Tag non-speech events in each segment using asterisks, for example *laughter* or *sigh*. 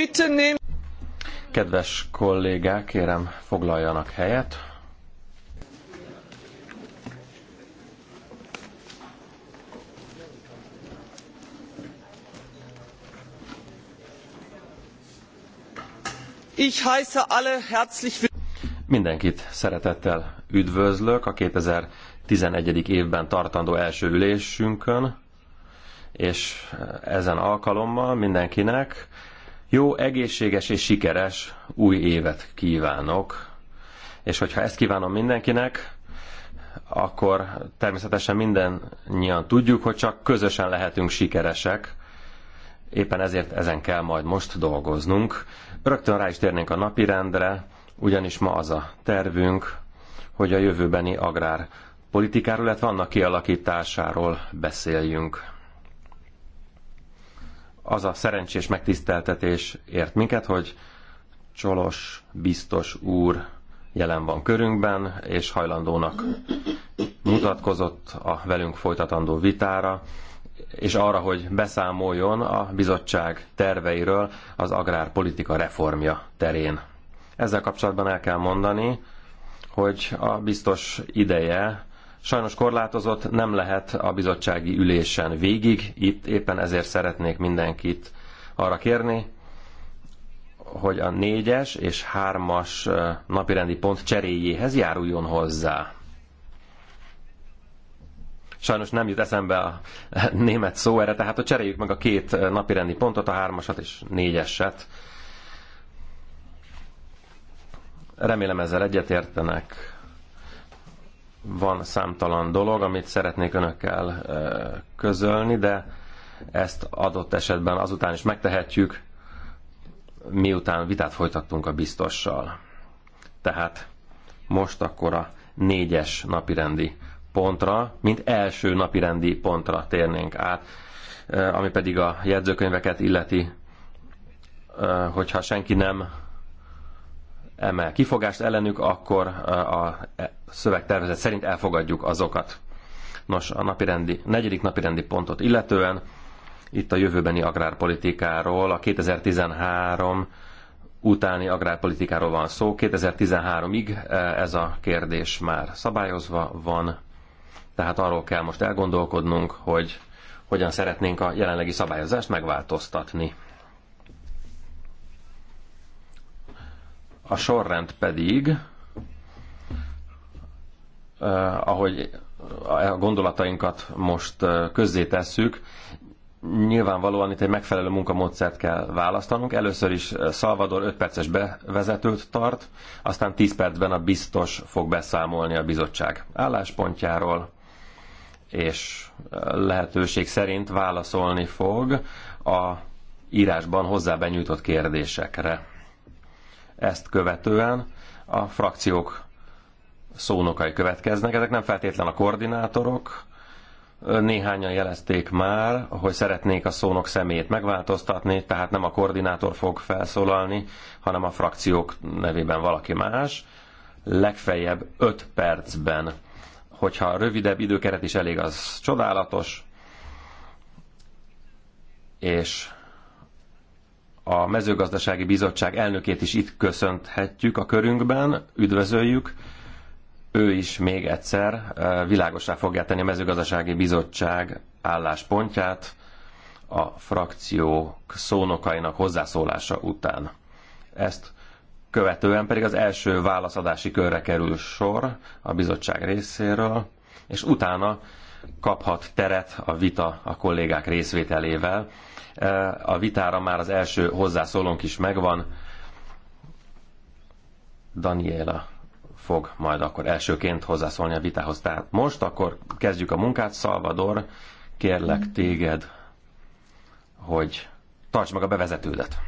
bitte nehmen... Kedves kollégák, kérem foglaljanak helyet. Ich heiße alle herzlich Mindenkit szeretettel üdvözlök a 2011. évben tartandó első ülésünkön és ezen alkalommal mindenkinek jó, egészséges és sikeres új évet kívánok, és hogyha ezt kívánom mindenkinek, akkor természetesen mindannyian tudjuk, hogy csak közösen lehetünk sikeresek. Éppen ezért ezen kell majd most dolgoznunk. Rögtön rá is térnénk a napirendre, ugyanis ma az a tervünk, hogy a jövőbeni agrárpolitikáról, illetve annak kialakításáról beszéljünk az a szerencsés megtiszteltetés ért minket, hogy Csolos biztos úr jelen van körünkben, és hajlandónak mutatkozott a velünk folytatandó vitára, és arra, hogy beszámoljon a bizottság terveiről az agrárpolitika reformja terén. Ezzel kapcsolatban el kell mondani, hogy a biztos ideje sajnos korlátozott, nem lehet a bizottsági ülésen végig. Itt éppen ezért szeretnék mindenkit arra kérni, hogy a négyes és hármas napirendi pont cseréjéhez járuljon hozzá. Sajnos nem jut eszembe a *laughs* német szó erre, tehát a cseréljük meg a két napirendi pontot, a hármasat és négyeset. Remélem ezzel egyetértenek van számtalan dolog, amit szeretnék önökkel eh, közölni, de ezt adott esetben azután is megtehetjük, miután vitát folytattunk a biztossal. Tehát most akkor a négyes napirendi pontra, mint első napirendi pontra térnénk át, eh, ami pedig a jegyzőkönyveket illeti, eh, hogyha senki nem emel kifogást ellenük, akkor eh, a eh, szövegtervezet szerint elfogadjuk azokat. Nos, a napirendi, negyedik napirendi pontot illetően itt a jövőbeni agrárpolitikáról, a 2013 utáni agrárpolitikáról van szó. 2013-ig eh, ez a kérdés már szabályozva van, tehát arról kell most elgondolkodnunk, hogy hogyan szeretnénk a jelenlegi szabályozást megváltoztatni. A sorrend pedig, eh, ahogy a gondolatainkat most eh, közzétesszük, nyilvánvalóan itt egy megfelelő munkamódszert kell választanunk. Először is eh, Salvador 5 perces bevezetőt tart, aztán 10 percben a biztos fog beszámolni a bizottság álláspontjáról, és lehetőség szerint válaszolni fog a írásban hozzá benyújtott kérdésekre. Ezt követően a frakciók szónokai következnek. Ezek nem feltétlen a koordinátorok. Néhányan jelezték már, hogy szeretnék a szónok szemét megváltoztatni, tehát nem a koordinátor fog felszólalni, hanem a frakciók nevében valaki más. Legfeljebb 5 percben. Hogyha rövidebb időkeret is elég, az csodálatos. És a mezőgazdasági bizottság elnökét is itt köszönthetjük a körünkben, üdvözöljük. Ő is még egyszer e, világosá fogja tenni a mezőgazdasági bizottság álláspontját a frakciók szónokainak hozzászólása után. Ezt követően pedig az első válaszadási körre kerül sor a bizottság részéről, és utána kaphat teret a vita a kollégák részvételével. Eh, a vitára már az első hozzászólónk is megvan. Daniela fog majd akkor elsőként hozzászólni a vitához. Tehát most akkor kezdjük a munkát. Salvador, kérlek téged, hogy tarts meg a bevezetődet.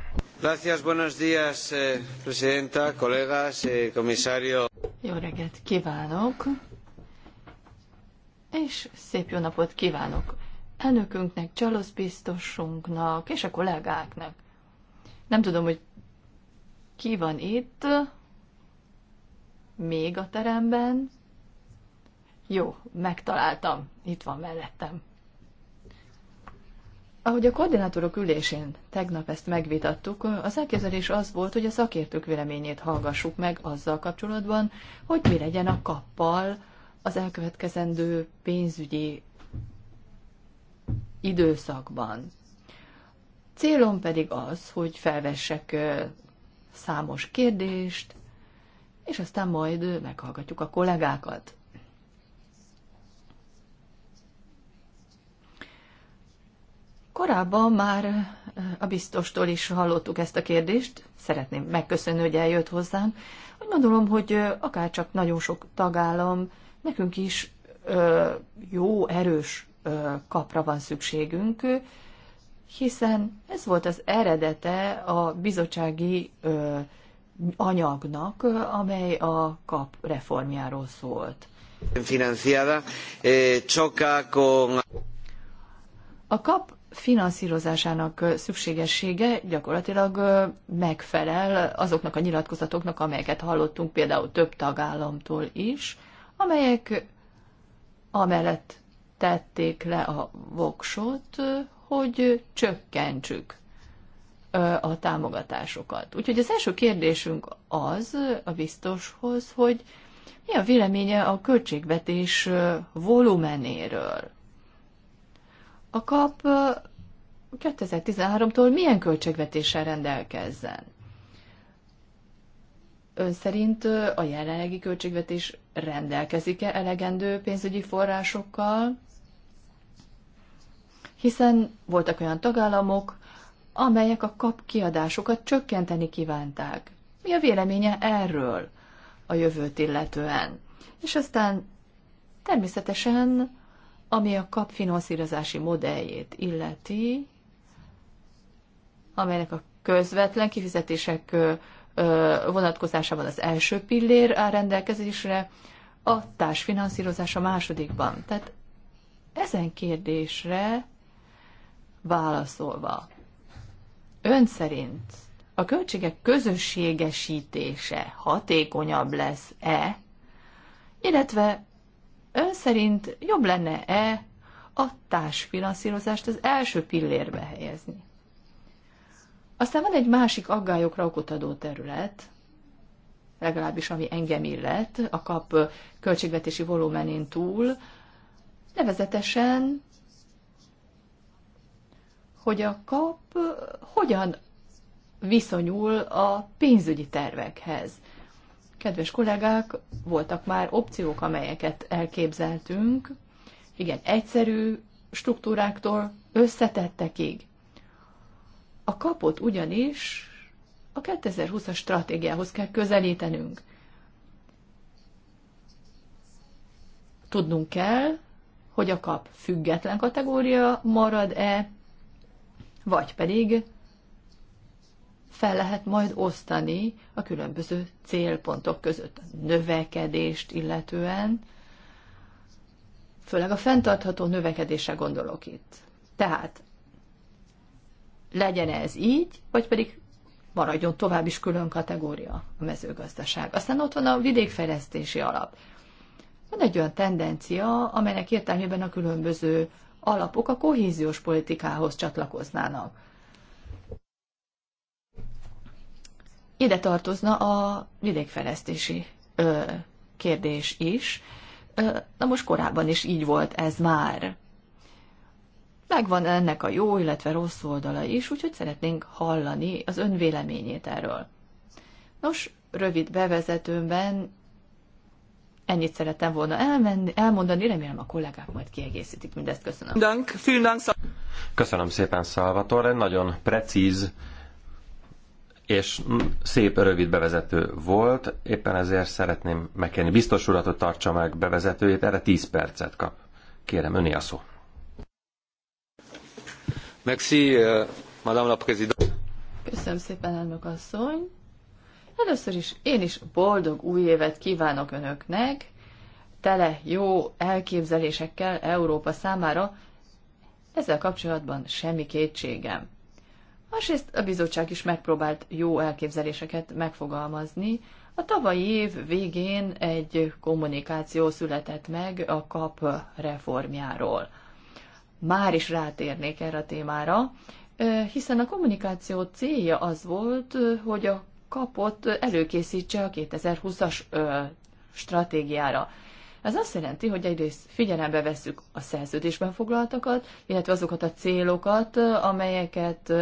Gracias, buenos días, eh, presidenta, colegas, eh, comisario. Jó reggelt kívánok! és szép jó napot kívánok elnökünknek, csaloszbiztosunknak, és a kollégáknak. Nem tudom, hogy ki van itt, még a teremben. Jó, megtaláltam, itt van mellettem. Ahogy a koordinátorok ülésén tegnap ezt megvitattuk, az elképzelés az volt, hogy a szakértők véleményét hallgassuk meg azzal kapcsolatban, hogy mi legyen a kappal, az elkövetkezendő pénzügyi időszakban. Célom pedig az, hogy felvessek számos kérdést, és aztán majd meghallgatjuk a kollégákat. Korábban már a biztostól is hallottuk ezt a kérdést, szeretném megköszönni, hogy eljött hozzánk. Úgy gondolom, hogy akárcsak nagyon sok tagállam nekünk is jó, erős kapra van szükségünk, hiszen ez volt az eredete a bizottsági anyagnak, amely a kap reformjáról szólt. Eh, a kap finanszírozásának szükségessége gyakorlatilag megfelel azoknak a nyilatkozatoknak, amelyeket hallottunk például több tagállamtól is, amelyek amellett tették le a voksot, hogy csökkentsük a támogatásokat. Úgyhogy az első kérdésünk az a biztoshoz, hogy mi a véleménye a költségvetés volumenéről? A kap 2013-tól milyen költségvetéssel rendelkezzen? Ön szerint a jelenlegi költségvetés rendelkezik-e elegendő pénzügyi forrásokkal? Hiszen voltak olyan tagállamok, amelyek a kap kiadásokat csökkenteni kívánták. Mi a véleménye erről a jövőt illetően? És aztán természetesen, ami a kap finanszírozási modelljét illeti, amelynek a közvetlen kifizetések vonatkozásában az első pillér áll rendelkezésre, a társfinanszírozás a másodikban. Tehát ezen kérdésre válaszolva, ön szerint a költségek közösségesítése hatékonyabb lesz-e, illetve ön szerint jobb lenne-e a társfinanszírozást az első pillérbe helyezni? Aztán van egy másik aggályokra okot adó terület, legalábbis ami engem illet, a kap költségvetési volumenén túl, nevezetesen, hogy a kap hogyan viszonyul a pénzügyi tervekhez. Kedves kollégák, voltak már opciók, amelyeket elképzeltünk, igen, egyszerű struktúráktól összetettekig. A kapot ugyanis a 2020-as stratégiához kell közelítenünk. Tudnunk kell, hogy a kap független kategória marad-e, vagy pedig fel lehet majd osztani a különböző célpontok között a növekedést illetően, főleg a fenntartható növekedésre gondolok itt. Tehát legyen ez így, vagy pedig maradjon tovább is külön kategória a mezőgazdaság. Aztán ott van a vidékfejlesztési alap. Van egy olyan tendencia, amelynek értelmében a különböző alapok a kohéziós politikához csatlakoznának. Ide tartozna a vidékfejlesztési ö, kérdés is. Ö, na most korábban is így volt ez már. Megvan ennek a jó, illetve rossz oldala is, úgyhogy szeretnénk hallani az ön véleményét erről. Nos, rövid bevezetőmben ennyit szerettem volna elmenni, elmondani, remélem a kollégák majd kiegészítik mindezt. Köszönöm. Dank, vielen Dank. Köszönöm szépen, Salvatore. Nagyon precíz és szép rövid bevezető volt, éppen ezért szeretném megkérni biztos uratot tartsa meg bevezetőjét, erre 10 percet kap. Kérem, öné a szó. Merci, euh, Madame la Présidente. Köszönöm szépen, elnök asszony. Először is én is boldog új évet kívánok önöknek, tele jó elképzelésekkel Európa számára, ezzel kapcsolatban semmi kétségem. Másrészt a bizottság is megpróbált jó elképzeléseket megfogalmazni. A tavalyi év végén egy kommunikáció született meg a KAP reformjáról már is rátérnék erre a témára, hiszen a kommunikáció célja az volt, hogy a kapot előkészítse a 2020-as stratégiára. Ez azt jelenti, hogy egyrészt figyelembe veszük a szerződésben foglaltakat, illetve azokat a célokat, amelyeket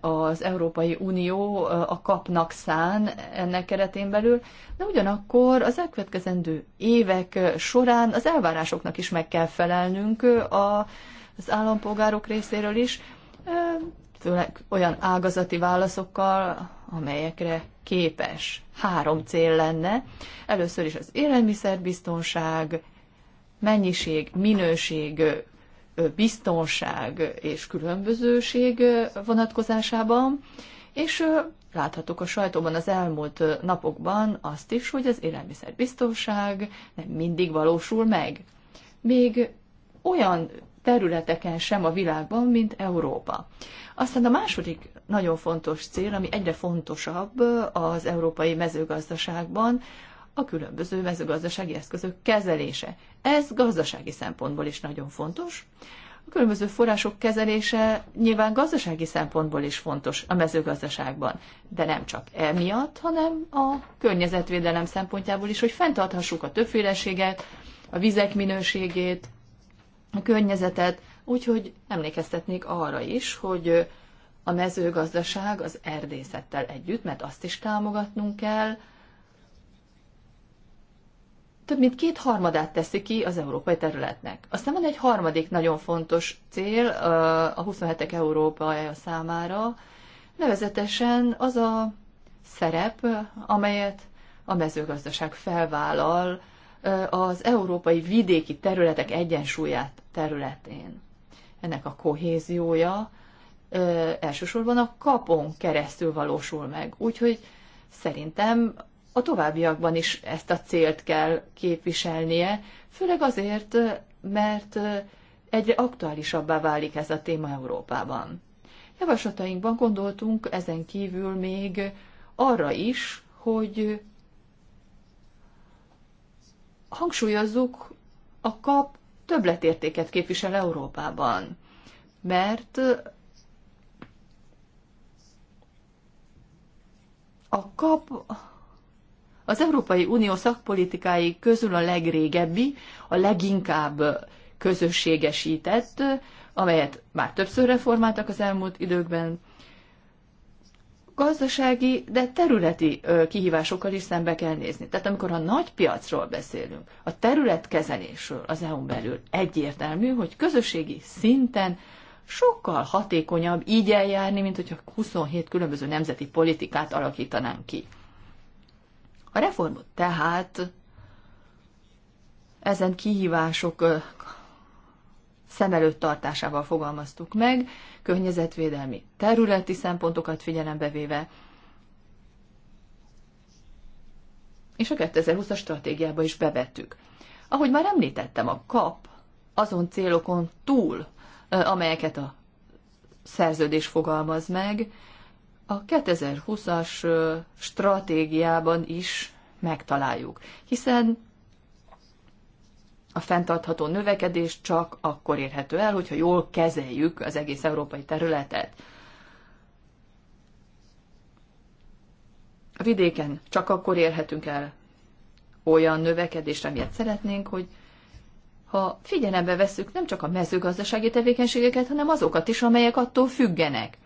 az Európai Unió a kapnak szán ennek keretén belül, de ugyanakkor az elkövetkezendő évek során az elvárásoknak is meg kell felelnünk a az állampolgárok részéről is, főleg olyan ágazati válaszokkal, amelyekre képes. Három cél lenne. Először is az élelmiszerbiztonság, mennyiség, minőség, biztonság és különbözőség vonatkozásában, és láthatok a sajtóban az elmúlt napokban azt is, hogy az élelmiszerbiztonság nem mindig valósul meg. Még olyan területeken sem a világban, mint Európa. Aztán a második nagyon fontos cél, ami egyre fontosabb az európai mezőgazdaságban, a különböző mezőgazdasági eszközök kezelése. Ez gazdasági szempontból is nagyon fontos. A különböző források kezelése nyilván gazdasági szempontból is fontos a mezőgazdaságban, de nem csak emiatt, hanem a környezetvédelem szempontjából is, hogy fenntarthassuk a többféleséget, a vizek minőségét, a környezetet, úgyhogy emlékeztetnék arra is, hogy a mezőgazdaság az erdészettel együtt, mert azt is támogatnunk kell, több mint két harmadát teszi ki az európai területnek. Aztán van egy harmadik nagyon fontos cél a 27 Európája számára, nevezetesen az a szerep, amelyet a mezőgazdaság felvállal az európai vidéki területek egyensúlyát területén. Ennek a kohéziója ö, elsősorban a kapon keresztül valósul meg. Úgyhogy szerintem a továbbiakban is ezt a célt kell képviselnie, főleg azért, mert egyre aktuálisabbá válik ez a téma Európában. Javaslatainkban gondoltunk ezen kívül még arra is, hogy hangsúlyozzuk a kap többletértéket képvisel Európában, mert a kap az Európai Unió szakpolitikái közül a legrégebbi, a leginkább közösségesített, amelyet már többször reformáltak az elmúlt időkben, gazdasági, de területi kihívásokkal is szembe kell nézni. Tehát amikor a nagy piacról beszélünk, a területkezelésről az EU-n belül egyértelmű, hogy közösségi szinten sokkal hatékonyabb így eljárni, mint hogyha 27 különböző nemzeti politikát alakítanánk ki. A reformot tehát ezen kihívások szem előtt tartásával fogalmaztuk meg, környezetvédelmi területi szempontokat figyelembe véve, és a 2020-as stratégiába is bevettük. Ahogy már említettem, a kap azon célokon túl, amelyeket a szerződés fogalmaz meg, a 2020-as stratégiában is megtaláljuk, hiszen a fenntartható növekedés csak akkor érhető el, hogyha jól kezeljük az egész európai területet. A vidéken csak akkor érhetünk el olyan növekedést, amilyet szeretnénk, hogy ha figyelembe veszük nem csak a mezőgazdasági tevékenységeket, hanem azokat is, amelyek attól függenek.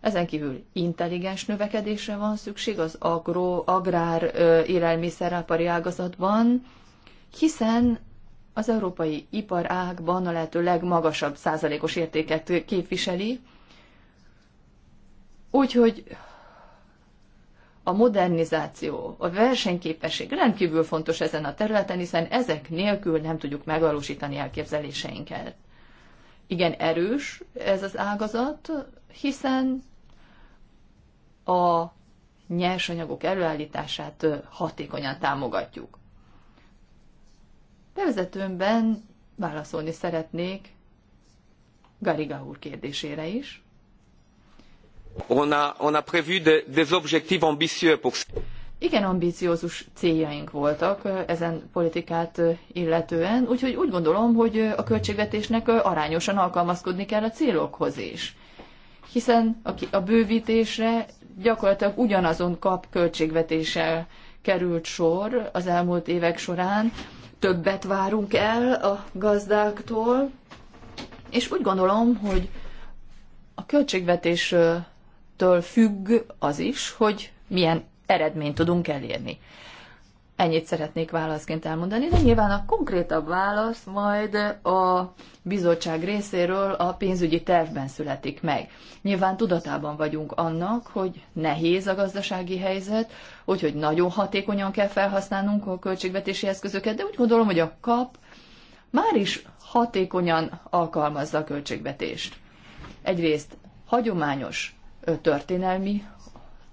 Ezen kívül intelligens növekedésre van szükség az agro, agrár, élelmiszeripari ágazatban, hiszen az európai iparágban a lehető legmagasabb százalékos értéket képviseli, úgyhogy a modernizáció, a versenyképesség rendkívül fontos ezen a területen, hiszen ezek nélkül nem tudjuk megvalósítani elképzeléseinket. Igen, erős ez az ágazat, hiszen a nyersanyagok előállítását hatékonyan támogatjuk. Bevezetőmben válaszolni szeretnék Gariga úr kérdésére is. On a, on a prévu de, des objectifs ambitieux pour... Igen ambiciózus céljaink voltak ezen politikát illetően, úgyhogy úgy gondolom, hogy a költségvetésnek arányosan alkalmazkodni kell a célokhoz is. Hiszen a, a bővítésre gyakorlatilag ugyanazon kap költségvetéssel került sor az elmúlt évek során, többet várunk el a gazdáktól, és úgy gondolom, hogy a költségvetéstől függ az is, hogy milyen eredményt tudunk elérni. Ennyit szeretnék válaszként elmondani, de nyilván a konkrétabb válasz majd a bizottság részéről a pénzügyi tervben születik meg. Nyilván tudatában vagyunk annak, hogy nehéz a gazdasági helyzet, úgyhogy nagyon hatékonyan kell felhasználnunk a költségvetési eszközöket, de úgy gondolom, hogy a kap már is hatékonyan alkalmazza a költségvetést. Egyrészt hagyományos történelmi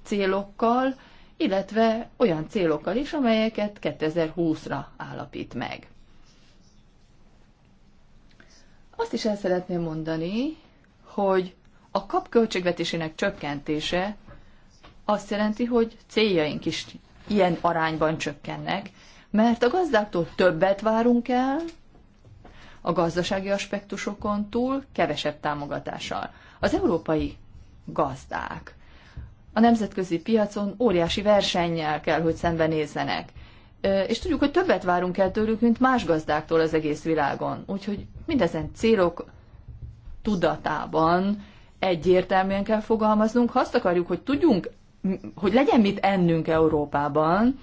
célokkal, illetve olyan célokkal is, amelyeket 2020-ra állapít meg. Azt is el szeretném mondani, hogy a kap költségvetésének csökkentése azt jelenti, hogy céljaink is ilyen arányban csökkennek, mert a gazdáktól többet várunk el, a gazdasági aspektusokon túl kevesebb támogatással. Az európai gazdák a nemzetközi piacon óriási versennyel kell, hogy szembenézzenek. És tudjuk, hogy többet várunk el tőlük, mint más gazdáktól az egész világon. Úgyhogy mindezen célok tudatában egyértelműen kell fogalmaznunk. Ha azt akarjuk, hogy tudjunk, hogy legyen mit ennünk Európában,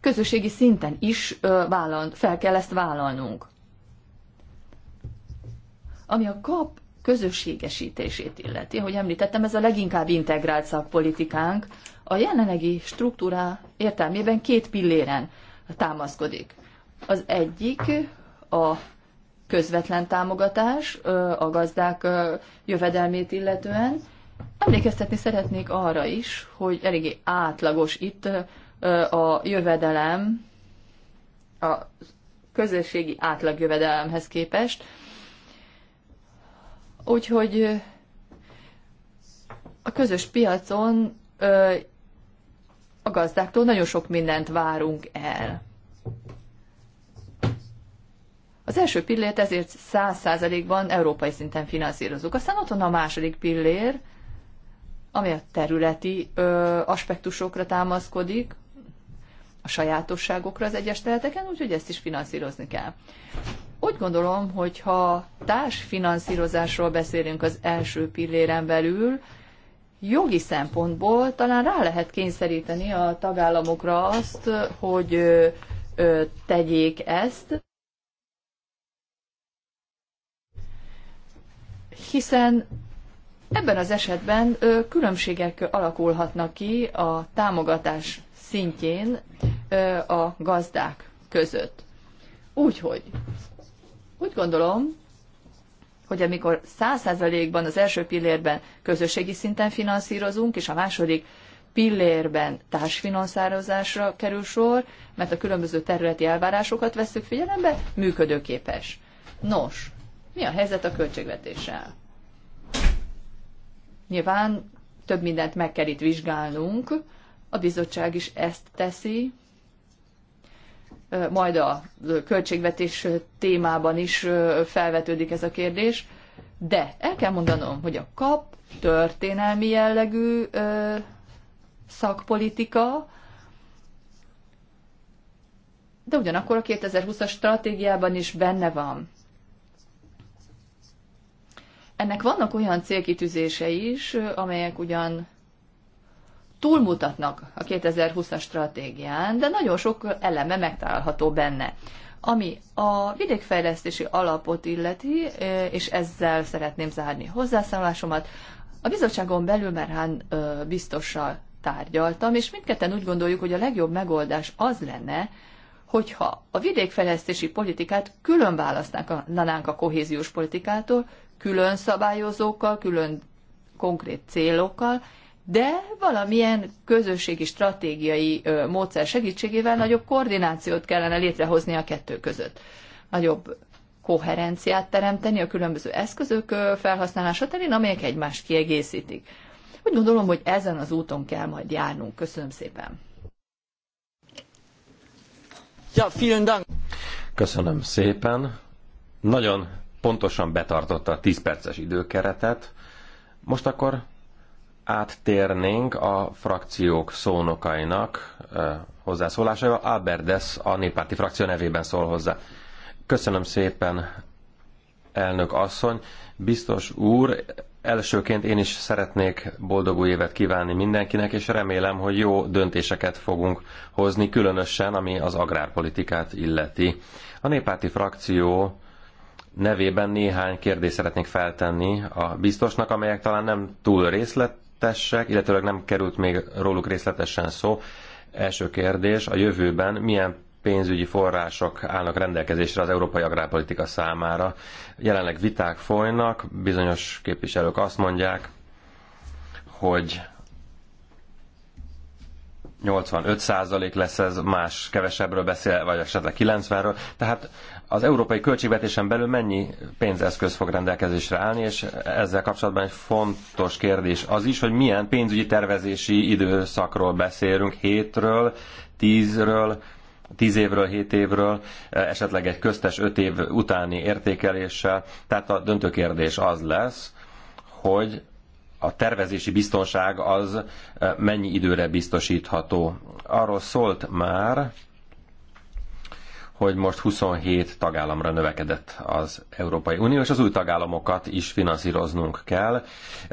közösségi szinten is vállal, fel kell ezt vállalnunk. Ami a kap közösségesítését illeti. Hogy említettem, ez a leginkább integrált szakpolitikánk a jelenlegi struktúra értelmében két pilléren támaszkodik. Az egyik a közvetlen támogatás a gazdák jövedelmét illetően. Emlékeztetni szeretnék arra is, hogy eléggé átlagos itt a jövedelem a közösségi átlagjövedelemhez képest, Úgyhogy a közös piacon a gazdáktól nagyon sok mindent várunk el. Az első pillért ezért száz százalékban európai szinten finanszírozunk. Aztán ott van a második pillér, ami a területi ö, aspektusokra támaszkodik, a sajátosságokra az egyes területeken, úgyhogy ezt is finanszírozni kell. Úgy gondolom, hogy ha társfinanszírozásról beszélünk az első pilléren belül, jogi szempontból talán rá lehet kényszeríteni a tagállamokra azt, hogy tegyék ezt, hiszen ebben az esetben különbségek alakulhatnak ki a támogatás szintjén a gazdák között. Úgyhogy úgy gondolom, hogy amikor 100%-ban az első pillérben közösségi szinten finanszírozunk, és a második pillérben társfinanszározásra kerül sor, mert a különböző területi elvárásokat veszük figyelembe, működőképes. Nos, mi a helyzet a költségvetéssel? Nyilván több mindent meg kell itt vizsgálnunk, a bizottság is ezt teszi, majd a költségvetés témában is felvetődik ez a kérdés, de el kell mondanom, hogy a kap történelmi jellegű szakpolitika, de ugyanakkor a 2020-as stratégiában is benne van. Ennek vannak olyan célkitűzései is, amelyek ugyan túlmutatnak a 2020-as stratégián, de nagyon sok eleme megtalálható benne. Ami a vidékfejlesztési alapot illeti, és ezzel szeretném zárni hozzászámlásomat, a bizottságon belül már Hán biztossal tárgyaltam, és mindketten úgy gondoljuk, hogy a legjobb megoldás az lenne, hogyha a vidékfejlesztési politikát külön választanánk a kohéziós politikától, külön szabályozókkal, külön konkrét célokkal, de valamilyen közösségi stratégiai módszer segítségével nagyobb koordinációt kellene létrehozni a kettő között. Nagyobb koherenciát teremteni a különböző eszközök felhasználása terén, amelyek egymást kiegészítik. Úgy gondolom, hogy ezen az úton kell majd járnunk. Köszönöm szépen. Ja, vielen Dank. Köszönöm szépen. Nagyon pontosan betartotta a 10 perces időkeretet. Most akkor áttérnénk a frakciók szónokainak hozzászólásaival. Alberdes a néppárti frakció nevében szól hozzá. Köszönöm szépen, elnök asszony. Biztos úr, elsőként én is szeretnék boldog új évet kívánni mindenkinek, és remélem, hogy jó döntéseket fogunk hozni, különösen ami az agrárpolitikát illeti. A néppárti frakció nevében néhány kérdést szeretnék feltenni a biztosnak, amelyek talán nem túl részlet, részletesek, illetőleg nem került még róluk részletesen szó. Első kérdés, a jövőben milyen pénzügyi források állnak rendelkezésre az európai agrárpolitika számára. Jelenleg viták folynak, bizonyos képviselők azt mondják, hogy 85% lesz ez, más kevesebbről beszél, vagy esetleg 90-ről. Tehát az európai költségvetésen belül mennyi pénzeszköz fog rendelkezésre állni, és ezzel kapcsolatban egy fontos kérdés az is, hogy milyen pénzügyi tervezési időszakról beszélünk, hétről, tízről, tíz évről, hét évről, esetleg egy köztes öt év utáni értékeléssel. Tehát a döntő kérdés az lesz, hogy a tervezési biztonság az eh, mennyi időre biztosítható. Arról szólt már, hogy most 27 tagállamra növekedett az Európai Unió, és az új tagállamokat is finanszíroznunk kell.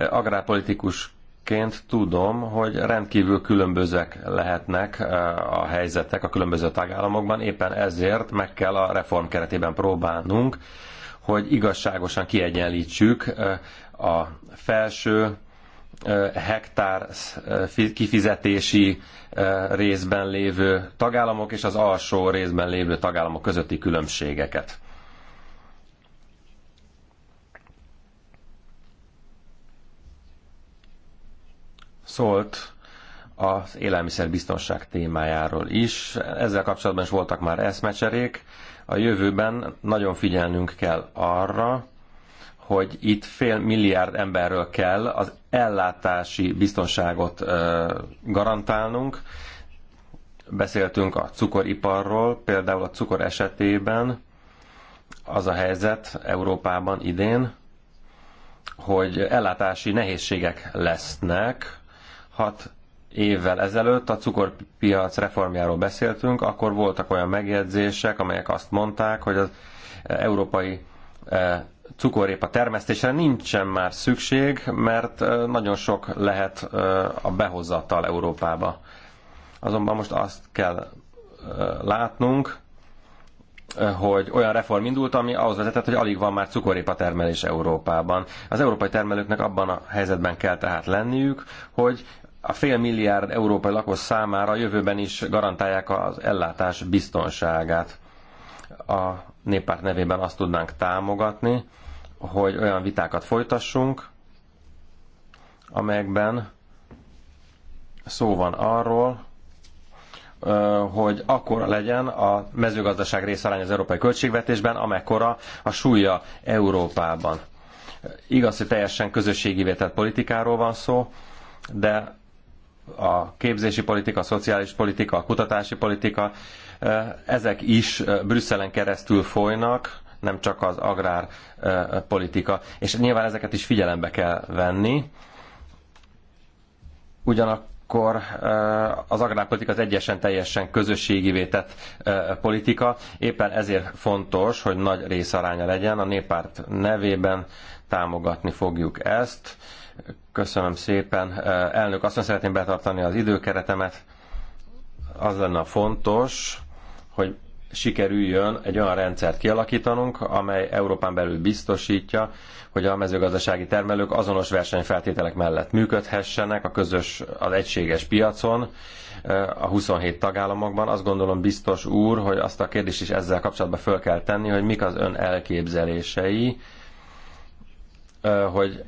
Agrárpolitikus Ként tudom, hogy rendkívül különbözőek lehetnek eh, a helyzetek a különböző tagállamokban, éppen ezért meg kell a reform keretében próbálnunk, hogy igazságosan kiegyenlítsük eh, a felső eh, hektár kifizetési részben lévő tagállamok és az alsó részben lévő tagállamok közötti különbségeket. Szólt az élelmiszerbiztonság témájáról is. Ezzel kapcsolatban is voltak már eszmecserék. A jövőben nagyon figyelnünk kell arra, hogy itt fél milliárd emberről kell az ellátási biztonságot garantálnunk. Beszéltünk a cukoriparról, például a cukor esetében az a helyzet Európában idén, hogy ellátási nehézségek lesznek. Hat évvel ezelőtt a cukorpiac reformjáról beszéltünk, akkor voltak olyan megjegyzések, amelyek azt mondták, hogy az európai cukorrépa termesztésre nincsen már szükség, mert nagyon sok lehet a behozatal Európába. Azonban most azt kell látnunk, hogy olyan reform indult, ami ahhoz vezetett, hogy alig van már cukorépa termelés Európában. Az európai termelőknek abban a helyzetben kell tehát lenniük, hogy a fél milliárd európai lakos számára jövőben is garantálják az ellátás biztonságát. A néppárt nevében azt tudnánk támogatni, hogy olyan vitákat folytassunk, amelyekben szó van arról, hogy akkora legyen a mezőgazdaság részarány az európai költségvetésben, amekkora a súlya Európában. Igaz, hogy teljesen közösségi vételt politikáról van szó, de a képzési politika, a szociális politika, a kutatási politika, ezek is Brüsszelen keresztül folynak, nem csak az agrárpolitika. És nyilván ezeket is figyelembe kell venni. Ugyanakkor akkor az agrárpolitika az egyesen teljesen közösségivé tett politika. Éppen ezért fontos, hogy nagy részaránya legyen. A néppárt nevében támogatni fogjuk ezt. Köszönöm szépen. Elnök, azt szeretném betartani az időkeretemet. Az lenne fontos, hogy sikerüljön egy olyan rendszert kialakítanunk, amely Európán belül biztosítja, hogy a mezőgazdasági termelők azonos versenyfeltételek mellett működhessenek a közös, az egységes piacon, eh, a 27 tagállamokban. Azt gondolom biztos úr, hogy azt a kérdést is ezzel kapcsolatban föl kell tenni, hogy mik az ön elképzelései, eh, hogy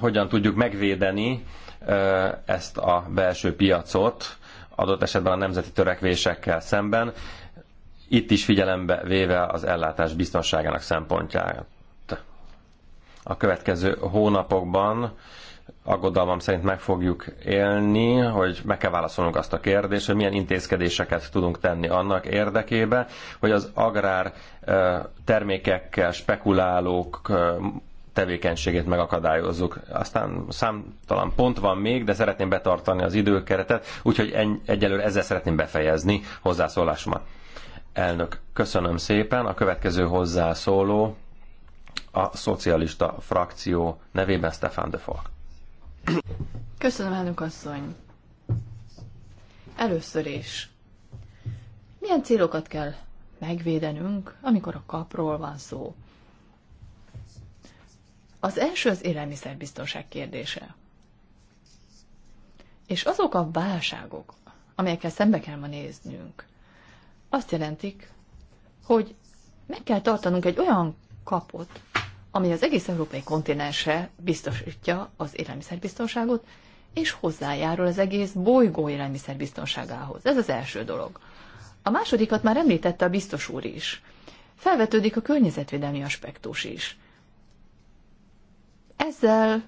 hogyan tudjuk megvédeni eh, ezt a belső piacot, adott esetben a nemzeti törekvésekkel szemben, itt is figyelembe véve az ellátás biztonságának szempontját. A következő hónapokban aggodalmam szerint meg fogjuk élni, hogy meg kell válaszolnunk azt a kérdést, hogy milyen intézkedéseket tudunk tenni annak érdekébe, hogy az agrár termékekkel spekulálók tevékenységét megakadályozzuk. Aztán számtalan pont van még, de szeretném betartani az időkeretet, úgyhogy egyelőre ezzel szeretném befejezni hozzászólásomat. Elnök, köszönöm szépen. A következő hozzászóló a szocialista frakció nevében Stefan de Falk. Köszönöm, elnök asszony. Először is. Milyen célokat kell megvédenünk, amikor a kapról van szó? Az első az élelmiszerbiztonság kérdése. És azok a válságok, amelyekkel szembe kell ma néznünk, azt jelentik, hogy meg kell tartanunk egy olyan kapot, ami az egész európai kontinensre biztosítja az élelmiszerbiztonságot, és hozzájárul az egész bolygó élelmiszerbiztonságához. Ez az első dolog. A másodikat már említette a biztos úr is. Felvetődik a környezetvédelmi aspektus is. Ezzel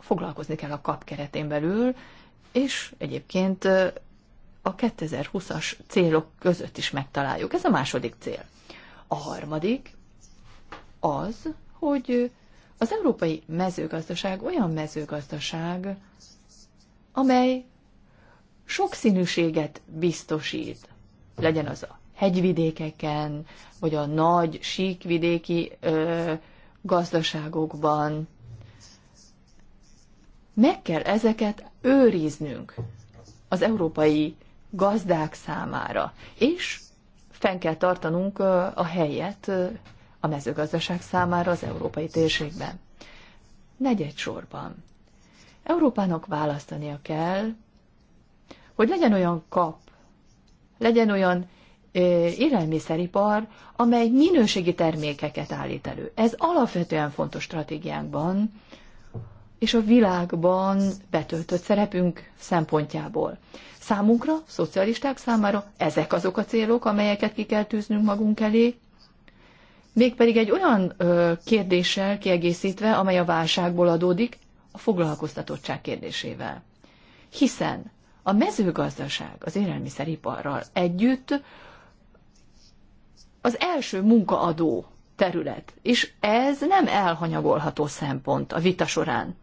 foglalkozni kell a kap keretén belül, és egyébként a 2020-as célok között is megtaláljuk. Ez a második cél. A harmadik az, hogy az európai mezőgazdaság olyan mezőgazdaság, amely sokszínűséget biztosít. Legyen az a hegyvidékeken, vagy a nagy síkvidéki ö, gazdaságokban. Meg kell ezeket őriznünk. Az európai gazdák számára, és fenn kell tartanunk a helyet a mezőgazdaság számára az európai térségben. Negyed sorban. Európának választania kell, hogy legyen olyan kap, legyen olyan élelmiszeripar, amely minőségi termékeket állít elő. Ez alapvetően fontos stratégiánkban, és a világban betöltött szerepünk szempontjából. Számunkra, szocialisták számára ezek azok a célok, amelyeket ki kell tűznünk magunk elé, mégpedig egy olyan ö, kérdéssel kiegészítve, amely a válságból adódik, a foglalkoztatottság kérdésével. Hiszen a mezőgazdaság az élelmiszeriparral együtt az első munkaadó terület, és ez nem elhanyagolható szempont a vita során.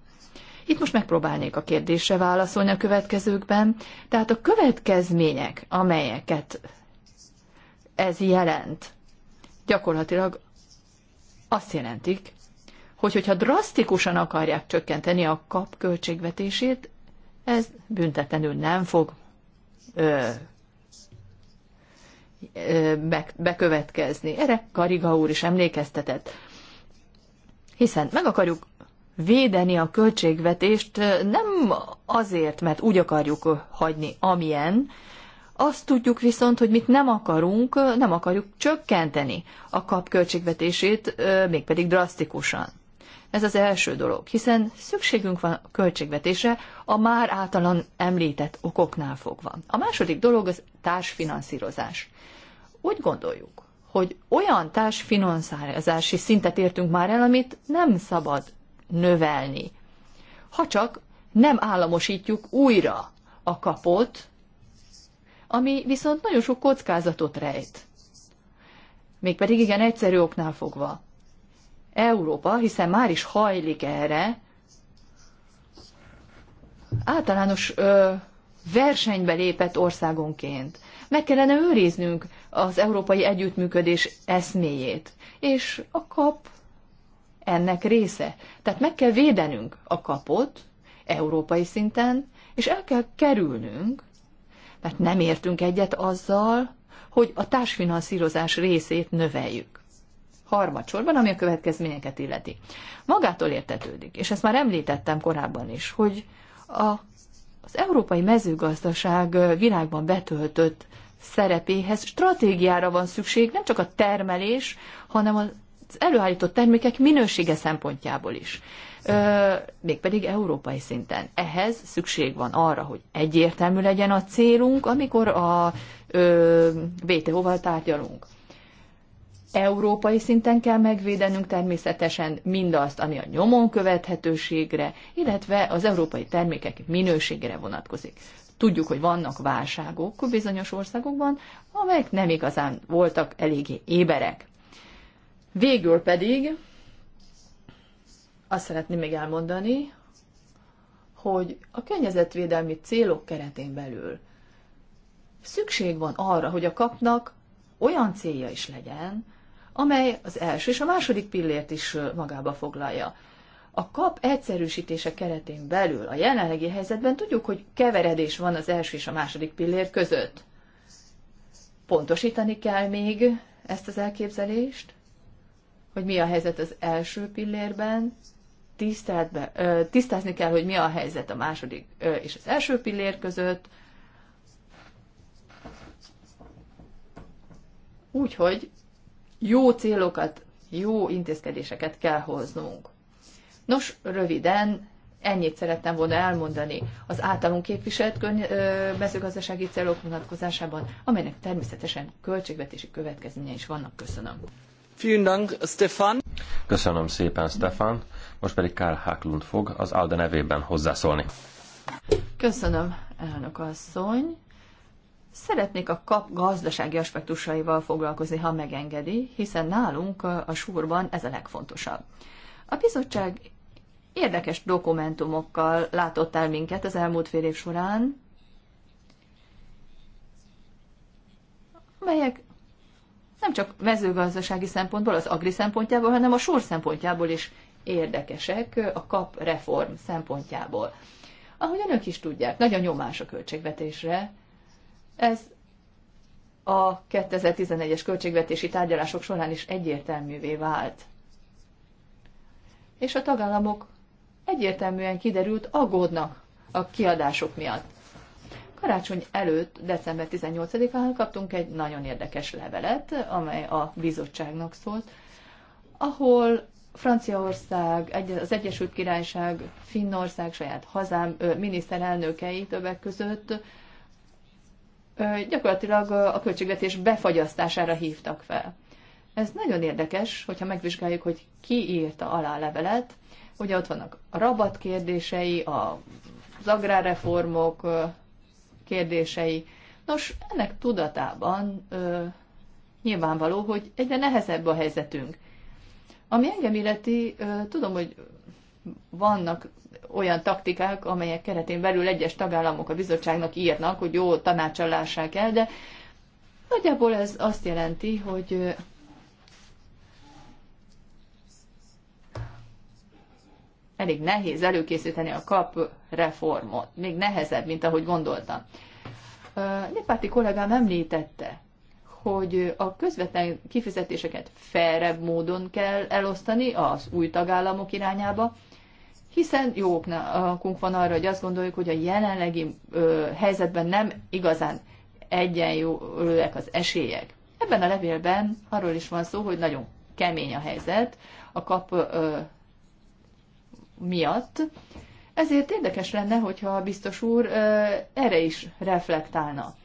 Itt most megpróbálnék a kérdésre válaszolni a következőkben. Tehát a következmények, amelyeket ez jelent, gyakorlatilag azt jelentik, hogy hogyha drasztikusan akarják csökkenteni a kap költségvetését, ez büntetlenül nem fog ö, ö, be, bekövetkezni. Erre Kariga úr is emlékeztetett. Hiszen meg akarjuk védeni a költségvetést nem azért, mert úgy akarjuk hagyni, amilyen, azt tudjuk viszont, hogy mit nem akarunk, nem akarjuk csökkenteni a kap költségvetését, mégpedig drasztikusan. Ez az első dolog, hiszen szükségünk van a költségvetésre a már általan említett okoknál fogva. A második dolog az társfinanszírozás. Úgy gondoljuk, hogy olyan társfinanszírozási szintet értünk már el, amit nem szabad növelni. Ha csak nem államosítjuk újra a kapot, ami viszont nagyon sok kockázatot rejt. Mégpedig igen egyszerű oknál fogva. Európa, hiszen már is hajlik erre, általános ö, versenybe lépett országonként. Meg kellene őriznünk az európai együttműködés eszméjét, és a kap ennek része. Tehát meg kell védenünk a kapot európai szinten, és el kell kerülnünk, mert nem értünk egyet azzal, hogy a társfinanszírozás részét növeljük. Harmadsorban, ami a következményeket illeti. Magától értetődik, és ezt már említettem korábban is, hogy a, az európai mezőgazdaság világban betöltött szerepéhez stratégiára van szükség, nem csak a termelés, hanem az előállított termékek minősége szempontjából is. Ö, mégpedig európai szinten. Ehhez szükség van arra, hogy egyértelmű legyen a célunk, amikor a WTO-val tárgyalunk. Európai szinten kell megvédenünk természetesen mindazt, ami a nyomon követhetőségre, illetve az európai termékek minőségére vonatkozik. Tudjuk, hogy vannak válságok bizonyos országokban, amelyek nem igazán voltak eléggé éberek. Végül pedig azt szeretném még elmondani, hogy a környezetvédelmi célok keretén belül szükség van arra, hogy a kapnak olyan célja is legyen, amely az első és a második pillért is magába foglalja. A kap egyszerűsítése keretén belül a jelenlegi helyzetben tudjuk, hogy keveredés van az első és a második pillér között. Pontosítani kell még ezt az elképzelést, hogy mi a helyzet az első pillérben, be, ö, tisztázni kell, hogy mi a helyzet a második ö, és az első pillér között. Úgyhogy jó célokat, jó intézkedéseket kell hoznunk. Nos, röviden ennyit szerettem volna elmondani az általunk képviselt körny- ö, mezőgazdasági célok vonatkozásában, amelynek természetesen költségvetési következménye is vannak. Köszönöm. Köszönöm szépen, Stefan. Most pedig Karl Haklund fog az ALDE nevében hozzászólni. Köszönöm, elnök asszony. Szeretnék a kap gazdasági aspektusaival foglalkozni, ha megengedi, hiszen nálunk a súrban ez a legfontosabb. A bizottság érdekes dokumentumokkal látott el minket az elmúlt fél év során, melyek nem csak mezőgazdasági szempontból, az agri szempontjából, hanem a sor szempontjából is érdekesek a kap reform szempontjából. Ahogy önök is tudják, nagy a nyomás a költségvetésre. Ez a 2011-es költségvetési tárgyalások során is egyértelművé vált. És a tagállamok egyértelműen kiderült, aggódnak a kiadások miatt. Karácsony előtt, december 18-án kaptunk egy nagyon érdekes levelet, amely a bizottságnak szólt, ahol Franciaország, az Egyesült Királyság, Finnország, saját hazám miniszterelnökei többek között gyakorlatilag a költségvetés befagyasztására hívtak fel. Ez nagyon érdekes, hogyha megvizsgáljuk, hogy ki írta alá a levelet. Ugye ott vannak a rabat kérdései, az agrárreformok, kérdései. Nos, ennek tudatában ö, nyilvánvaló, hogy egyre nehezebb a helyzetünk. Ami engem illeti, ö, tudom, hogy vannak olyan taktikák, amelyek keretén belül egyes tagállamok a bizottságnak írnak, hogy jó tanácsal lássák el, de nagyjából ez azt jelenti, hogy elég nehéz előkészíteni a kap reformot, még nehezebb, mint ahogy gondoltam. Néppárti kollégám említette, hogy a közvetlen kifizetéseket felrebb módon kell elosztani az új tagállamok irányába, hiszen jó okunk van arra, hogy azt gondoljuk, hogy a jelenlegi ö, helyzetben nem igazán egyenlőek az esélyek. Ebben a levélben arról is van szó, hogy nagyon kemény a helyzet, a kap ö, miatt. Ezért érdekes lenne, hogyha a biztos úr erre is reflektálna.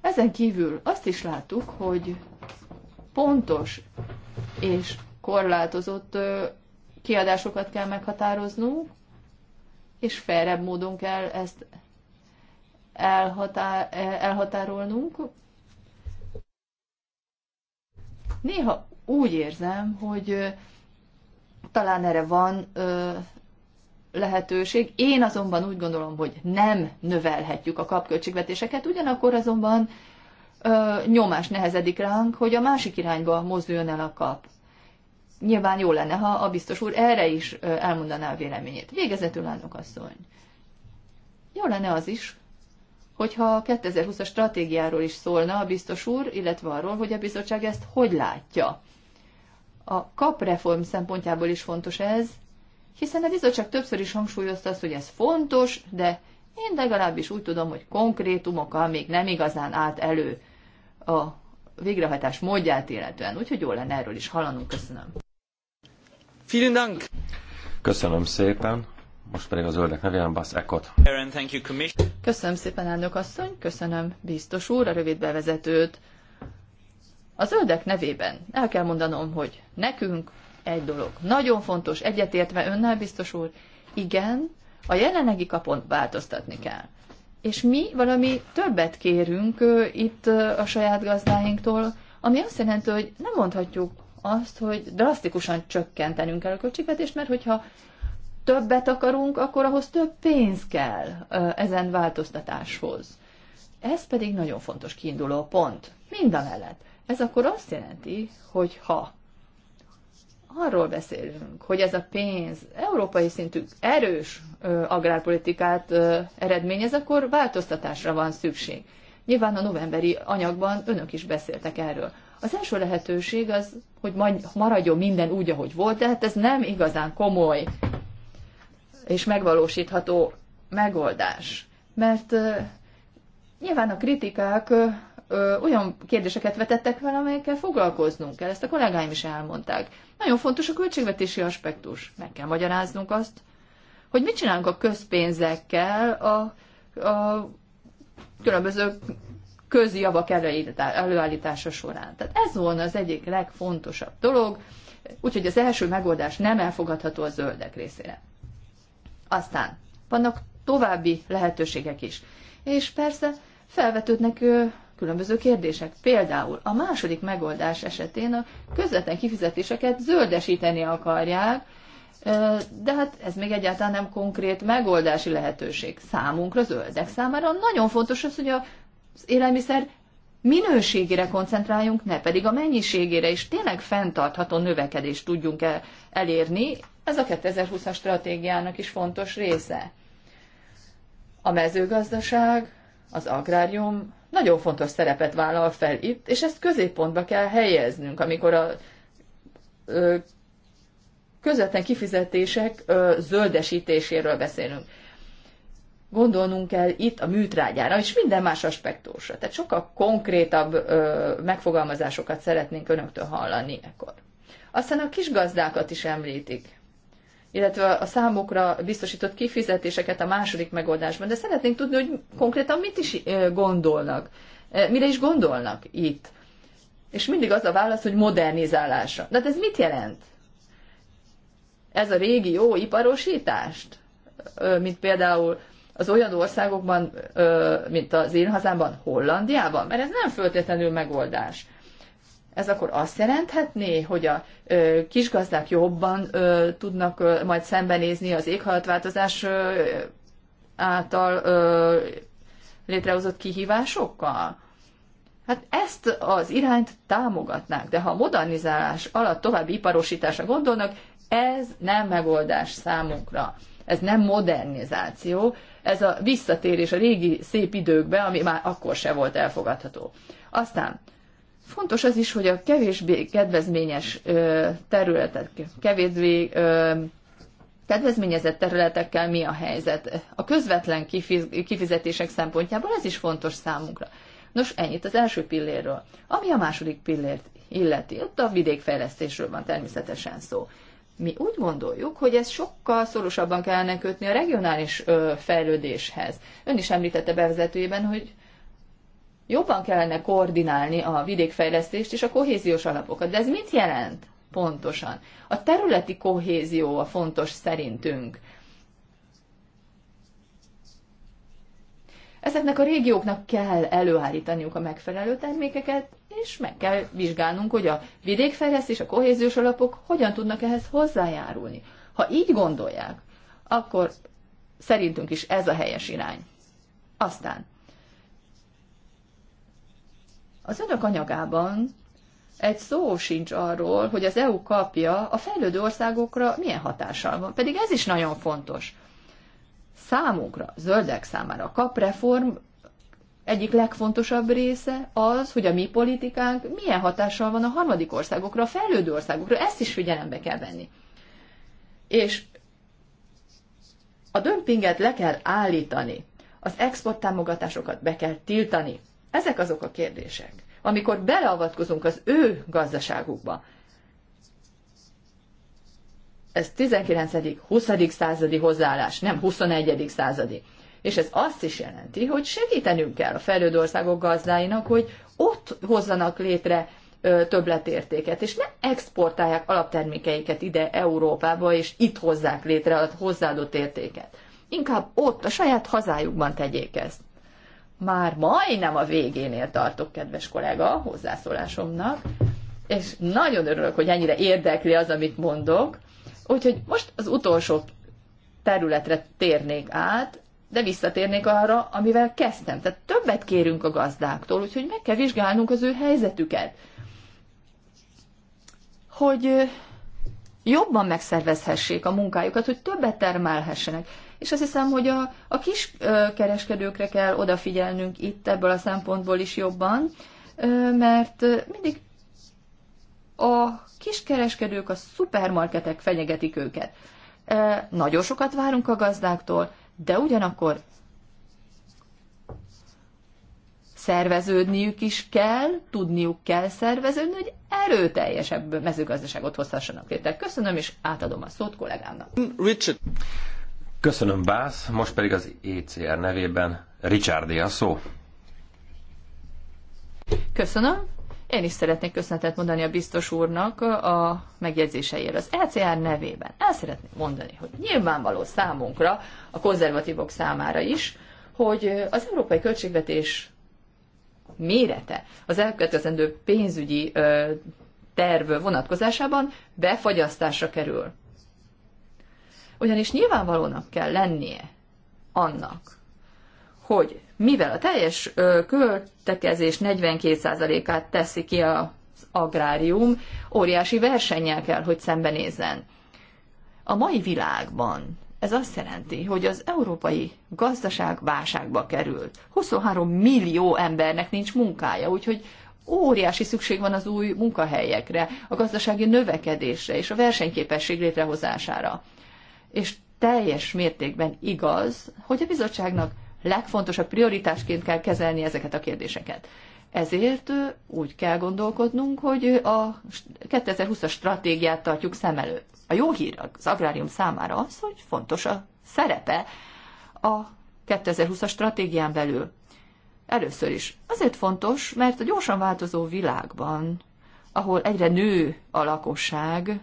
Ezen kívül azt is láttuk, hogy pontos és korlátozott kiadásokat kell meghatároznunk, és felrebb módon kell ezt elhatárolnunk. Néha úgy érzem, hogy talán erre van ö, lehetőség. Én azonban úgy gondolom, hogy nem növelhetjük a kapköltségvetéseket, ugyanakkor azonban ö, nyomás nehezedik ránk, hogy a másik irányba mozduljon el a kap. Nyilván jó lenne, ha a biztos úr erre is elmondaná a véleményét. Végezetül állnak asszony. Jó lenne az is, hogyha a 2020-as stratégiáról is szólna a biztos úr, illetve arról, hogy a bizottság ezt hogy látja. A kapreform szempontjából is fontos ez, hiszen a bizottság többször is hangsúlyozta azt, hogy ez fontos, de én legalábbis úgy tudom, hogy konkrétumokkal még nem igazán állt elő a végrehajtás módját illetően, úgyhogy jól lenne erről is hallanunk. Köszönöm. Vielen Dank! Köszönöm szépen. Most pedig az öldek nevében Bas Ekot. Köszönöm szépen, elnök asszony, köszönöm biztos úr a rövid bevezetőt. A zöldek nevében el kell mondanom, hogy nekünk egy dolog nagyon fontos, egyetértve önnel biztos úr, igen, a jelenlegi kapon változtatni kell. És mi valami többet kérünk itt a saját gazdáinktól, ami azt jelenti, hogy nem mondhatjuk azt, hogy drasztikusan csökkentenünk kell a költségvetést, mert hogyha többet akarunk, akkor ahhoz több pénz kell ezen változtatáshoz. Ez pedig nagyon fontos kiinduló pont, mind a mellett. Ez akkor azt jelenti, hogy ha arról beszélünk, hogy ez a pénz európai szintű erős ö, agrárpolitikát ö, eredményez, akkor változtatásra van szükség. Nyilván a novemberi anyagban önök is beszéltek erről. Az első lehetőség az, hogy maradjon minden úgy, ahogy volt, tehát ez nem igazán komoly és megvalósítható megoldás. Mert ö, nyilván a kritikák ö, olyan kérdéseket vetettek fel, amelyekkel foglalkoznunk kell. Ezt a kollégáim is elmondták. Nagyon fontos a költségvetési aspektus. Meg kell magyaráznunk azt, hogy mit csinálunk a közpénzekkel a, a különböző közjavak előállítása során. Tehát ez volna az egyik legfontosabb dolog, úgyhogy az első megoldás nem elfogadható a zöldek részére. Aztán vannak további lehetőségek is. És persze felvetődnek különböző kérdések. Például a második megoldás esetén a közvetlen kifizetéseket zöldesíteni akarják, de hát ez még egyáltalán nem konkrét megoldási lehetőség számunkra, zöldek számára. Nagyon fontos az, hogy az élelmiszer minőségére koncentráljunk, ne pedig a mennyiségére, és tényleg fenntartható növekedést tudjunk -e elérni. Ez a 2020-as stratégiának is fontos része. A mezőgazdaság, az agrárium nagyon fontos szerepet vállal fel itt, és ezt középpontba kell helyeznünk, amikor a ö, közvetlen kifizetések ö, zöldesítéséről beszélünk. Gondolnunk kell itt a műtrágyára és minden más aspektusra. Tehát sokkal konkrétabb ö, megfogalmazásokat szeretnénk önöktől hallani ekkor. Aztán a kisgazdákat is említik illetve a számukra biztosított kifizetéseket a második megoldásban, de szeretnénk tudni, hogy konkrétan mit is gondolnak, mire is gondolnak itt. És mindig az a válasz, hogy modernizálásra. De hát ez mit jelent? Ez a régi jó iparosítást? Mint például az olyan országokban, mint az én hazámban, Hollandiában? Mert ez nem föltétlenül megoldás. Ez akkor azt jelenthetné, hogy a ö, kisgazdák jobban ö, tudnak ö, majd szembenézni az éghajlatváltozás ö, által ö, létrehozott kihívásokkal? Hát ezt az irányt támogatnák, de ha a modernizálás alatt további iparosításra gondolnak, ez nem megoldás számunkra. Ez nem modernizáció, ez a visszatérés a régi szép időkbe, ami már akkor se volt elfogadható. Aztán Fontos az is, hogy a kevésbé kedvezményes területek, kevésbé kedvezményezett területekkel mi a helyzet. A közvetlen kifizetések szempontjából ez is fontos számunkra. Nos, ennyit az első pillérről. Ami a második pillért illeti, ott a vidékfejlesztésről van természetesen szó. Mi úgy gondoljuk, hogy ez sokkal szorosabban kellene kötni a regionális ö, fejlődéshez. Ön is említette bevezetőjében, hogy jobban kellene koordinálni a vidékfejlesztést és a kohéziós alapokat. De ez mit jelent pontosan? A területi kohézió a fontos szerintünk. Ezeknek a régióknak kell előállítaniuk a megfelelő termékeket, és meg kell vizsgálnunk, hogy a vidékfejlesztés, a kohéziós alapok hogyan tudnak ehhez hozzájárulni. Ha így gondolják, akkor szerintünk is ez a helyes irány. Aztán az önök anyagában egy szó sincs arról, hogy az EU kapja a fejlődő országokra milyen hatással van. Pedig ez is nagyon fontos. Számunkra, zöldek számára a kapreform egyik legfontosabb része az, hogy a mi politikánk milyen hatással van a harmadik országokra, a fejlődő országokra. Ezt is figyelembe kell venni. És a dömpinget le kell állítani, az exporttámogatásokat be kell tiltani, ezek azok a kérdések. Amikor beleavatkozunk az ő gazdaságukba, ez 19. 20. századi hozzáállás, nem 21. századi. És ez azt is jelenti, hogy segítenünk kell a fejlődő országok gazdáinak, hogy ott hozzanak létre többletértéket, és ne exportálják alaptermékeiket ide Európába, és itt hozzák létre a hozzáadott értéket. Inkább ott, a saját hazájukban tegyék ezt már majdnem a végénél tartok, kedves kollega, hozzászólásomnak, és nagyon örülök, hogy ennyire érdekli az, amit mondok. Úgyhogy most az utolsó területre térnék át, de visszatérnék arra, amivel kezdtem. Tehát többet kérünk a gazdáktól, úgyhogy meg kell vizsgálnunk az ő helyzetüket. Hogy jobban megszervezhessék a munkájukat, hogy többet termelhessenek. És azt hiszem, hogy a, a kis kereskedőkre kell odafigyelnünk itt ebből a szempontból is jobban, mert mindig a kiskereskedők, a szupermarketek fenyegetik őket. Nagyon sokat várunk a gazdáktól, de ugyanakkor szerveződniük is kell, tudniuk kell szerveződni, hogy erőteljesebb mezőgazdaságot hozhassanak létre. Köszönöm, és átadom a szót kollégámnak. Richard. Köszönöm, Bász. Most pedig az ECR nevében Richardi a szó. Köszönöm. Én is szeretnék köszönetet mondani a biztos úrnak a megjegyzéseiért. Az ECR nevében el szeretném mondani, hogy nyilvánvaló számunkra, a konzervatívok számára is, hogy az európai költségvetés mérete az elkövetkezendő pénzügyi terv vonatkozásában befagyasztásra kerül. Ugyanis nyilvánvalónak kell lennie annak, hogy mivel a teljes költekezés 42%-át teszi ki az agrárium, óriási versennyel kell, hogy szembenézzen. A mai világban ez azt jelenti, hogy az európai gazdaság válságba került. 23 millió embernek nincs munkája, úgyhogy óriási szükség van az új munkahelyekre, a gazdasági növekedésre és a versenyképesség létrehozására. És teljes mértékben igaz, hogy a bizottságnak legfontosabb prioritásként kell kezelni ezeket a kérdéseket. Ezért úgy kell gondolkodnunk, hogy a 2020-as stratégiát tartjuk szem előtt. A jó hír az agrárium számára az, hogy fontos a szerepe a 2020-as stratégián belül. Először is. Azért fontos, mert a gyorsan változó világban, ahol egyre nő a lakosság,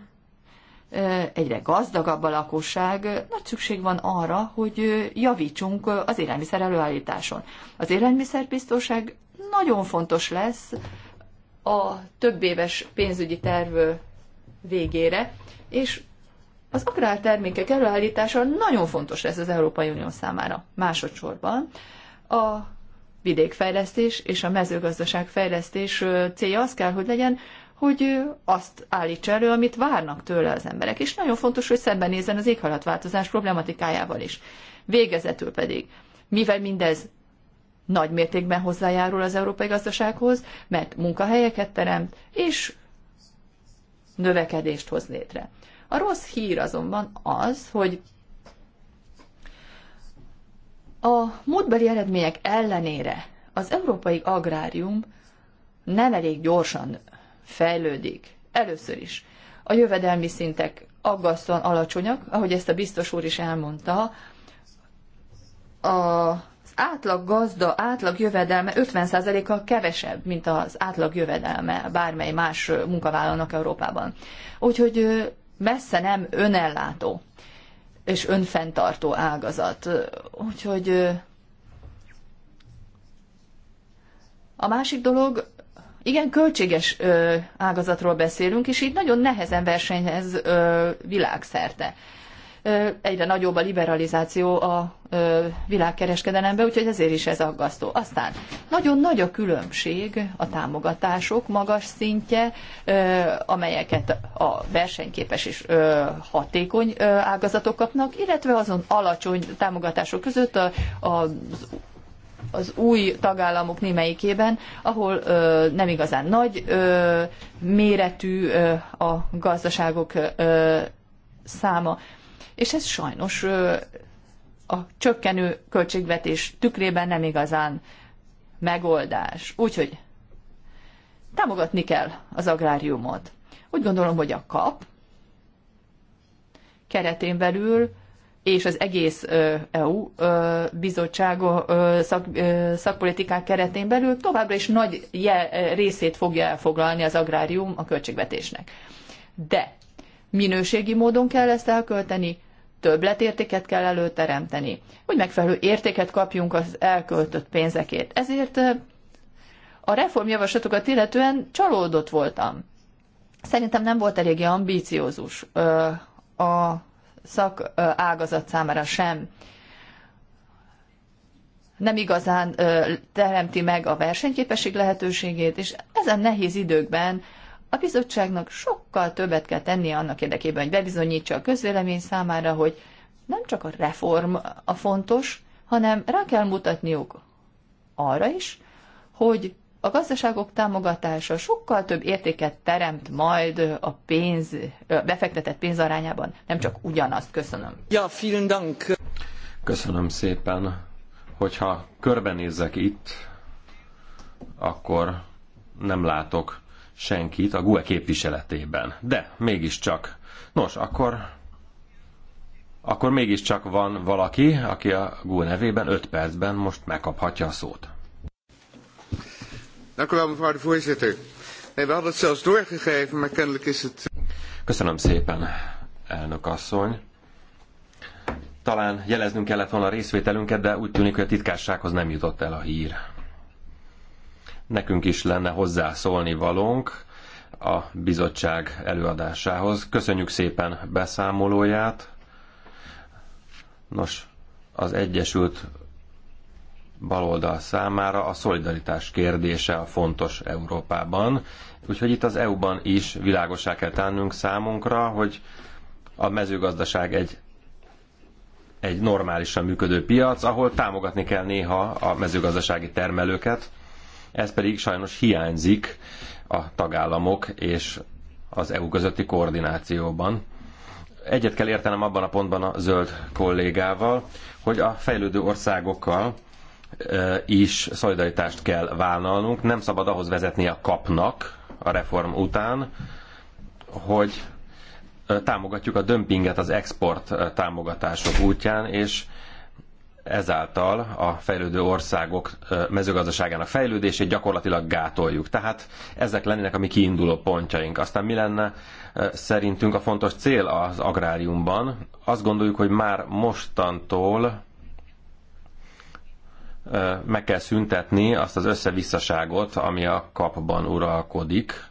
egyre gazdagabb a lakosság, nagy szükség van arra, hogy javítsunk az élelmiszer előállításon. Az élelmiszerbiztonság nagyon fontos lesz a több éves pénzügyi terv végére, és az agrártermékek előállítása nagyon fontos lesz az Európai Unió számára. Másodszorban a vidékfejlesztés és a mezőgazdaság fejlesztés célja az kell, hogy legyen, hogy azt állítsa elő, amit várnak tőle az emberek. És nagyon fontos, hogy szembenézzen az éghajlatváltozás problematikájával is. Végezetül pedig, mivel mindez nagy mértékben hozzájárul az európai gazdasághoz, mert munkahelyeket teremt, és növekedést hoz létre. A rossz hír azonban az, hogy a múltbeli eredmények ellenére az európai agrárium nem elég gyorsan fejlődik. Először is a jövedelmi szintek aggasztóan alacsonyak, ahogy ezt a biztos úr is elmondta, a átlag gazda, átlag jövedelme 50%-kal kevesebb, mint az átlag jövedelme bármely más munkavállalónak Európában. Úgyhogy messze nem önellátó és önfenntartó ágazat. Úgyhogy a másik dolog, igen, költséges ágazatról beszélünk, és így nagyon nehezen versenyhez világszerte egyre nagyobb a liberalizáció a világkereskedelemben, úgyhogy ezért is ez aggasztó. Aztán nagyon nagy a különbség a támogatások magas szintje, amelyeket a versenyképes és hatékony ágazatok kapnak, illetve azon alacsony támogatások között a, a az új tagállamok némelyikében, ahol ö, nem igazán nagy ö, méretű ö, a gazdaságok ö, száma és ez sajnos a csökkenő költségvetés tükrében nem igazán megoldás. Úgyhogy támogatni kell az agráriumot. Úgy gondolom, hogy a kap keretén belül és az egész EU bizottság szak, szakpolitikák keretén belül továbbra is nagy részét fogja elfoglalni az agrárium a költségvetésnek. De minőségi módon kell ezt elkölteni, többletértéket kell előteremteni, hogy megfelelő értéket kapjunk az elköltött pénzekért. Ezért a reformjavaslatokat illetően csalódott voltam. Szerintem nem volt eléggé ambíciózus a szakágazat számára sem. Nem igazán teremti meg a versenyképesség lehetőségét, és ezen nehéz időkben a bizottságnak sokkal többet kell tennie annak érdekében, hogy bebizonyítsa a közvélemény számára, hogy nem csak a reform a fontos, hanem rá kell mutatniuk arra is, hogy a gazdaságok támogatása sokkal több értéket teremt majd a pénz, befektetett pénz arányában, nem csak ugyanazt. Köszönöm. Ja, vielen Dank. Köszönöm szépen. Hogyha körbenézek itt, akkor nem látok senkit a GUE képviseletében. De mégiscsak. Nos, akkor akkor mégiscsak van valaki, aki a GUE nevében 5 percben most megkaphatja a szót. Köszönöm szépen, elnök asszony. Talán jeleznünk kellett volna a részvételünket, de úgy tűnik, hogy a titkársághoz nem jutott el a hír nekünk is lenne hozzászólni valónk a bizottság előadásához. Köszönjük szépen beszámolóját. Nos, az Egyesült baloldal számára a szolidaritás kérdése a fontos Európában. Úgyhogy itt az EU-ban is világosá kell tennünk számunkra, hogy a mezőgazdaság egy egy normálisan működő piac, ahol támogatni kell néha a mezőgazdasági termelőket, ez pedig sajnos hiányzik a tagállamok és az EU közötti koordinációban. Egyet kell értenem abban a pontban a zöld kollégával, hogy a fejlődő országokkal is szolidaritást kell vállalnunk. Nem szabad ahhoz vezetni a kapnak a reform után, hogy támogatjuk a dömpinget az export támogatások útján, és ezáltal a fejlődő országok mezőgazdaságának fejlődését gyakorlatilag gátoljuk. Tehát ezek lennének a mi kiinduló pontjaink. Aztán mi lenne szerintünk a fontos cél az agráriumban? Azt gondoljuk, hogy már mostantól meg kell szüntetni azt az összevisszaságot, ami a kapban uralkodik.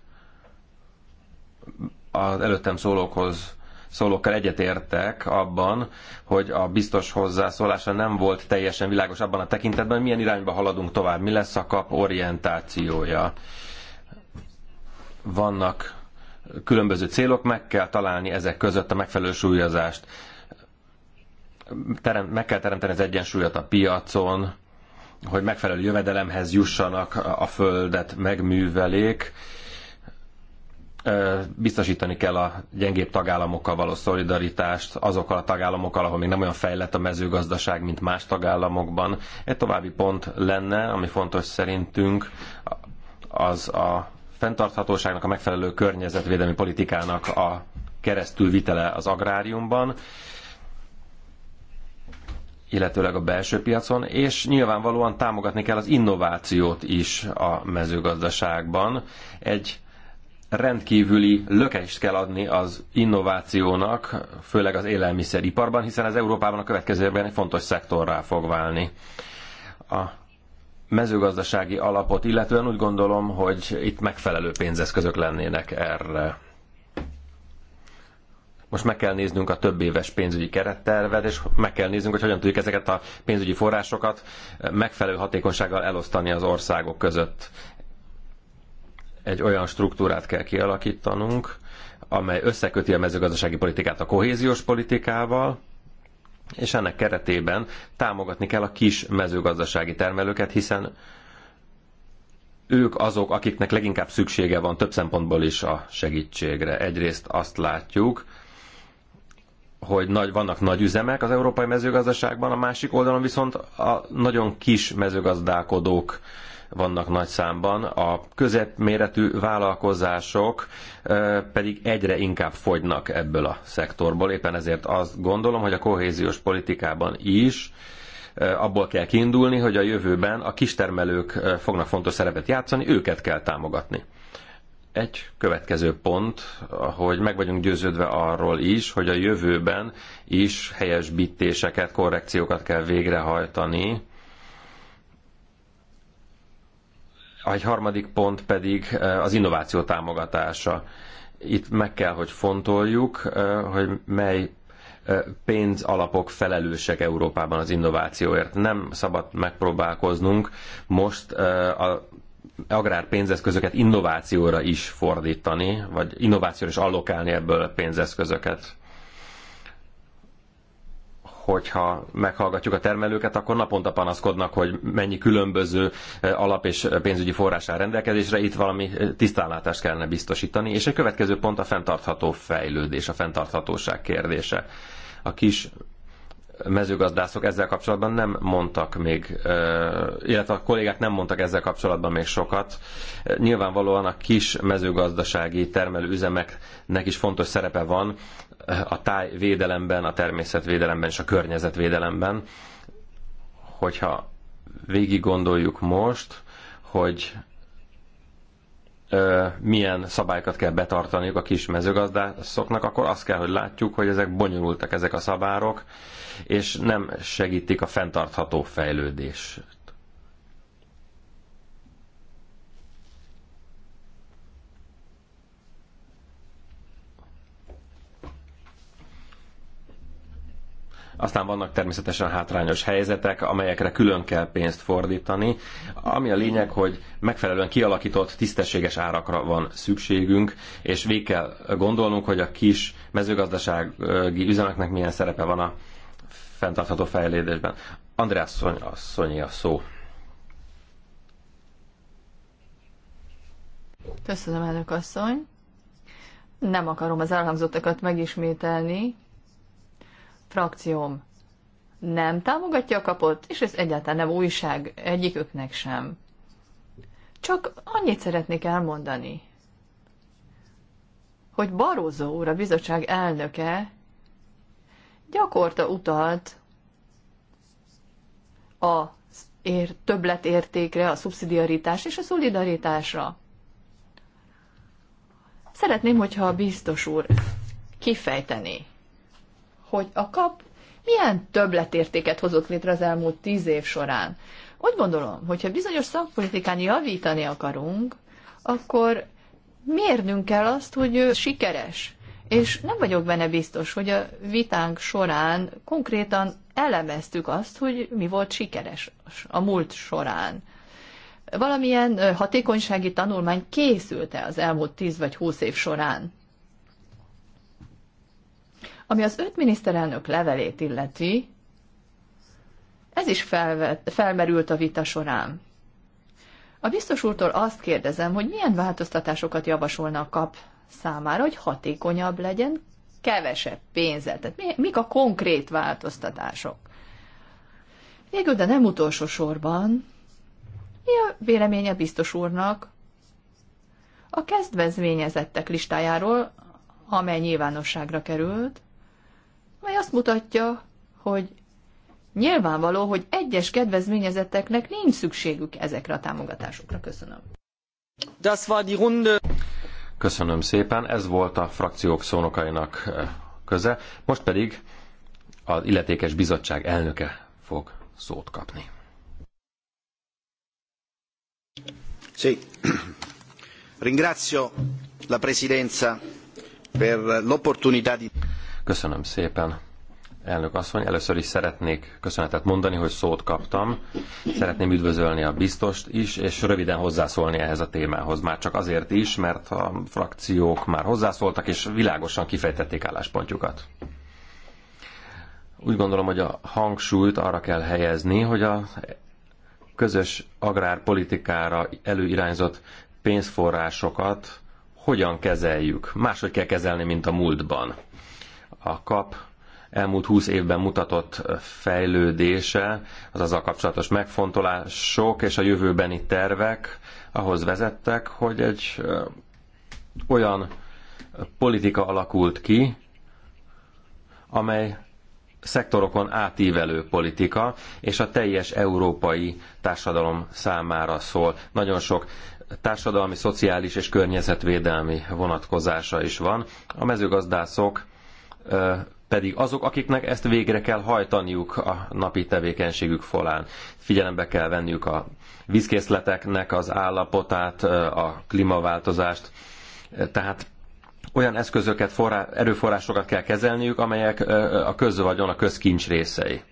Az előttem szólókhoz szólókkal egyetértek abban, hogy a biztos hozzászólása nem volt teljesen világos abban a tekintetben, hogy milyen irányba haladunk tovább, mi lesz a kap orientációja. Vannak különböző célok, meg kell találni ezek között a megfelelő súlyozást. Terem, meg kell teremteni az egyensúlyot a piacon, hogy megfelelő jövedelemhez jussanak, a földet megművelék biztosítani kell a gyengébb tagállamokkal való szolidaritást, azokkal a tagállamokkal, ahol még nem olyan fejlett a mezőgazdaság, mint más tagállamokban. Egy további pont lenne, ami fontos szerintünk, az a fenntarthatóságnak, a megfelelő környezetvédelmi politikának a keresztülvitele az agráriumban illetőleg a belső piacon, és nyilvánvalóan támogatni kell az innovációt is a mezőgazdaságban. Egy rendkívüli lökést kell adni az innovációnak, főleg az élelmiszeriparban, hiszen ez Európában a következő évben egy fontos szektorrá fog válni. A mezőgazdasági alapot, illetően úgy gondolom, hogy itt megfelelő pénzeszközök lennének erre. Most meg kell néznünk a több éves pénzügyi kerettervet, és meg kell néznünk, hogy hogyan tudjuk ezeket a pénzügyi forrásokat megfelelő hatékonysággal elosztani az országok között egy olyan struktúrát kell kialakítanunk, amely összeköti a mezőgazdasági politikát a kohéziós politikával, és ennek keretében támogatni kell a kis mezőgazdasági termelőket, hiszen ők azok, akiknek leginkább szüksége van több szempontból is a segítségre. Egyrészt azt látjuk, hogy nagy, vannak nagy üzemek az európai mezőgazdaságban, a másik oldalon viszont a nagyon kis mezőgazdálkodók vannak nagy számban, a középméretű vállalkozások pedig egyre inkább fogynak ebből a szektorból. Éppen ezért azt gondolom, hogy a kohéziós politikában is abból kell kiindulni, hogy a jövőben a kistermelők fognak fontos szerepet játszani, őket kell támogatni. Egy következő pont, hogy meg vagyunk győződve arról is, hogy a jövőben is helyesbítéseket, korrekciókat kell végrehajtani egy harmadik pont pedig eh, az innováció támogatása. Itt meg kell, hogy fontoljuk, eh, hogy mely eh, pénzalapok felelősek Európában az innovációért. Nem szabad megpróbálkoznunk most a agrárpénzeszközöket innovációra is fordítani, vagy innovációra is allokálni ebből a pénzeszközöket hogyha meghallgatjuk a termelőket, akkor naponta panaszkodnak, hogy mennyi különböző eh, alap és pénzügyi forrás áll rendelkezésre, itt valami eh, tisztánlátást kellene biztosítani. És a következő pont a fenntartható fejlődés, a fenntarthatóság kérdése. A kis mezőgazdászok ezzel kapcsolatban nem mondtak még, illetve a kollégák nem mondtak ezzel kapcsolatban még sokat. Nyilvánvalóan a kis mezőgazdasági termelőüzemeknek is fontos szerepe van a tájvédelemben, a természetvédelemben és a környezetvédelemben. Hogyha végig gondoljuk most, hogy milyen szabályokat kell betartaniuk a kis mezőgazdászoknak, akkor azt kell, hogy látjuk, hogy ezek bonyolultak ezek a szabárok, és nem segítik a fenntartható fejlődést. Aztán vannak természetesen hátrányos helyzetek, amelyekre külön kell pénzt fordítani. Ami a lényeg, hogy megfelelően kialakított, tisztességes árakra van szükségünk, és végig kell gondolnunk, hogy a kis mezőgazdasági üzemeknek milyen szerepe van a fenntartható fejlődésben. András Szony, Szonyi a szó. Köszönöm, elnök asszony. Nem akarom az elhangzottakat megismételni, frakcióm nem támogatja a kapot, és ez egyáltalán nem újság egyiküknek sem. Csak annyit szeretnék elmondani, hogy Barózó úr, a bizottság elnöke gyakorta utalt a többletértékre, a szubszidiaritás és a szolidaritásra. Szeretném, hogyha a biztos úr kifejteni hogy a kap milyen többletértéket hozott létre az elmúlt tíz év során. Úgy gondolom, hogyha bizonyos szakpolitikán javítani akarunk, akkor mérnünk kell azt, hogy ő sikeres. És nem vagyok benne biztos, hogy a vitánk során konkrétan elemeztük azt, hogy mi volt sikeres a múlt során. Valamilyen hatékonysági tanulmány készült-e az elmúlt 10 vagy 20 év során? Ami az öt miniszterelnök levelét illeti, ez is felvet, felmerült a vita során. A biztos úrtól azt kérdezem, hogy milyen változtatásokat javasolna a kap számára, hogy hatékonyabb legyen, kevesebb pénzzel. Tehát mi, mik a konkrét változtatások? Végül, de nem utolsó sorban, mi a véleménye biztos úrnak a kezdvezményezettek listájáról, amely nyilvánosságra került, mely azt mutatja, hogy nyilvánvaló, hogy egyes kedvezményezetteknek nincs szükségük ezekre a támogatásokra. Köszönöm. Das war die Runde. Köszönöm szépen, ez volt a frakciók szónokainak eh, köze. Most pedig az illetékes bizottság elnöke fog szót kapni. Sí. Ringrazio la presidenza per l'opportunità di Köszönöm szépen. Elnök asszony, először is szeretnék köszönetet mondani, hogy szót kaptam. Szeretném üdvözölni a biztost is, és röviden hozzászólni ehhez a témához. Már csak azért is, mert a frakciók már hozzászóltak, és világosan kifejtették álláspontjukat. Úgy gondolom, hogy a hangsúlyt arra kell helyezni, hogy a közös agrárpolitikára előirányzott pénzforrásokat hogyan kezeljük. Máshogy kell kezelni, mint a múltban a kap elmúlt 20 évben mutatott fejlődése, az azzal kapcsolatos megfontolások és a jövőbeni tervek ahhoz vezettek, hogy egy olyan politika alakult ki, amely szektorokon átívelő politika, és a teljes európai társadalom számára szól. Nagyon sok társadalmi, szociális és környezetvédelmi vonatkozása is van. A mezőgazdászok pedig azok, akiknek ezt végre kell hajtaniuk a napi tevékenységük folán. Figyelembe kell venniük a vízkészleteknek az állapotát, a klímaváltozást, tehát olyan eszközöket, forrá, erőforrásokat kell kezelniük, amelyek a közvagyon a közkincs részei.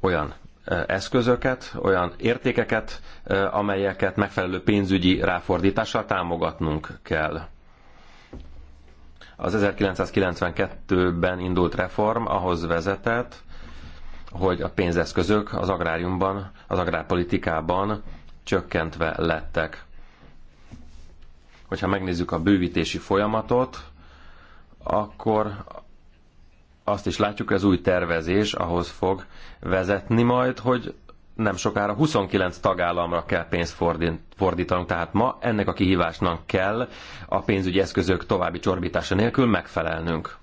Olyan eszközöket, olyan értékeket, amelyeket megfelelő pénzügyi ráfordítással támogatnunk kell. Az 1992-ben indult reform ahhoz vezetett, hogy a pénzeszközök az agráriumban, az agrárpolitikában csökkentve lettek. Hogyha megnézzük a bővítési folyamatot, akkor azt is látjuk, hogy az új tervezés ahhoz fog vezetni majd, hogy nem sokára 29 tagállamra kell pénzt fordítanunk, tehát ma ennek a kihívásnak kell a pénzügyi eszközök további csorbítása nélkül megfelelnünk.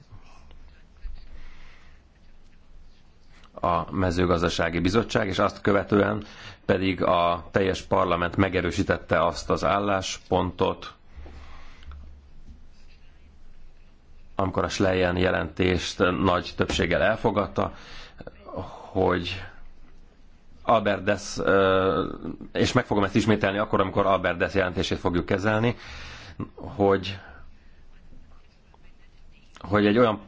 a mezőgazdasági bizottság, és azt követően pedig a teljes parlament megerősítette azt az álláspontot, amikor a Schleyen jelentést nagy többséggel elfogadta, hogy Alberdes, és meg fogom ezt ismételni akkor, amikor Alberdes jelentését fogjuk kezelni, hogy, hogy egy olyan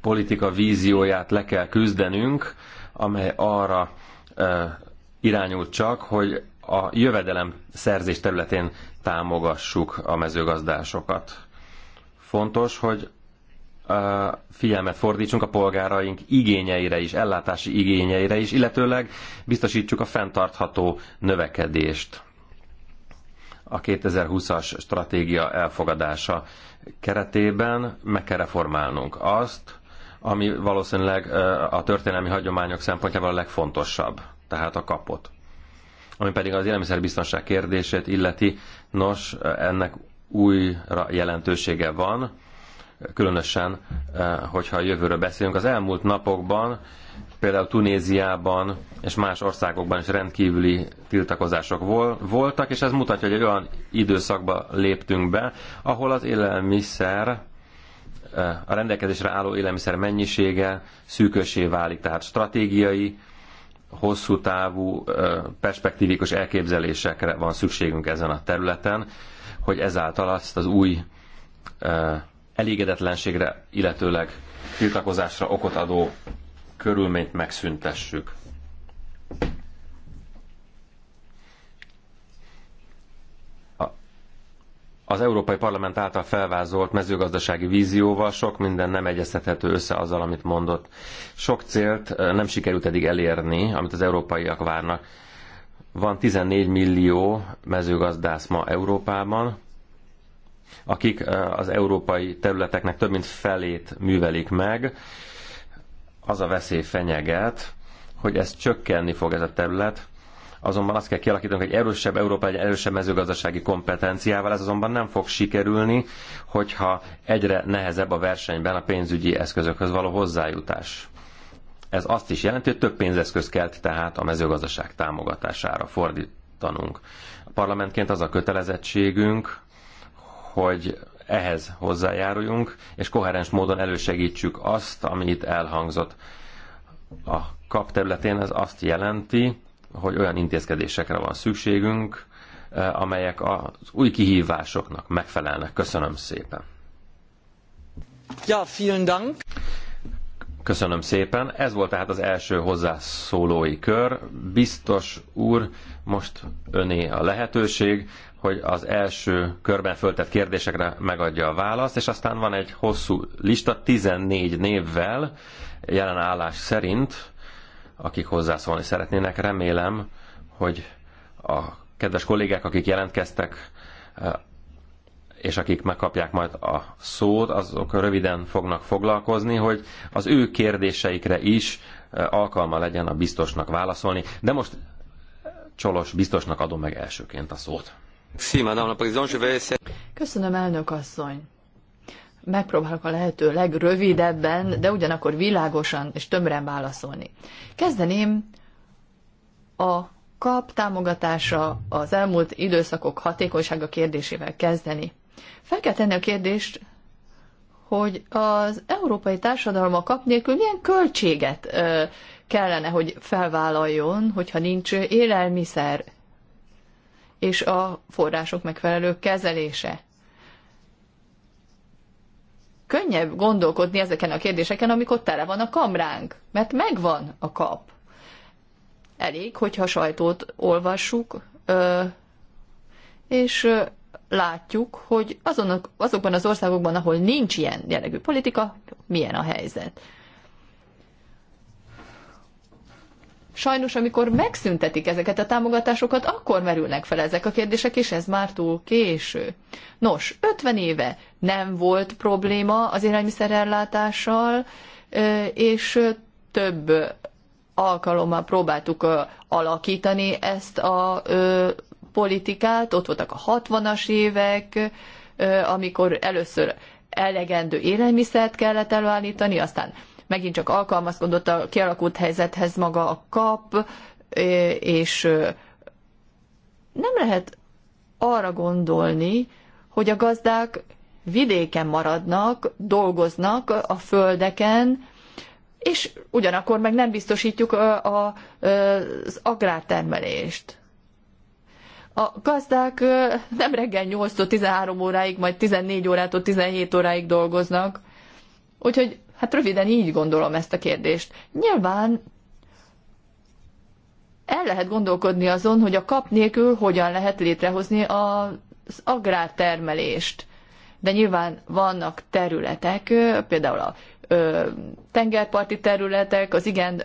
politika vízióját le kell küzdenünk, amely arra irányul csak, hogy a jövedelem szerzés területén támogassuk a mezőgazdásokat. Fontos, hogy figyelmet fordítsunk a polgáraink igényeire is, ellátási igényeire is, illetőleg biztosítsuk a fenntartható növekedést a 2020-as stratégia elfogadása keretében meg kell reformálnunk azt, ami valószínűleg a történelmi hagyományok szempontjából a legfontosabb, tehát a kapot. Ami pedig az élelmiszerbiztonság kérdését illeti, nos, ennek újra jelentősége van, különösen, eh, hogyha a jövőről beszélünk. Az elmúlt napokban, például Tunéziában és más országokban is rendkívüli tiltakozások voltak, és ez mutatja, hogy egy olyan időszakba léptünk be, ahol az élelmiszer eh, a rendelkezésre álló élelmiszer mennyisége szűkösé válik, tehát stratégiai, hosszú távú, eh, perspektívikus elképzelésekre van szükségünk ezen a területen, hogy ezáltal azt az új elégedetlenségre, illetőleg tiltakozásra okot adó körülményt megszüntessük. Az Európai Parlament által felvázolt mezőgazdasági vízióval sok minden nem egyeztethető össze azzal, amit mondott. Sok célt nem sikerült eddig elérni, amit az európaiak várnak. Van 14 millió mezőgazdász ma Európában, akik az európai területeknek több mint felét művelik meg, az a veszély fenyeget, hogy ez csökkenni fog ez a terület, azonban azt kell kialakítanunk, egy erősebb Európa, egy erősebb mezőgazdasági kompetenciával, ez azonban nem fog sikerülni, hogyha egyre nehezebb a versenyben a pénzügyi eszközökhöz való hozzájutás. Ez azt is jelenti, hogy több pénzeszköz kell tehát a mezőgazdaság támogatására fordítanunk. A parlamentként az a kötelezettségünk, hogy ehhez hozzájáruljunk, és koherens módon elősegítsük azt, ami itt elhangzott. A kap területén ez azt jelenti, hogy olyan intézkedésekre van szükségünk, eh, amelyek az új kihívásoknak megfelelnek. Köszönöm szépen. Ja, vielen Dank. Köszönöm szépen. Ez volt tehát az első hozzászólói kör. Biztos úr, most öné a lehetőség, hogy az első körben föltett kérdésekre megadja a választ, és aztán van egy hosszú lista 14 névvel, jelen állás szerint, akik hozzászólni szeretnének. Remélem, hogy a kedves kollégák, akik jelentkeztek, eh, és akik megkapják majd a szót, azok röviden fognak foglalkozni, hogy az ő kérdéseikre is eh, alkalma legyen a biztosnak válaszolni. De most eh, Csolos biztosnak adom meg elsőként a szót. Köszönöm, elnök asszony. Megpróbálok a lehető legrövidebben, de ugyanakkor világosan és tömören válaszolni. Kezdeném a kap támogatása az elmúlt időszakok hatékonysága kérdésével kezdeni. Fel kell tenni a kérdést, hogy az európai a kap nélkül milyen költséget kellene, hogy felvállaljon, hogyha nincs élelmiszer és a források megfelelő kezelése. Könnyebb gondolkodni ezeken a kérdéseken, amikor tele van a kamránk, mert megvan a kap. Elég, hogyha sajtót olvassuk, és látjuk, hogy azonok, azokban az országokban, ahol nincs ilyen jellegű politika, milyen a helyzet. sajnos, amikor megszüntetik ezeket a támogatásokat, akkor merülnek fel ezek a kérdések, és ez már túl késő. Nos, 50 éve nem volt probléma az élelmiszerellátással, és több alkalommal próbáltuk alakítani ezt a politikát. Ott voltak a 60-as évek, amikor először elegendő élelmiszert kellett előállítani, aztán megint csak alkalmazkodott a kialakult helyzethez maga a kap, és nem lehet arra gondolni, hogy a gazdák vidéken maradnak, dolgoznak a földeken, és ugyanakkor meg nem biztosítjuk a, az agrártermelést. A gazdák nem reggel 8-13 óráig, majd 14 órától 17 óráig dolgoznak, úgyhogy Hát röviden így gondolom ezt a kérdést. Nyilván el lehet gondolkodni azon, hogy a kap nélkül hogyan lehet létrehozni az agrártermelést. De nyilván vannak területek, például a tengerparti területek, az igen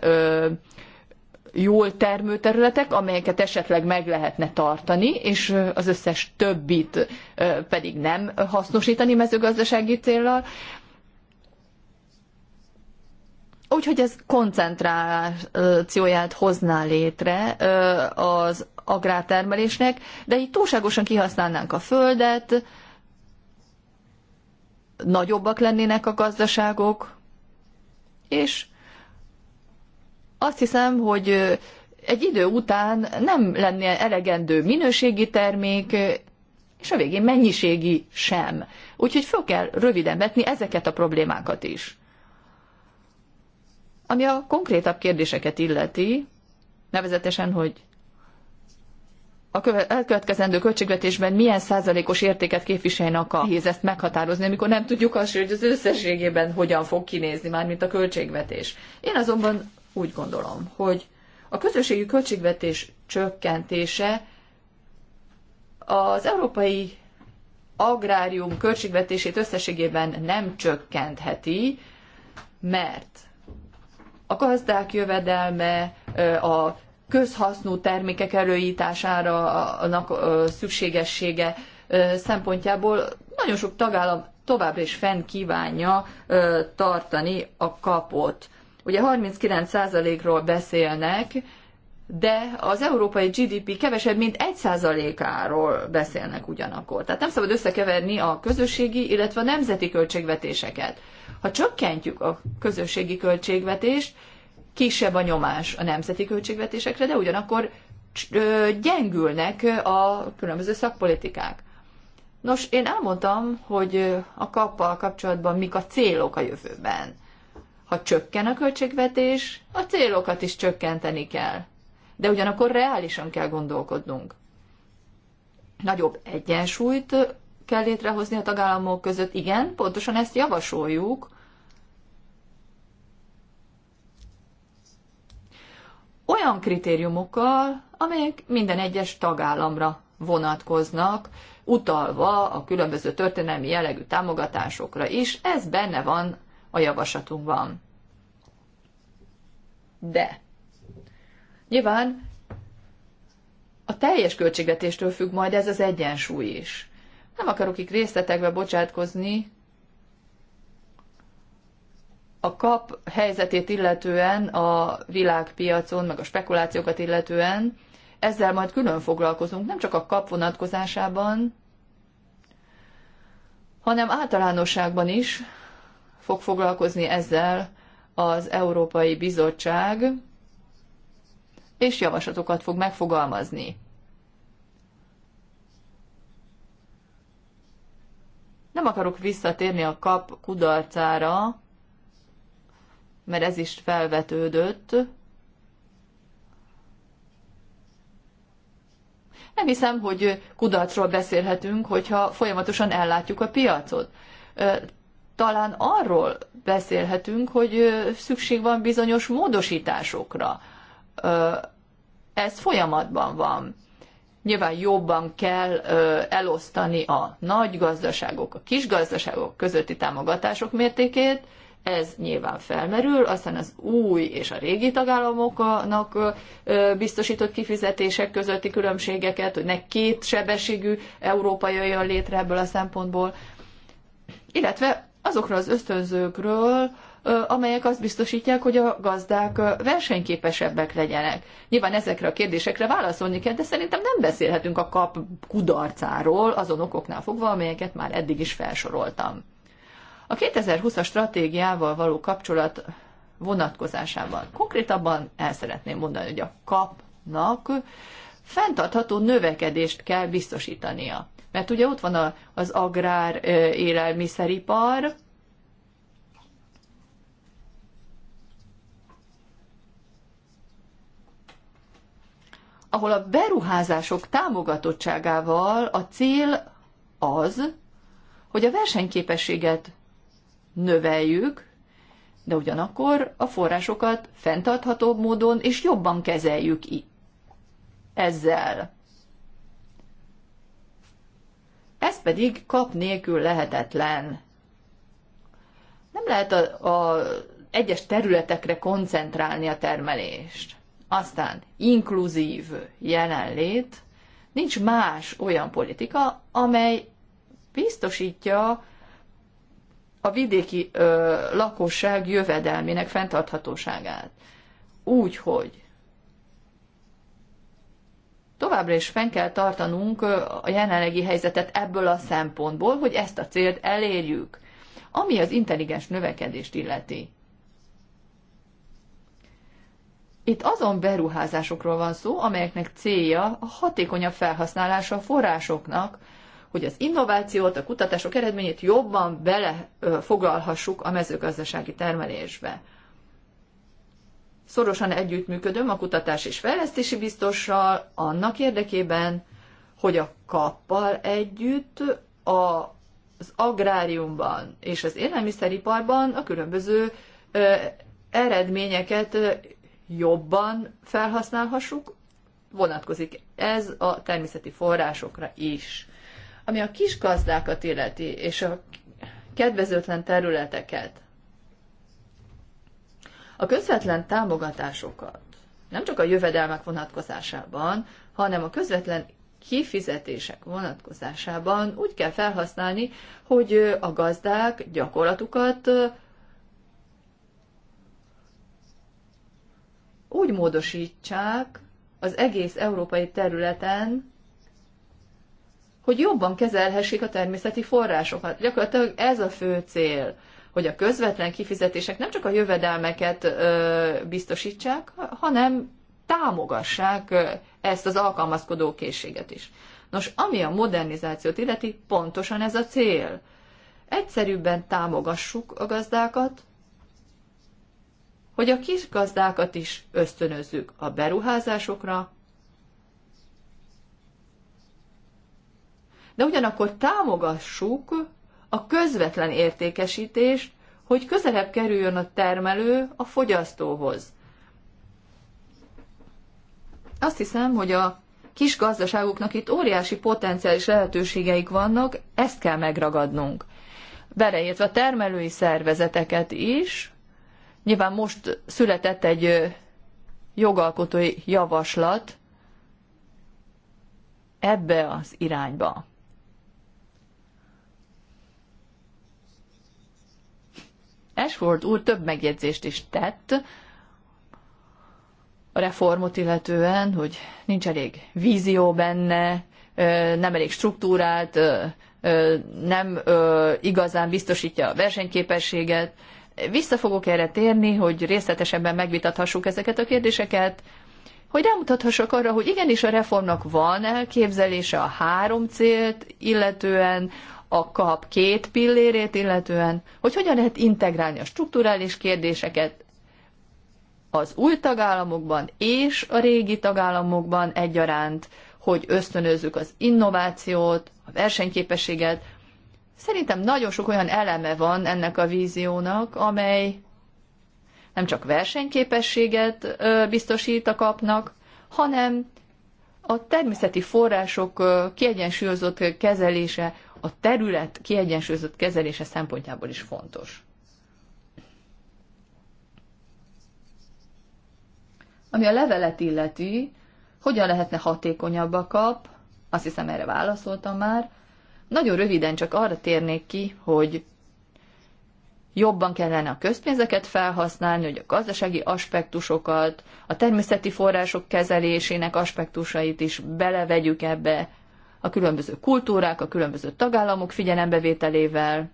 jól termő területek, amelyeket esetleg meg lehetne tartani, és az összes többit pedig nem hasznosítani mezőgazdasági célral. Úgyhogy ez koncentrációját hozná létre az agrártermelésnek, de így túlságosan kihasználnánk a földet, nagyobbak lennének a gazdaságok, és azt hiszem, hogy egy idő után nem lenne elegendő minőségi termék, és a végén mennyiségi sem. Úgyhogy föl kell röviden vetni ezeket a problémákat is. Ami a konkrétabb kérdéseket illeti, nevezetesen, hogy a elkövetkezendő költségvetésben milyen százalékos értéket képviselnek a nehéz ezt meghatározni, amikor nem tudjuk azt, hogy az összességében hogyan fog kinézni már, mint a költségvetés. Én azonban úgy gondolom, hogy a közösségi költségvetés csökkentése az európai agrárium költségvetését összességében nem csökkentheti, mert a gazdák jövedelme, a közhasznú termékek előítására szükségessége szempontjából nagyon sok tagállam továbbra is fenn kívánja tartani a kapot. Ugye 39%-ról beszélnek, de az európai GDP kevesebb, mint 1%-áról beszélnek ugyanakkor. Tehát nem szabad összekeverni a közösségi, illetve a nemzeti költségvetéseket. Ha csökkentjük a közösségi költségvetést, kisebb a nyomás a nemzeti költségvetésekre, de ugyanakkor gyengülnek a különböző szakpolitikák. Nos, én elmondtam, hogy a kappal kapcsolatban mik a célok a jövőben. Ha csökken a költségvetés, a célokat is csökkenteni kell. De ugyanakkor reálisan kell gondolkodnunk. Nagyobb egyensúlyt kell létrehozni a tagállamok között. Igen, pontosan ezt javasoljuk olyan kritériumokkal, amelyek minden egyes tagállamra vonatkoznak, utalva a különböző történelmi jellegű támogatásokra is, ez benne van a javaslatunkban. De nyilván a teljes költségvetéstől függ majd ez az egyensúly is. Nem akarok itt részletekbe bocsátkozni, a kap helyzetét illetően a világpiacon, meg a spekulációkat illetően, ezzel majd külön foglalkozunk, nem csak a kap vonatkozásában, hanem általánosságban is fog foglalkozni ezzel az Európai Bizottság, és javaslatokat fog megfogalmazni. Nem akarok visszatérni a kap kudarcára, mert ez is felvetődött. Nem hiszem, hogy kudarcról beszélhetünk, hogyha folyamatosan ellátjuk a piacot. Talán arról beszélhetünk, hogy szükség van bizonyos módosításokra. Ez folyamatban van. Nyilván jobban kell elosztani a nagy gazdaságok, a kis gazdaságok közötti támogatások mértékét, ez nyilván felmerül, aztán az új és a régi tagállamoknak biztosított kifizetések közötti különbségeket, hogy ne két sebességű Európa jöjjön létre ebből a szempontból, illetve azokra az ösztönzőkről, amelyek azt biztosítják, hogy a gazdák versenyképesebbek legyenek. Nyilván ezekre a kérdésekre válaszolni kell, de szerintem nem beszélhetünk a kap kudarcáról azon okoknál fogva, amelyeket már eddig is felsoroltam. A 2020-as stratégiával való kapcsolat vonatkozásában konkrétabban el szeretném mondani, hogy a kapnak fenntartható növekedést kell biztosítania. Mert ugye ott van az agrár élelmiszeripar, ahol a beruházások támogatottságával a cél az, hogy a versenyképességet növeljük, de ugyanakkor a forrásokat fenntarthatóbb módon és jobban kezeljük itt. Ezzel. Ez pedig kap nélkül lehetetlen. Nem lehet a, a egyes területekre koncentrálni a termelést. Aztán inkluzív jelenlét, nincs más olyan politika, amely biztosítja a vidéki ö, lakosság jövedelmének fenntarthatóságát. Úgy, hogy továbbra is fenn kell tartanunk a jelenlegi helyzetet ebből a szempontból, hogy ezt a célt elérjük, ami az intelligens növekedést illeti. Itt azon beruházásokról van szó, amelyeknek célja a hatékonyabb felhasználása a forrásoknak, hogy az innovációt, a kutatások eredményét jobban belefoglalhassuk a mezőgazdasági termelésbe. Szorosan együttműködöm a kutatás és fejlesztési biztossal annak érdekében, hogy a kappal együtt a az agráriumban és az élelmiszeriparban a különböző eredményeket jobban felhasználhassuk, vonatkozik ez a természeti forrásokra is. Ami a kis gazdákat illeti, és a kedvezőtlen területeket, a közvetlen támogatásokat nem csak a jövedelmek vonatkozásában, hanem a közvetlen kifizetések vonatkozásában úgy kell felhasználni, hogy a gazdák gyakorlatukat úgy módosítsák az egész európai területen, hogy jobban kezelhessék a természeti forrásokat. Gyakorlatilag ez a fő cél, hogy a közvetlen kifizetések nem csak a jövedelmeket ö, biztosítsák, hanem támogassák ezt az alkalmazkodó készséget is. Nos, ami a modernizációt illeti, pontosan ez a cél. Egyszerűbben támogassuk a gazdákat, hogy a kis gazdákat is ösztönözzük a beruházásokra, de ugyanakkor támogassuk a közvetlen értékesítést, hogy közelebb kerüljön a termelő a fogyasztóhoz. Azt hiszem, hogy a kis gazdaságoknak itt óriási potenciális lehetőségeik vannak, ezt kell megragadnunk. Beleértve a termelői szervezeteket is, nyilván most született egy jogalkotói javaslat ebbe az irányba. Ashford úr több megjegyzést is tett a reformot illetően, hogy nincs elég vízió benne, nem elég struktúrált, nem igazán biztosítja a versenyképességet. Vissza fogok erre térni, hogy részletesebben megvitathassuk ezeket a kérdéseket, hogy rámutathassak arra, hogy igenis a reformnak van elképzelése a három célt, illetően a kap két pillérét illetően, hogy hogyan lehet integrálni a strukturális kérdéseket az új tagállamokban és a régi tagállamokban egyaránt, hogy ösztönözzük az innovációt, a versenyképességet. Szerintem nagyon sok olyan eleme van ennek a víziónak, amely nem csak versenyképességet biztosít a kapnak, hanem a természeti források kiegyensúlyozott kezelése a terület kiegyensúlyozott kezelése szempontjából is fontos. Ami a levelet illeti, hogyan lehetne hatékonyabb a kap, azt hiszem erre válaszoltam már, nagyon röviden csak arra térnék ki, hogy jobban kellene a közpénzeket felhasználni, hogy a gazdasági aspektusokat, a természeti források kezelésének aspektusait is belevegyük ebbe, a különböző kultúrák, a különböző tagállamok figyelembevételével,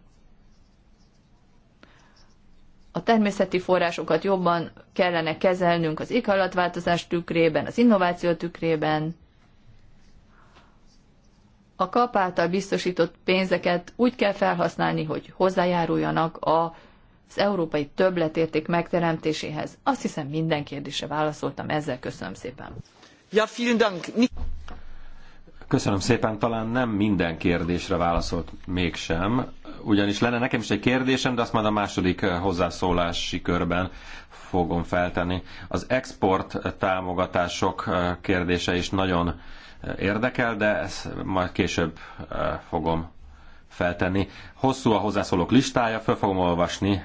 a természeti forrásokat jobban kellene kezelnünk az éghajlatváltozás tükrében, az innováció tükrében. A kap által biztosított pénzeket úgy kell felhasználni, hogy hozzájáruljanak az európai többletérték megteremtéséhez. Azt hiszem minden kérdésre válaszoltam, ezzel köszönöm szépen. Ja, vielen Dank. Köszönöm szépen, talán nem minden kérdésre válaszolt mégsem, ugyanis lenne nekem is egy kérdésem, de azt majd a második eh, hozzászólási körben fogom feltenni. Az export támogatások eh, kérdése is nagyon eh, érdekel, de ezt majd később fogom feltenni. Hosszú a hozzászólók listája, föl fogom olvasni.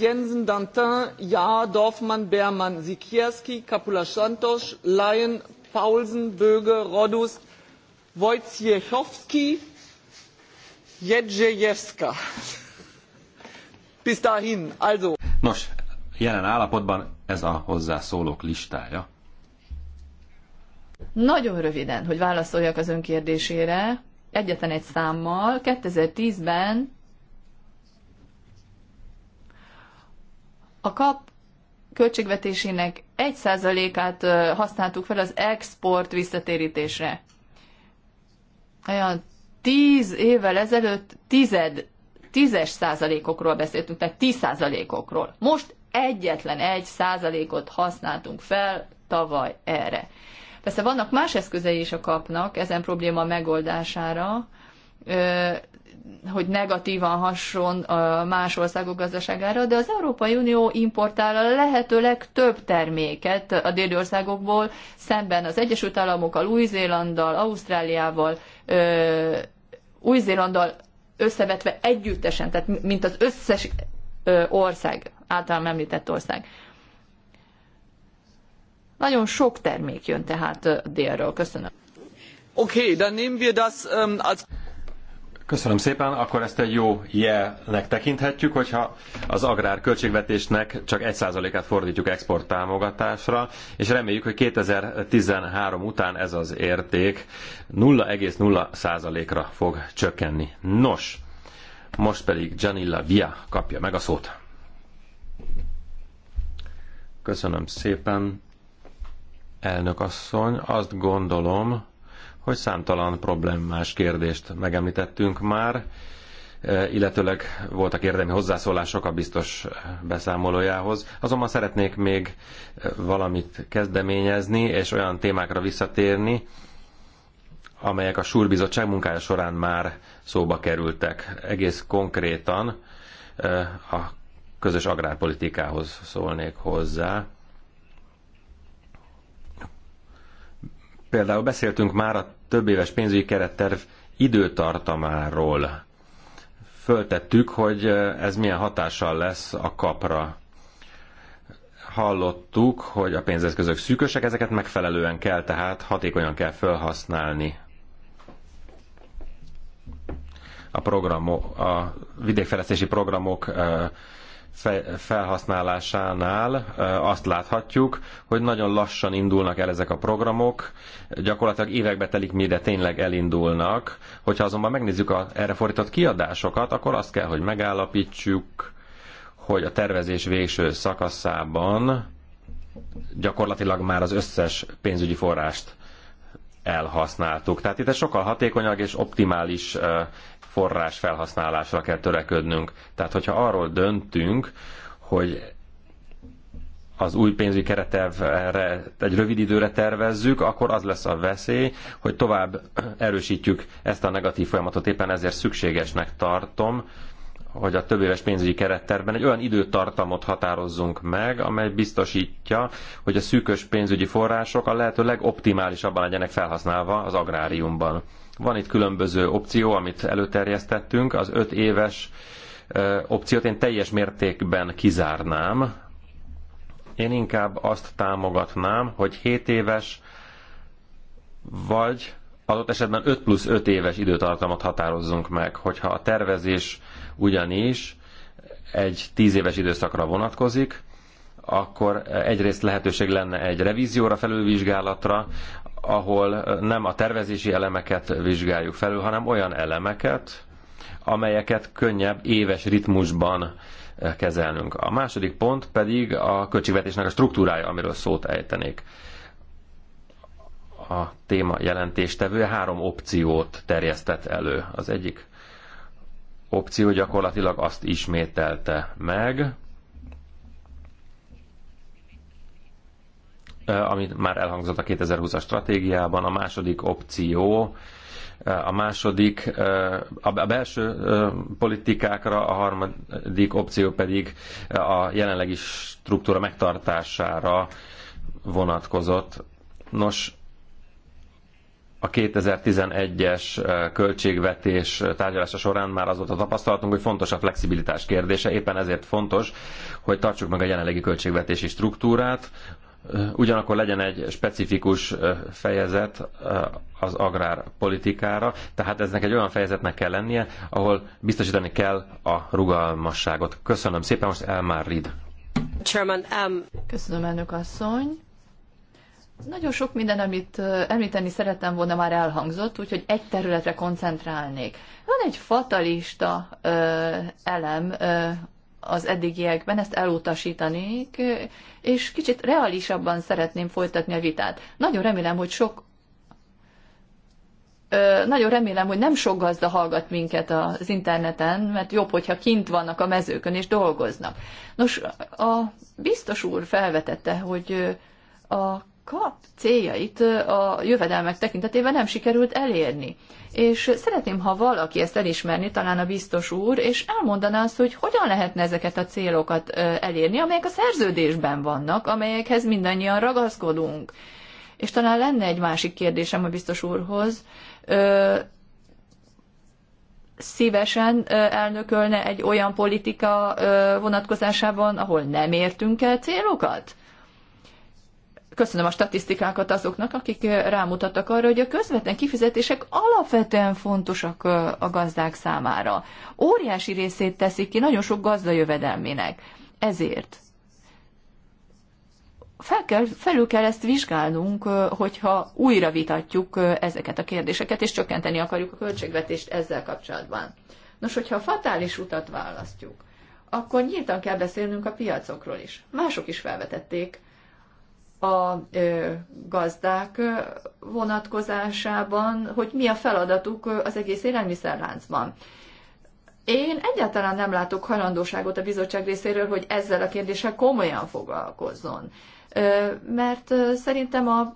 Jensen Dantin, Ja, Dorfmann, Berman, Sikierski, Kapula Santos, Lyon, Paulsen, Böge, Rodust, Wojciechowski, Jedrzejewska. Bis dahin, also. Nos, jelen állapotban ez a hozzászólók listája. Nagyon röviden, hogy válaszoljak az ön kérdésére, egyetlen egy számmal, 2010-ben a kap költségvetésének 1%-át használtuk fel az export visszatérítésre. Olyan 10 évvel ezelőtt tized, tízes százalékokról beszéltünk, tehát 10 százalékokról. Most egyetlen egy százalékot használtunk fel tavaly erre. Persze vannak más eszközei is a kapnak ezen probléma megoldására, hogy negatívan hasson más országok gazdaságára, de az Európai Unió importál a lehető legtöbb terméket a déli országokból, szemben az Egyesült Államokkal, Új-Zélanddal, Ausztráliával, Új-Zélanddal összevetve együttesen, tehát mint az összes ország, általán említett ország. Nagyon sok termék jön tehát délről. Köszönöm. Oké, okay, dann nehmen wir das um, als... Köszönöm szépen, akkor ezt egy jó jelnek tekinthetjük, hogyha az agrár költségvetésnek csak 1%-át fordítjuk exporttámogatásra, és reméljük, hogy 2013 után ez az érték 0,0%-ra fog csökkenni. Nos, most pedig Janilla Via kapja meg a szót. Köszönöm szépen, elnök asszony. Azt gondolom, hogy számtalan problémás kérdést megemlítettünk már, e, illetőleg voltak érdemi hozzászólások a biztos beszámolójához. Azonban szeretnék még valamit kezdeményezni, és olyan témákra visszatérni, amelyek a Súrbizottság munkája során már szóba kerültek. Egész konkrétan e, a közös agrárpolitikához szólnék hozzá. Például beszéltünk már a több éves pénzügyi keretterv időtartamáról. Föltettük, hogy ez milyen hatással lesz a kapra. Hallottuk, hogy a pénzeszközök szűkösek, ezeket megfelelően kell, tehát hatékonyan kell felhasználni. A, program, a vidékfejlesztési programok felhasználásánál azt láthatjuk, hogy nagyon lassan indulnak el ezek a programok, gyakorlatilag évekbe telik, mire tényleg elindulnak. Hogyha azonban megnézzük a erre fordított kiadásokat, akkor azt kell, hogy megállapítsuk, hogy a tervezés végső szakaszában gyakorlatilag már az összes pénzügyi forrást elhasználtuk. Tehát itt egy sokkal hatékonyabb és optimális forrás felhasználásra kell törekednünk. Tehát, hogyha arról döntünk, hogy az új pénzügyi keretevre egy rövid időre tervezzük, akkor az lesz a veszély, hogy tovább erősítjük ezt a negatív folyamatot. Éppen ezért szükségesnek tartom, hogy a több éves pénzügyi keretterben egy olyan időtartamot határozzunk meg, amely biztosítja, hogy a szűkös pénzügyi források a lehető legoptimálisabban legyenek felhasználva az agráriumban. Van itt különböző opció, amit előterjesztettünk. Az öt éves opciót én teljes mértékben kizárnám. Én inkább azt támogatnám, hogy 7 éves vagy adott esetben 5 plusz 5 éves időtartamot határozzunk meg, hogyha a tervezés ugyanis egy 10 éves időszakra vonatkozik, akkor egyrészt lehetőség lenne egy revízióra, felülvizsgálatra, ahol nem a tervezési elemeket vizsgáljuk felül, hanem olyan elemeket, amelyeket könnyebb éves ritmusban kezelnünk. A második pont pedig a költségvetésnek a struktúrája, amiről szót ejtenék. A téma jelentéstevő három opciót terjesztett elő. Az egyik opció gyakorlatilag azt ismételte meg, amit már elhangzott a 2020-as stratégiában. A második opció, a második a belső politikákra, a harmadik opció pedig a jelenlegi struktúra megtartására vonatkozott. Nos, a 2011-es költségvetés tárgyalása során már az volt a tapasztalatunk, hogy fontos a flexibilitás kérdése. Éppen ezért fontos, hogy tartsuk meg a jelenlegi költségvetési struktúrát, ugyanakkor legyen egy specifikus fejezet az agrárpolitikára, tehát eznek egy olyan fejezetnek kell lennie, ahol biztosítani kell a rugalmasságot. Köszönöm szépen, most Elmar Reed. Chairman, um, Köszönöm, elnök asszony. Nagyon sok minden, amit említeni szerettem volna, már elhangzott, úgyhogy egy területre koncentrálnék. Van egy fatalista ö, elem ö, az eddigiekben, ezt elutasítanék, és kicsit realisabban szeretném folytatni a vitát. Nagyon remélem, hogy sok nagyon remélem, hogy nem sok gazda hallgat minket az interneten, mert jobb, hogyha kint vannak a mezőkön és dolgoznak. Nos, a biztos úr felvetette, hogy a kap céljait a jövedelmek tekintetében nem sikerült elérni. És szeretném, ha valaki ezt elismerni, talán a biztos úr, és elmondaná azt, hogy hogyan lehetne ezeket a célokat elérni, amelyek a szerződésben vannak, amelyekhez mindannyian ragaszkodunk. És talán lenne egy másik kérdésem a biztos úrhoz. Ö, szívesen elnökölne egy olyan politika vonatkozásában, ahol nem értünk el célokat? köszönöm a statisztikákat azoknak, akik eh, rámutattak arra, hogy a közvetlen kifizetések alapvetően fontosak eh, a gazdák számára. Óriási részét teszik ki nagyon sok gazda jövedelmének. Ezért fel kell, felül kell ezt vizsgálnunk, eh, hogyha újra vitatjuk ezeket a kérdéseket, és csökkenteni akarjuk a költségvetést ezzel kapcsolatban. Nos, hogyha a fatális utat választjuk, akkor nyíltan kell beszélnünk a piacokról is. Mások is felvetették a gazdák vonatkozásában, hogy mi a feladatuk az egész élelmiszerláncban. Én egyáltalán nem látok hajlandóságot a bizottság részéről, hogy ezzel a kérdéssel komolyan foglalkozzon. Mert szerintem a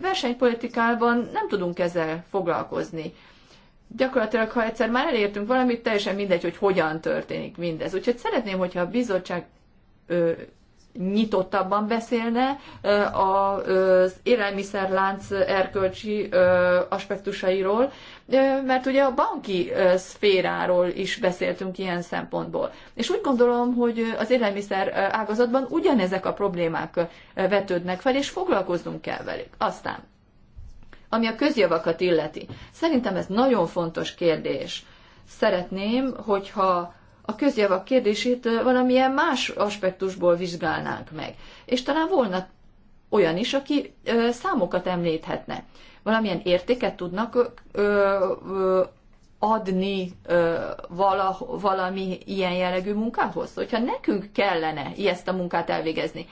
versenypolitikában nem tudunk ezzel foglalkozni. Gyakorlatilag, ha egyszer már elértünk valamit, teljesen mindegy, hogy hogyan történik mindez. Úgyhogy szeretném, hogyha a bizottság nyitottabban beszélne az élelmiszerlánc erkölcsi aspektusairól, mert ugye a banki szféráról is beszéltünk ilyen szempontból. És úgy gondolom, hogy az élelmiszer ágazatban ugyanezek a problémák vetődnek fel, és foglalkoznunk kell velük. Aztán, ami a közjavakat illeti, szerintem ez nagyon fontos kérdés. Szeretném, hogyha a közjavak kérdését valamilyen más aspektusból vizsgálnánk meg. És talán volna olyan is, aki számokat említhetne. Valamilyen értéket tudnak adni vala, valami ilyen jellegű munkához? Hogyha nekünk kellene ezt a munkát elvégezni,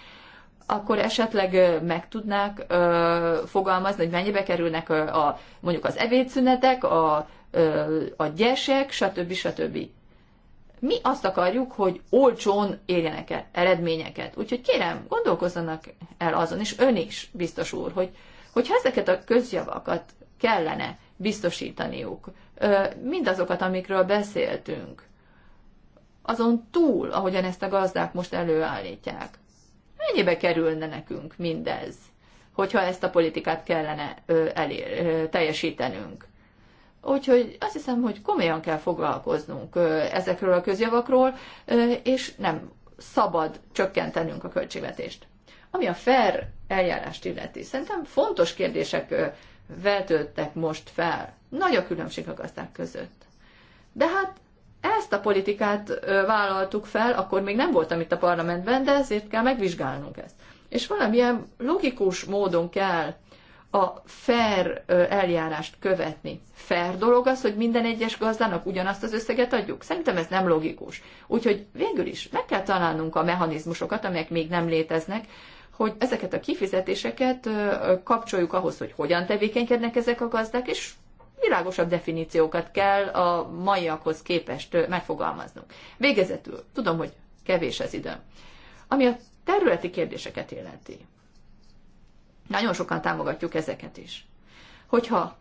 akkor esetleg meg tudnák fogalmazni, hogy mennyibe kerülnek a, mondjuk az ebédszünetek, a, a gyesek, stb. stb mi azt akarjuk, hogy olcsón érjenek el eredményeket. Úgyhogy kérem, gondolkozzanak el azon, és ön is, biztos úr, hogy hogyha ezeket a közjavakat kellene biztosítaniuk, mindazokat, amikről beszéltünk, azon túl, ahogyan ezt a gazdák most előállítják. Mennyibe kerülne nekünk mindez, hogyha ezt a politikát kellene elér, teljesítenünk? Úgyhogy azt hiszem, hogy komolyan kell foglalkoznunk ezekről a közjavakról, és nem szabad csökkentenünk a költségvetést. Ami a fair eljárást illeti, szerintem fontos kérdések vetődtek most fel. Nagy a különbség a gazdák között. De hát ezt a politikát vállaltuk fel, akkor még nem voltam itt a parlamentben, de ezért kell megvizsgálnunk ezt. És valamilyen logikus módon kell a fair eljárást követni. Fair dolog az, hogy minden egyes gazdának ugyanazt az összeget adjuk? Szerintem ez nem logikus. Úgyhogy végül is meg kell találnunk a mechanizmusokat, amelyek még nem léteznek, hogy ezeket a kifizetéseket kapcsoljuk ahhoz, hogy hogyan tevékenykednek ezek a gazdák, és világosabb definíciókat kell a maiakhoz képest megfogalmaznunk. Végezetül, tudom, hogy kevés az idő. Ami a területi kérdéseket illeti. Nagyon sokan támogatjuk ezeket is. Hogyha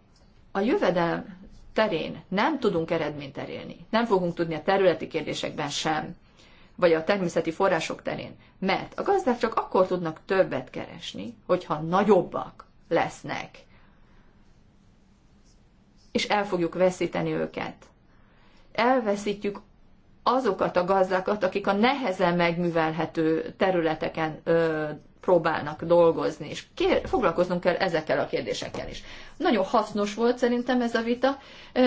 a jövedelem terén nem tudunk eredményt elérni, nem fogunk tudni a területi kérdésekben sem, vagy a természeti források terén, mert a gazdák csak akkor tudnak többet keresni, hogyha nagyobbak lesznek, és el fogjuk veszíteni őket. Elveszítjük azokat a gazdákat, akik a nehezen megművelhető területeken ö, próbálnak dolgozni, és kér, foglalkoznunk kell ezekkel a kérdésekkel is. Nagyon hasznos volt szerintem ez a vita. E,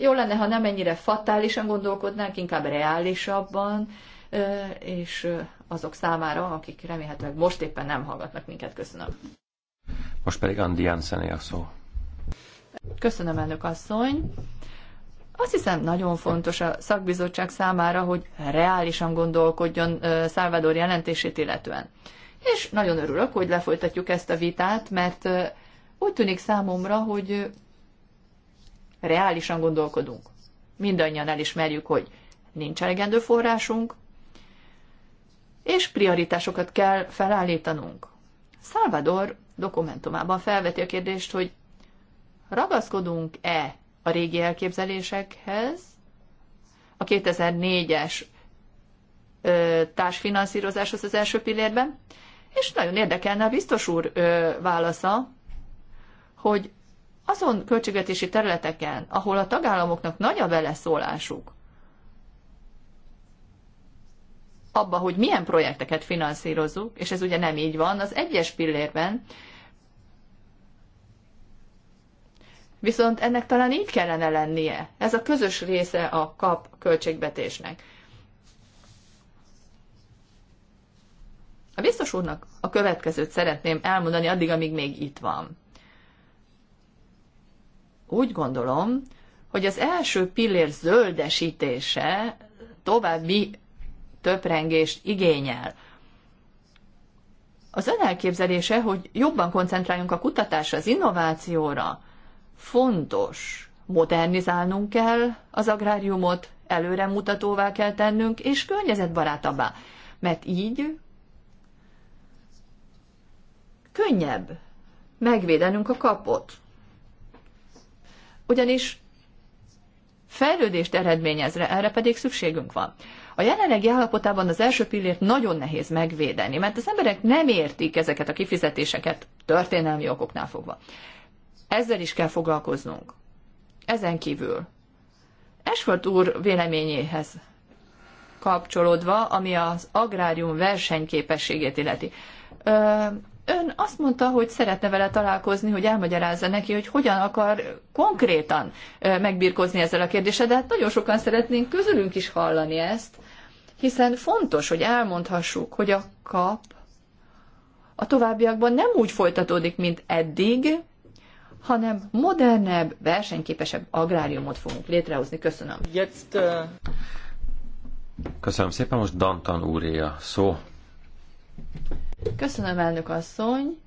jó lenne, ha nem ennyire fatálisan gondolkodnánk, inkább reálisabban, e, és azok számára, akik remélhetőleg most éppen nem hallgatnak minket. Köszönöm. Most pedig Andi Jansené a szó. Köszönöm, elnök asszony. Azt hiszem nagyon fontos a szakbizottság számára, hogy reálisan gondolkodjon Szálvador jelentését illetően és nagyon örülök, hogy lefolytatjuk ezt a vitát, mert úgy tűnik számomra, hogy reálisan gondolkodunk. Mindannyian elismerjük, hogy nincs elegendő forrásunk, és prioritásokat kell felállítanunk. Salvador dokumentumában felveti a kérdést, hogy ragaszkodunk-e a régi elképzelésekhez, a 2004-es társfinanszírozáshoz az első pillérben, és nagyon érdekelne a biztos úr ö, válasza, hogy azon költségvetési területeken, ahol a tagállamoknak nagy a beleszólásuk, abba, hogy milyen projekteket finanszírozzuk, és ez ugye nem így van, az egyes pillérben, viszont ennek talán így kellene lennie. Ez a közös része a kap költségvetésnek. A biztos úrnak a következőt szeretném elmondani addig, amíg még itt van. Úgy gondolom, hogy az első pillér zöldesítése további töprengést igényel. Az ön elképzelése, hogy jobban koncentráljunk a kutatásra, az innovációra, fontos. Modernizálnunk kell az agráriumot, előremutatóvá kell tennünk, és környezetbarátabbá. Mert így könnyebb megvédenünk a kapot. Ugyanis fejlődést eredményezre, erre pedig szükségünk van. A jelenlegi állapotában az első pillért nagyon nehéz megvédeni, mert az emberek nem értik ezeket a kifizetéseket történelmi okoknál fogva. Ezzel is kell foglalkoznunk. Ezen kívül Esfolt úr véleményéhez kapcsolódva, ami az agrárium versenyképességét illeti. Ön azt mondta, hogy szeretne vele találkozni, hogy elmagyarázza neki, hogy hogyan akar konkrétan megbírkozni ezzel a kérdéssel, de hát nagyon sokan szeretnénk közülünk is hallani ezt, hiszen fontos, hogy elmondhassuk, hogy a kap a továbbiakban nem úgy folytatódik, mint eddig, hanem modernebb, versenyképesebb agráriumot fogunk létrehozni. Köszönöm. Jetzt, uh... Köszönöm szépen, most Dantan úré a szó. Köszönöm, elnök asszony.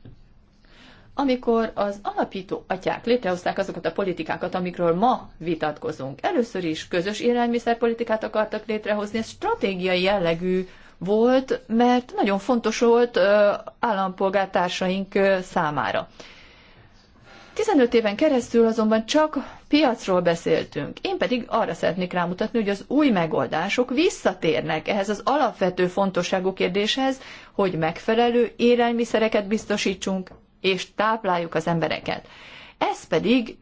Amikor az alapító atyák létrehozták azokat a politikákat, amikről ma vitatkozunk, először is közös élelmiszerpolitikát akartak létrehozni, ez stratégiai jellegű volt, mert nagyon fontos volt állampolgártársaink számára. 15 éven keresztül azonban csak piacról beszéltünk. Én pedig arra szeretnék rámutatni, hogy az új megoldások visszatérnek ehhez az alapvető fontosságú kérdéshez, hogy megfelelő élelmiszereket biztosítsunk és tápláljuk az embereket. Ez pedig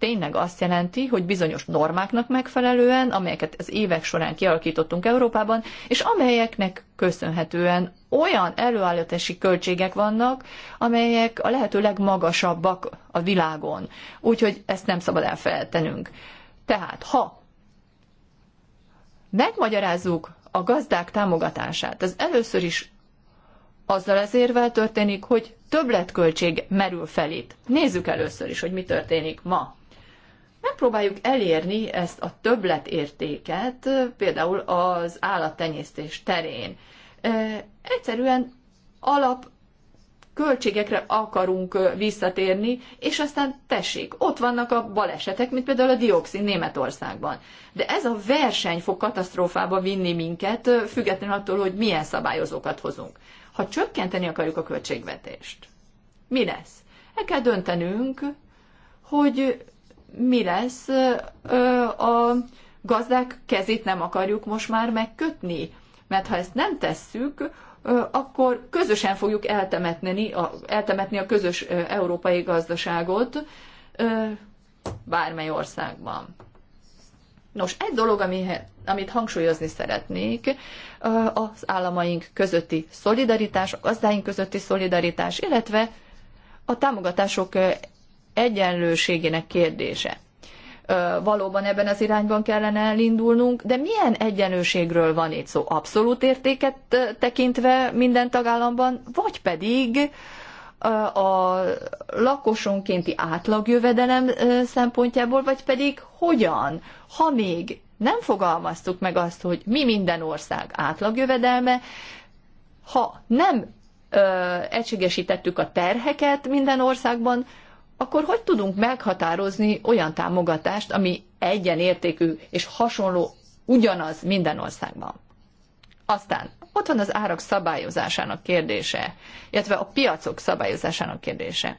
tényleg azt jelenti, hogy bizonyos normáknak megfelelően, amelyeket az évek során kialakítottunk Európában, és amelyeknek köszönhetően olyan előállítási költségek vannak, amelyek a lehető legmagasabbak a világon. Úgyhogy ezt nem szabad elfelejtenünk. Tehát, ha megmagyarázzuk a gazdák támogatását, ez először is azzal az érvel történik, hogy többletköltség merül fel itt. Nézzük először is, hogy mi történik ma megpróbáljuk elérni ezt a többletértéket, például az állattenyésztés terén. Egyszerűen alap költségekre akarunk visszatérni, és aztán tessék, ott vannak a balesetek, mint például a dioxin Németországban. De ez a verseny fog katasztrófába vinni minket, függetlenül attól, hogy milyen szabályozókat hozunk. Ha csökkenteni akarjuk a költségvetést, mi lesz? El kell döntenünk, hogy mi lesz, a gazdák kezét nem akarjuk most már megkötni, mert ha ezt nem tesszük, akkor közösen fogjuk eltemetni a, eltemetni a közös európai gazdaságot bármely országban. Nos, egy dolog, amit hangsúlyozni szeretnék, az államaink közötti szolidaritás, a gazdáink közötti szolidaritás, illetve a támogatások egyenlőségének kérdése. Valóban ebben az irányban kellene elindulnunk, de milyen egyenlőségről van itt szó? Abszolút értéket tekintve minden tagállamban, vagy pedig a lakosonkénti átlagjövedelem szempontjából, vagy pedig hogyan, ha még nem fogalmaztuk meg azt, hogy mi minden ország átlagjövedelme, ha nem ö, egységesítettük a terheket minden országban, akkor hogy tudunk meghatározni olyan támogatást, ami egyenértékű és hasonló ugyanaz minden országban? Aztán ott van az árak szabályozásának kérdése, illetve a piacok szabályozásának kérdése.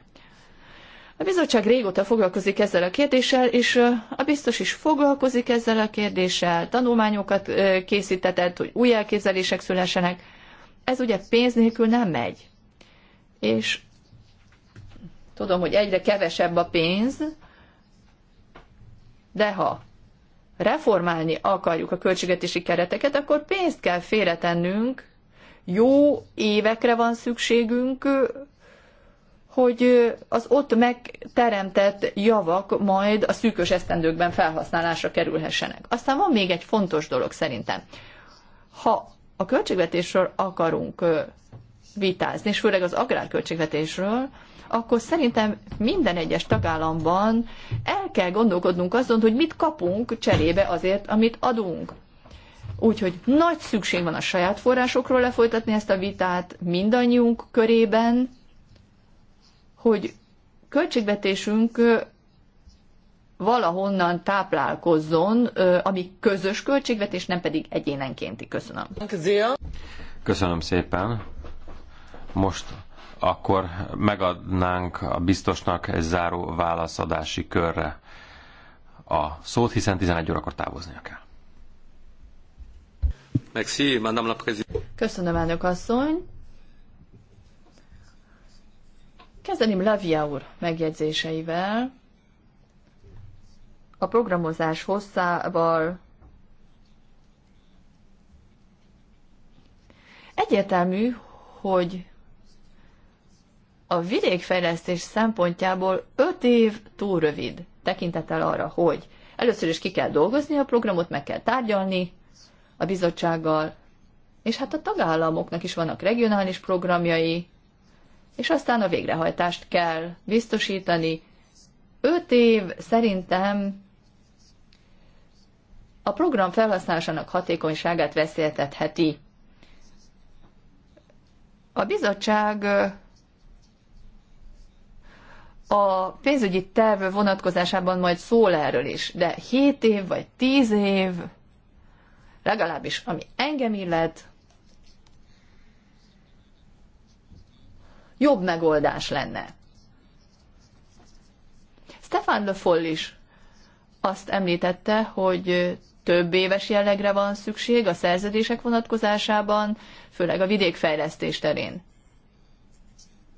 A bizottság régóta foglalkozik ezzel a kérdéssel, és a biztos is foglalkozik ezzel a kérdéssel, tanulmányokat készítetett, hogy új elképzelések szülessenek. Ez ugye pénz nélkül nem megy. És Tudom, hogy egyre kevesebb a pénz, de ha reformálni akarjuk a költségvetési kereteket, akkor pénzt kell félretennünk, jó évekre van szükségünk, hogy az ott megteremtett javak majd a szűkös esztendőkben felhasználásra kerülhessenek. Aztán van még egy fontos dolog szerintem. Ha a költségvetésről akarunk vitázni, és főleg az agrárköltségvetésről, akkor szerintem minden egyes tagállamban el kell gondolkodnunk azon, hogy mit kapunk cserébe azért, amit adunk. Úgyhogy nagy szükség van a saját forrásokról lefolytatni ezt a vitát mindannyiunk körében, hogy költségvetésünk valahonnan táplálkozzon, ami közös költségvetés, nem pedig egyénenkénti. Köszönöm. Köszönöm szépen. Most akkor megadnánk a biztosnak egy záró válaszadási körre a szót, hiszen 11 órakor távoznia kell. Merci, Madame la Présidente. Köszönöm, elnök asszony. Kezdeném Lavia úr megjegyzéseivel. A programozás hosszával egyértelmű, hogy a vidékfejlesztés szempontjából 5 év túl rövid, tekintettel arra, hogy először is ki kell dolgozni a programot, meg kell tárgyalni a bizottsággal, és hát a tagállamoknak is vannak regionális programjai, és aztán a végrehajtást kell biztosítani. 5 év szerintem a program felhasználásának hatékonyságát veszélyeztetheti. A bizottság a pénzügyi terv vonatkozásában majd szól erről is, de 7 év vagy 10 év, legalábbis ami engem illet, jobb megoldás lenne. Stefan Le Foll is azt említette, hogy több éves jellegre van szükség a szerződések vonatkozásában, főleg a vidékfejlesztés terén.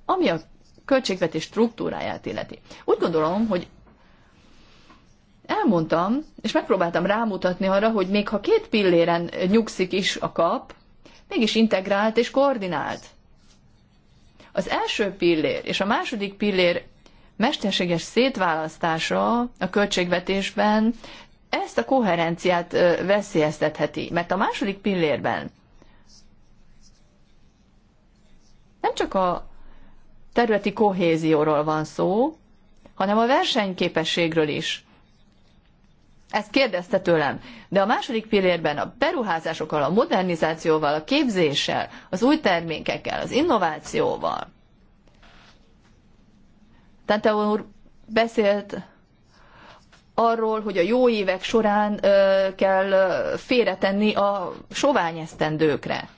Ami a költségvetés struktúráját illeti. Úgy gondolom, hogy elmondtam, és megpróbáltam rámutatni arra, hogy még ha két pilléren nyugszik is a kap, mégis integrált és koordinált. Az első pillér és a második pillér mesterséges szétválasztása a költségvetésben ezt a koherenciát veszélyeztetheti, mert a második pillérben nem csak a területi kohézióról van szó, hanem a versenyképességről is. Ezt kérdezte tőlem. De a második pillérben a beruházásokkal, a modernizációval, a képzéssel, az új termékekkel, az innovációval. Tante úr beszélt arról, hogy a jó évek során ö, kell félretenni a sovány esztendőkre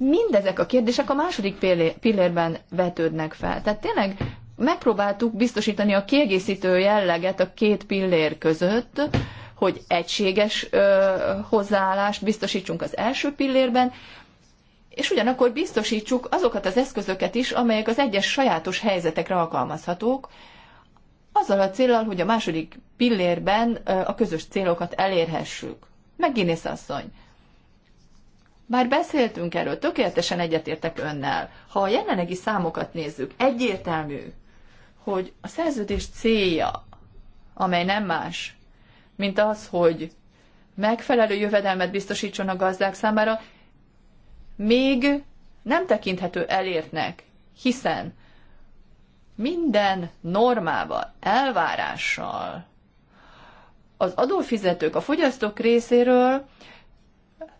mindezek a kérdések a második pillérben vetődnek fel. Tehát tényleg megpróbáltuk biztosítani a kiegészítő jelleget a két pillér között, hogy egységes ö, hozzáállást biztosítsunk az első pillérben, és ugyanakkor biztosítsuk azokat az eszközöket is, amelyek az egyes sajátos helyzetekre alkalmazhatók, azzal a célral, hogy a második pillérben a közös célokat elérhessük. Guinness asszony, már beszéltünk erről, tökéletesen egyetértek önnel. Ha a jelenlegi számokat nézzük, egyértelmű, hogy a szerződés célja, amely nem más, mint az, hogy megfelelő jövedelmet biztosítson a gazdák számára, még nem tekinthető elértnek, hiszen minden normával, elvárással az adófizetők a fogyasztók részéről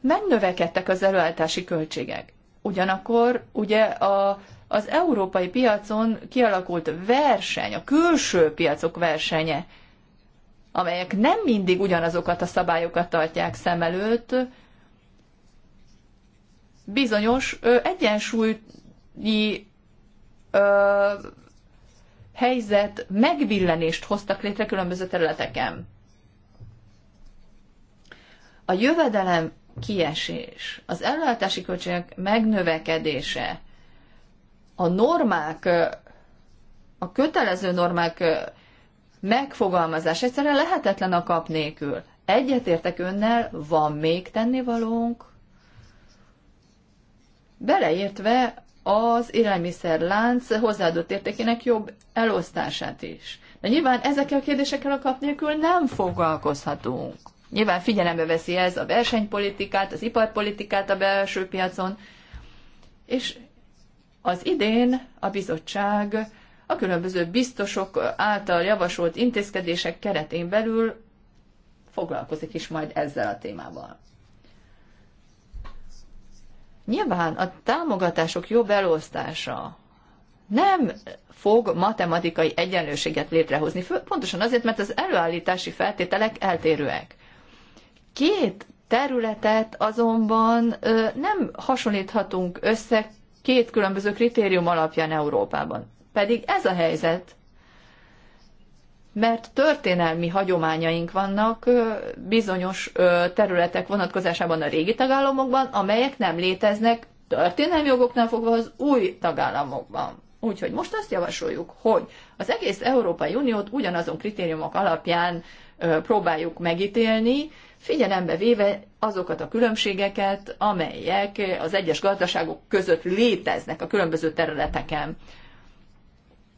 megnövekedtek az előállítási költségek. Ugyanakkor ugye a, az európai piacon kialakult verseny, a külső piacok versenye, amelyek nem mindig ugyanazokat a szabályokat tartják szem előtt, bizonyos egyensúlyi ö, helyzet megbillenést hoztak létre különböző területeken. A jövedelem kiesés, az ellátási költségek megnövekedése, a normák, a kötelező normák megfogalmazás egyszerűen lehetetlen a kap nélkül. Egyetértek önnel, van még tennivalónk, beleértve az élelmiszerlánc hozzáadott értékének jobb elosztását is. De nyilván ezekkel a kérdésekkel a kap nélkül nem foglalkozhatunk. Nyilván figyelembe veszi ez a versenypolitikát, az iparpolitikát a belső piacon, és az idén a bizottság a különböző biztosok által javasolt intézkedések keretén belül foglalkozik is majd ezzel a témával. Nyilván a támogatások jobb elosztása nem fog matematikai egyenlőséget létrehozni, pontosan azért, mert az előállítási feltételek eltérőek. Két területet azonban nem hasonlíthatunk össze két különböző kritérium alapján Európában. Pedig ez a helyzet, mert történelmi hagyományaink vannak bizonyos területek vonatkozásában a régi tagállamokban, amelyek nem léteznek történelmi jogoknál fogva az új tagállamokban. Úgyhogy most azt javasoljuk, hogy az egész Európai Uniót ugyanazon kritériumok alapján próbáljuk megítélni, figyelembe véve azokat a különbségeket, amelyek az egyes gazdaságok között léteznek a különböző területeken.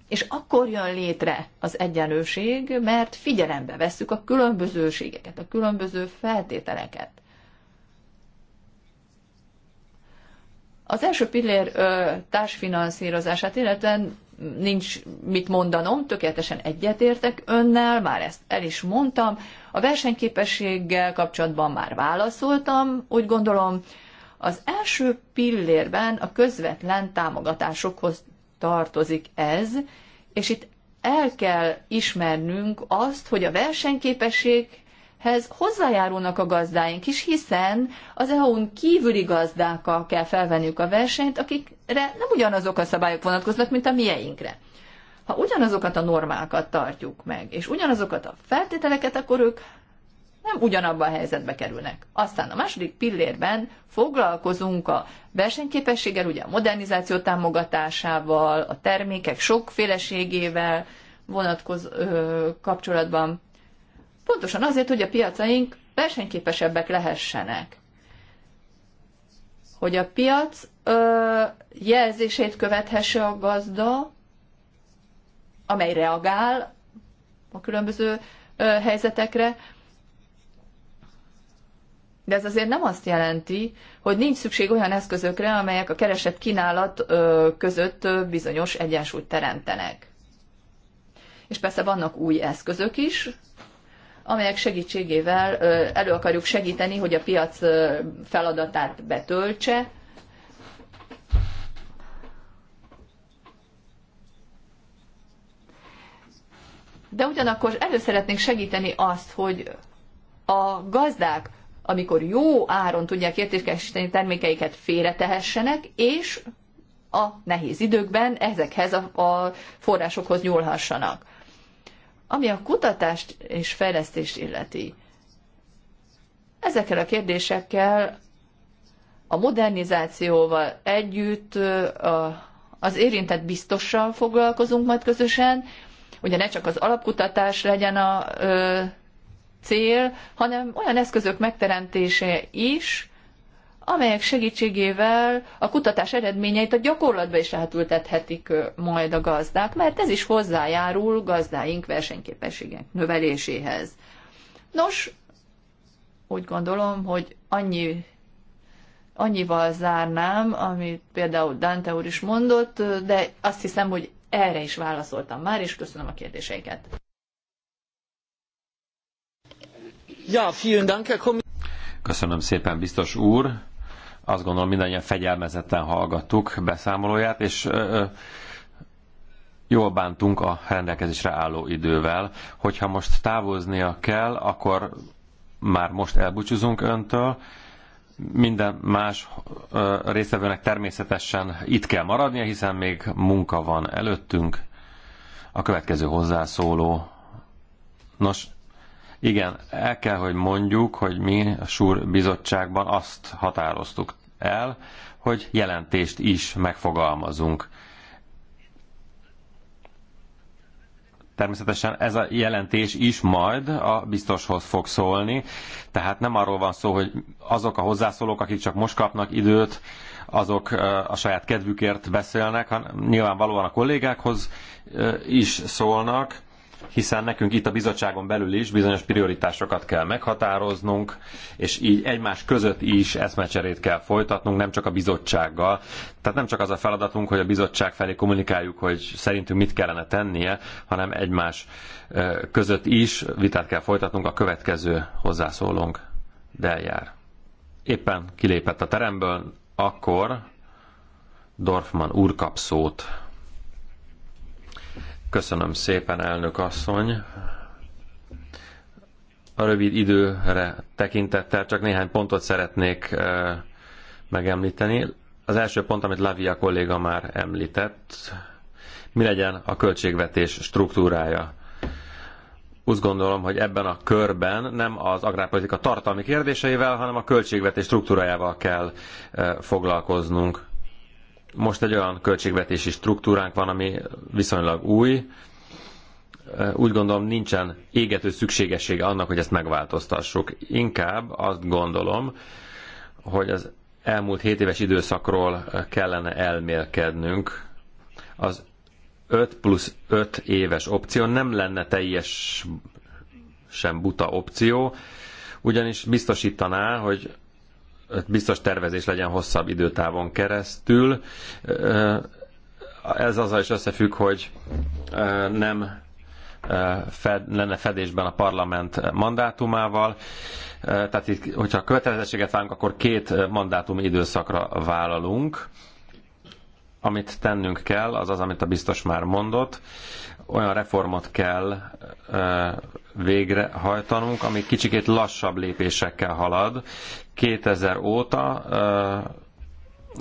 És akkor jön létre az egyenlőség, mert figyelembe vesszük a különbözőségeket, a különböző feltételeket. Az első pillér társfinanszírozását illetően nincs mit mondanom, tökéletesen egyetértek önnel, már ezt el is mondtam, a versenyképességgel kapcsolatban már válaszoltam, úgy gondolom, az első pillérben a közvetlen támogatásokhoz tartozik ez, és itt el kell ismernünk azt, hogy a versenyképességhez hozzájárulnak a gazdáink is, hiszen az EU-n kívüli gazdákkal kell felvenniük a versenyt, akikre nem ugyanazok a szabályok vonatkoznak, mint a mieinkre. Ha ugyanazokat a normákat tartjuk meg, és ugyanazokat a feltételeket, akkor ők nem ugyanabban a helyzetbe kerülnek. Aztán a második pillérben foglalkozunk a versenyképességgel, ugye a modernizáció támogatásával, a termékek sokféleségével vonatkoz, ö, kapcsolatban. Pontosan azért, hogy a piacaink versenyképesebbek lehessenek. Hogy a piac ö, jelzését követhesse a gazda, amely reagál a különböző helyzetekre, de ez azért nem azt jelenti, hogy nincs szükség olyan eszközökre, amelyek a keresett kínálat között bizonyos egyensúlyt teremtenek. És persze vannak új eszközök is, amelyek segítségével elő akarjuk segíteni, hogy a piac feladatát betöltse, de ugyanakkor elő szeretnénk segíteni azt, hogy a gazdák, amikor jó áron tudják értékesíteni termékeiket, félretehessenek, és a nehéz időkben ezekhez a, a forrásokhoz nyúlhassanak. Ami a kutatást és fejlesztést illeti, ezekkel a kérdésekkel a modernizációval együtt az érintett biztossal foglalkozunk majd közösen, ugye ne csak az alapkutatás legyen a cél, hanem olyan eszközök megteremtése is, amelyek segítségével a kutatás eredményeit a gyakorlatba is átültethetik majd a gazdák, mert ez is hozzájárul gazdáink versenyképességek növeléséhez. Nos, úgy gondolom, hogy annyi, annyival zárnám, amit például Dante úr is mondott, de azt hiszem, hogy erre is válaszoltam már, és köszönöm a kérdéseiket. Ja, vielen Dank, Herr Köszönöm szépen, biztos úr. Azt gondolom, mindannyian fegyelmezetten hallgattuk beszámolóját, és ö, jól bántunk a rendelkezésre álló idővel. Hogyha most távoznia kell, akkor már most elbúcsúzunk öntől, minden más résztvevőnek természetesen itt kell maradnia, hiszen még munka van előttünk. A következő hozzászóló. Nos, igen, el kell, hogy mondjuk, hogy mi a Súr bizottságban azt határoztuk el, hogy jelentést is megfogalmazunk Természetesen ez a jelentés is majd a biztoshoz fog szólni, tehát nem arról van szó, hogy azok a hozzászólók, akik csak most kapnak időt, azok a saját kedvükért beszélnek, hanem nyilvánvalóan a kollégákhoz is szólnak, hiszen nekünk itt a bizottságon belül is bizonyos prioritásokat kell meghatároznunk, és így egymás között is eszmecserét kell folytatnunk, nem csak a bizottsággal. Tehát nem csak az a feladatunk, hogy a bizottság felé kommunikáljuk, hogy szerintünk mit kellene tennie, hanem egymás között is vitát kell folytatnunk a következő hozzászólónk Deljár. Éppen kilépett a teremből, akkor Dorfman úr kap szót. Köszönöm szépen, elnök asszony. A rövid időre tekintettel csak néhány pontot szeretnék eh, megemlíteni. Az első pont, amit Lavia kolléga már említett, mi legyen a költségvetés struktúrája. Úgy gondolom, hogy ebben a körben nem az agrárpolitika tartalmi kérdéseivel, hanem a költségvetés struktúrájával kell eh, foglalkoznunk most egy olyan költségvetési struktúránk van, ami viszonylag új. Úgy gondolom, nincsen égető szükségessége annak, hogy ezt megváltoztassuk. Inkább azt gondolom, hogy az elmúlt 7 éves időszakról kellene elmélkednünk. Az 5 plusz 5 éves opció nem lenne teljes sem buta opció, ugyanis biztosítaná, hogy biztos tervezés legyen hosszabb időtávon keresztül. Ez azzal is összefügg, hogy nem fed, lenne fedésben a parlament mandátumával. Tehát itt, hogyha a kötelezettséget válunk, akkor két mandátum időszakra vállalunk. Amit tennünk kell, az az, amit a biztos már mondott, olyan reformot kell végrehajtanunk, ami kicsikét lassabb lépésekkel halad. 2000 óta,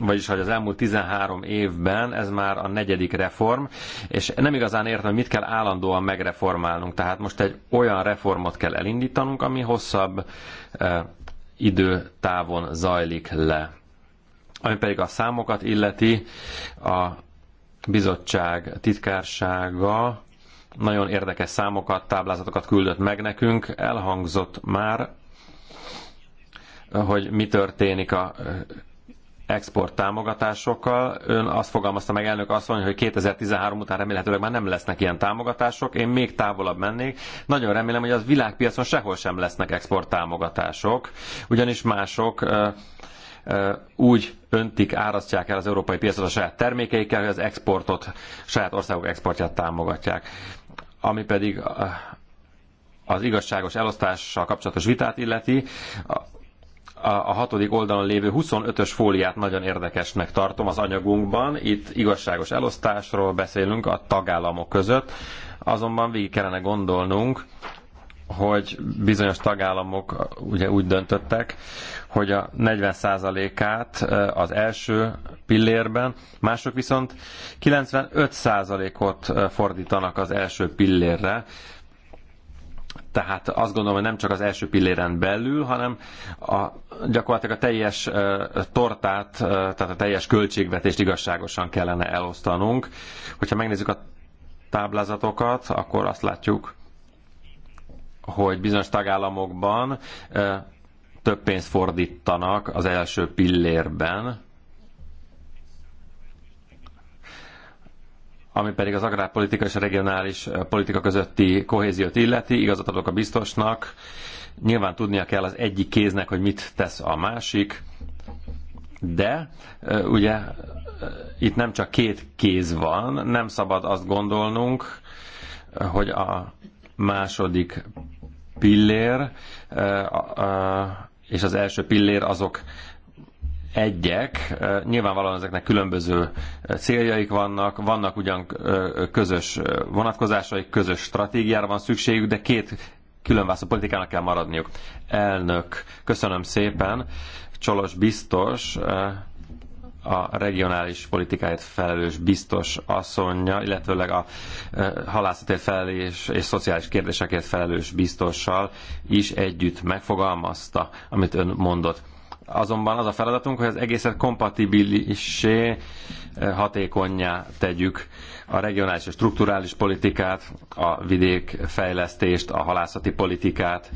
vagyis hogy az elmúlt 13 évben ez már a negyedik reform, és nem igazán értem, hogy mit kell állandóan megreformálnunk. Tehát most egy olyan reformot kell elindítanunk, ami hosszabb időtávon zajlik le. Ami pedig a számokat illeti, a bizottság titkársága nagyon érdekes számokat, táblázatokat küldött meg nekünk. Elhangzott már, hogy mi történik a export támogatásokkal. Ön azt fogalmazta meg elnök mondja, hogy 2013 után remélhetőleg már nem lesznek ilyen támogatások. Én még távolabb mennék. Nagyon remélem, hogy az világpiacon sehol sem lesznek export támogatások, ugyanis mások úgy öntik, árasztják el az európai piacot a saját termékeikkel, hogy az exportot, saját országok exportját támogatják. Ami pedig az igazságos elosztással kapcsolatos vitát illeti, a hatodik oldalon lévő 25-ös fóliát nagyon érdekesnek tartom az anyagunkban. Itt igazságos elosztásról beszélünk a tagállamok között, azonban végig kellene gondolnunk, hogy bizonyos tagállamok ugye úgy döntöttek, hogy a 40%-át az első pillérben, mások viszont 95%-ot fordítanak az első pillérre, tehát azt gondolom, hogy nem csak az első pilléren belül, hanem a, gyakorlatilag a teljes tortát, tehát a teljes költségvetést igazságosan kellene elosztanunk. Hogyha megnézzük a táblázatokat, akkor azt látjuk, hogy bizonyos tagállamokban több pénzt fordítanak az első pillérben, ami pedig az agrárpolitika és a regionális politika közötti kohéziót illeti, igazat adok a biztosnak, nyilván tudnia kell az egyik kéznek, hogy mit tesz a másik, de ugye itt nem csak két kéz van, nem szabad azt gondolnunk, hogy a második pillér e, és az első pillér azok egyek, e, nyilvánvalóan ezeknek különböző céljaik vannak, vannak ugyan e, közös vonatkozásaik, közös stratégiára van szükségük, de két különválasztó politikának kell maradniuk. Elnök, köszönöm szépen. Csolos biztos, a regionális politikáért felelős biztos asszonya, illetőleg a e, halászatért felelős és szociális kérdésekért felelős biztossal is együtt megfogalmazta, amit ön mondott. Azonban az a feladatunk, hogy az egészet kompatibilissé, e, hatékonyá tegyük a regionális és strukturális politikát, a vidékfejlesztést, a halászati politikát.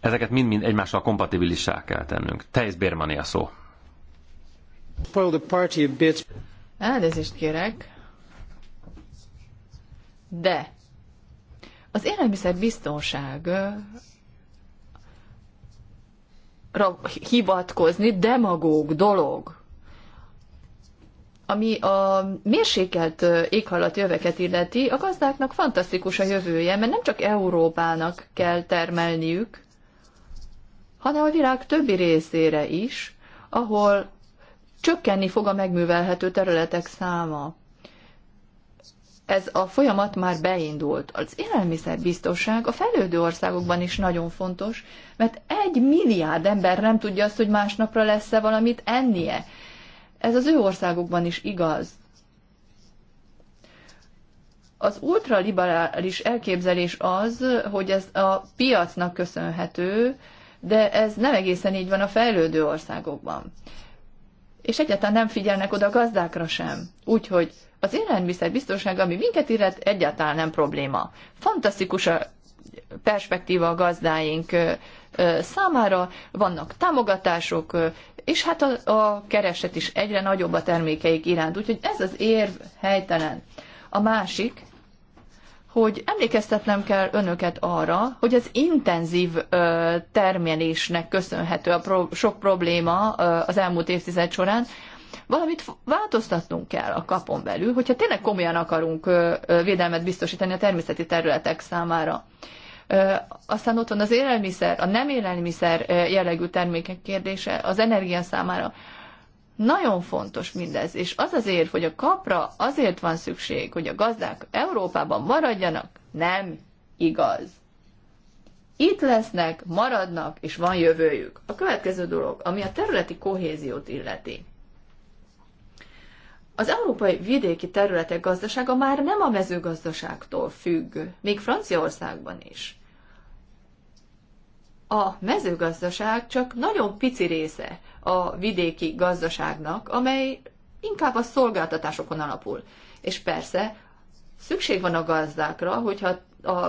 Ezeket mind-mind egymással kompatibilissá kell tennünk. Tejsz Bérmani a szó. Spoil the party a bit. Elnézést kérek. De az élelmiszer biztonság hivatkozni demagóg dolog, ami a mérsékelt éghajlat jöveket illeti, a gazdáknak fantasztikus a jövője, mert nem csak Európának kell termelniük, hanem a világ többi részére is, ahol csökkenni fog a megművelhető területek száma. Ez a folyamat már beindult. Az élelmiszerbiztonság a fejlődő országokban is nagyon fontos, mert egy milliárd ember nem tudja azt, hogy másnapra lesz-e valamit ennie. Ez az ő országokban is igaz. Az ultraliberális elképzelés az, hogy ez a piacnak köszönhető, de ez nem egészen így van a fejlődő országokban és egyáltalán nem figyelnek oda a gazdákra sem. Úgyhogy az élelmiszer biztonság, ami minket illet, egyáltalán nem probléma. Fantasztikus a perspektíva a gazdáink számára, vannak támogatások, és hát a, a kereset is egyre nagyobb a termékeik iránt, úgyhogy ez az érv helytelen. A másik, hogy emlékeztetnem kell önöket arra, hogy az intenzív ö, termelésnek köszönhető a pro- sok probléma ö, az elmúlt évtized során, valamit változtatnunk kell a kapon belül, hogyha tényleg komolyan akarunk ö, ö, védelmet biztosítani a természeti területek számára. Ö, aztán ott van az élelmiszer, a nem élelmiszer jellegű termékek kérdése, az energia számára. Nagyon fontos mindez, és az azért, hogy a kapra azért van szükség, hogy a gazdák Európában maradjanak, nem igaz. Itt lesznek, maradnak, és van jövőjük. A következő dolog, ami a területi kohéziót illeti. Az európai vidéki területek gazdasága már nem a mezőgazdaságtól függ, még Franciaországban is. A mezőgazdaság csak nagyon pici része a vidéki gazdaságnak, amely inkább a szolgáltatásokon alapul. És persze szükség van a gazdákra, hogyha a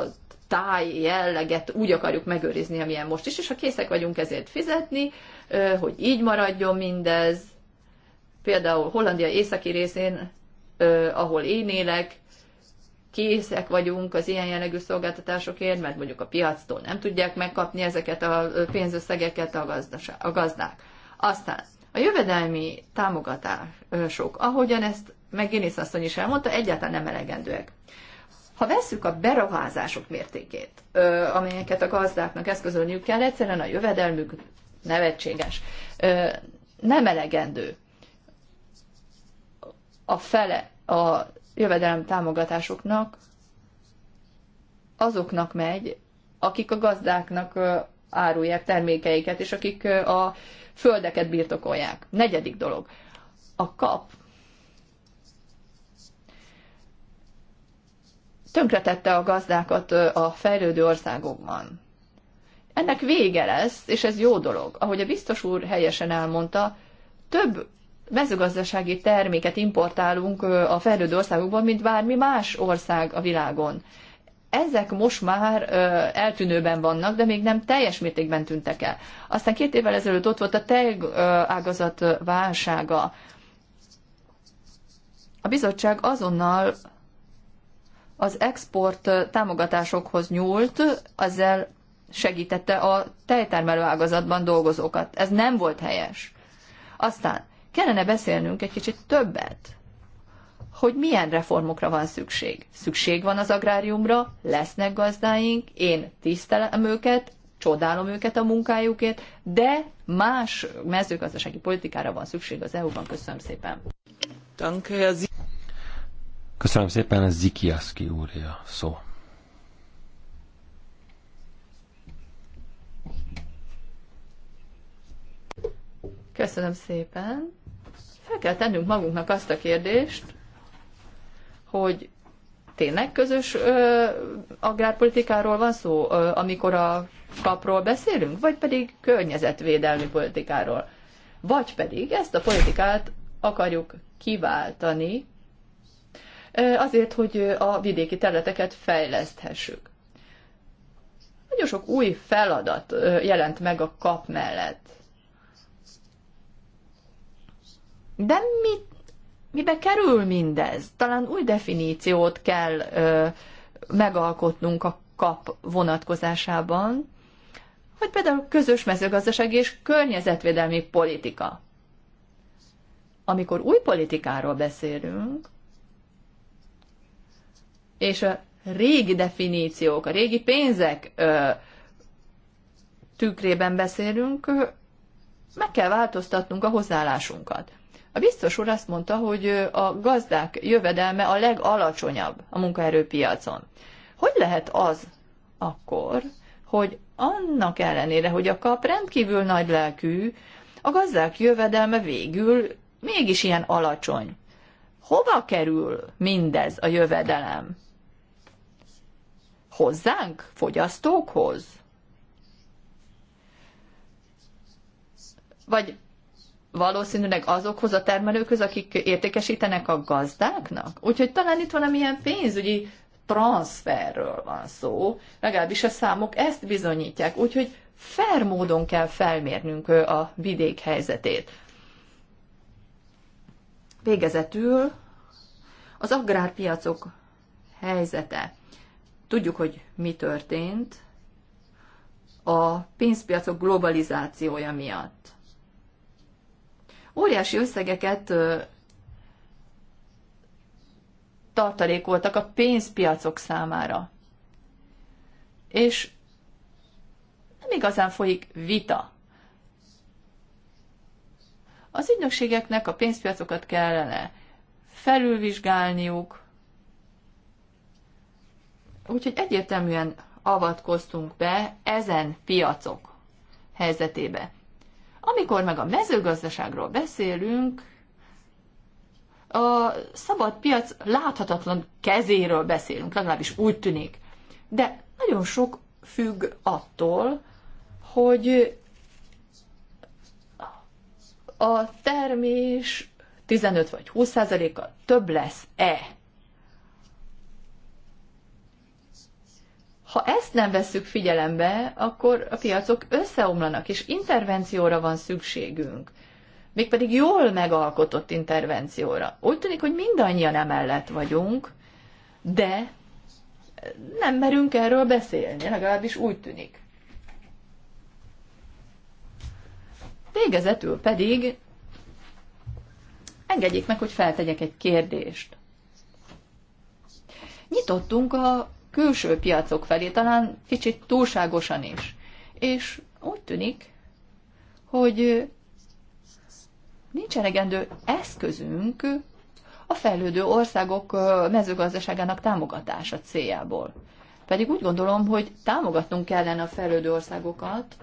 táj jelleget úgy akarjuk megőrizni, amilyen most is, és ha készek vagyunk ezért fizetni, hogy így maradjon mindez, például Hollandia északi részén, ahol én élek, készek vagyunk az ilyen jellegű szolgáltatásokért, mert mondjuk a piactól nem tudják megkapni ezeket a pénzösszegeket a, gazdaság, a gazdák. Aztán a jövedelmi támogatások, ahogyan ezt meg Génész asszony is elmondta, egyáltalán nem elegendőek. Ha vesszük a beruházások mértékét, amelyeket a gazdáknak eszközölniük kell, egyszerűen a jövedelmük nevetséges, nem elegendő. A fele a jövedelem támogatásoknak azoknak megy, akik a gazdáknak árulják termékeiket, és akik a földeket birtokolják. Negyedik dolog. A kap tönkretette a gazdákat a fejlődő országokban. Ennek vége lesz, és ez jó dolog. Ahogy a biztos úr helyesen elmondta, több mezőgazdasági terméket importálunk a fejlődő országokban, mint bármi más ország a világon ezek most már ö, eltűnőben vannak, de még nem teljes mértékben tűntek el. Aztán két évvel ezelőtt ott volt a tejágazat válsága. A bizottság azonnal az export támogatásokhoz nyúlt, ezzel segítette a tejtermelő ágazatban dolgozókat. Ez nem volt helyes. Aztán kellene beszélnünk egy kicsit többet hogy milyen reformokra van szükség. Szükség van az agráriumra, lesznek gazdáink, én tisztelem őket, csodálom őket a munkájukért, de más mezőgazdasági politikára van szükség az EU-ban. Köszönöm szépen. Köszönöm szépen, ez Zikiaszki úrja szó. Köszönöm szépen. Fel kell tennünk magunknak azt a kérdést, hogy tényleg közös ö, agrárpolitikáról van szó, ö, amikor a kapról beszélünk, vagy pedig környezetvédelmi politikáról. Vagy pedig ezt a politikát akarjuk kiváltani ö, azért, hogy a vidéki területeket fejleszthessük. Nagyon sok új feladat ö, jelent meg a kap mellett. De mit mibe kerül mindez? Talán új definíciót kell ö, megalkotnunk a kap vonatkozásában, hogy például közös mezőgazdasági és környezetvédelmi politika. Amikor új politikáról beszélünk, és a régi definíciók, a régi pénzek ö, tükrében beszélünk, meg kell változtatnunk a hozzáállásunkat. A biztos úr azt mondta, hogy a gazdák jövedelme a legalacsonyabb a munkaerőpiacon. Hogy lehet az akkor, hogy annak ellenére, hogy a kap rendkívül nagy lelkű, a gazdák jövedelme végül mégis ilyen alacsony. Hova kerül mindez a jövedelem? Hozzánk, fogyasztókhoz? Vagy valószínűleg azokhoz a termelőkhöz, akik értékesítenek a gazdáknak. Úgyhogy talán itt valamilyen pénzügyi transferről van szó, legalábbis a számok ezt bizonyítják, úgyhogy fair módon kell felmérnünk a vidék helyzetét. Végezetül az agrárpiacok helyzete. Tudjuk, hogy mi történt a pénzpiacok globalizációja miatt óriási összegeket tartalékoltak a pénzpiacok számára. És nem igazán folyik vita. Az ügynökségeknek a pénzpiacokat kellene felülvizsgálniuk, úgyhogy egyértelműen avatkoztunk be ezen piacok helyzetébe. Amikor meg a mezőgazdaságról beszélünk, a szabad piac láthatatlan kezéről beszélünk, legalábbis úgy tűnik. De nagyon sok függ attól, hogy a termés 15 vagy 20 kal több lesz-e. Ha ezt nem vesszük figyelembe, akkor a piacok összeomlanak, és intervencióra van szükségünk. Mégpedig jól megalkotott intervencióra. Úgy tűnik, hogy mindannyian emellett vagyunk, de nem merünk erről beszélni, legalábbis úgy tűnik. Végezetül pedig engedjék meg, hogy feltegyek egy kérdést. Nyitottunk a külső piacok felé, talán kicsit túlságosan is. És úgy tűnik, hogy nincs elegendő eszközünk a fejlődő országok mezőgazdaságának támogatása céljából. Pedig úgy gondolom, hogy támogatnunk kellene a fejlődő országokat,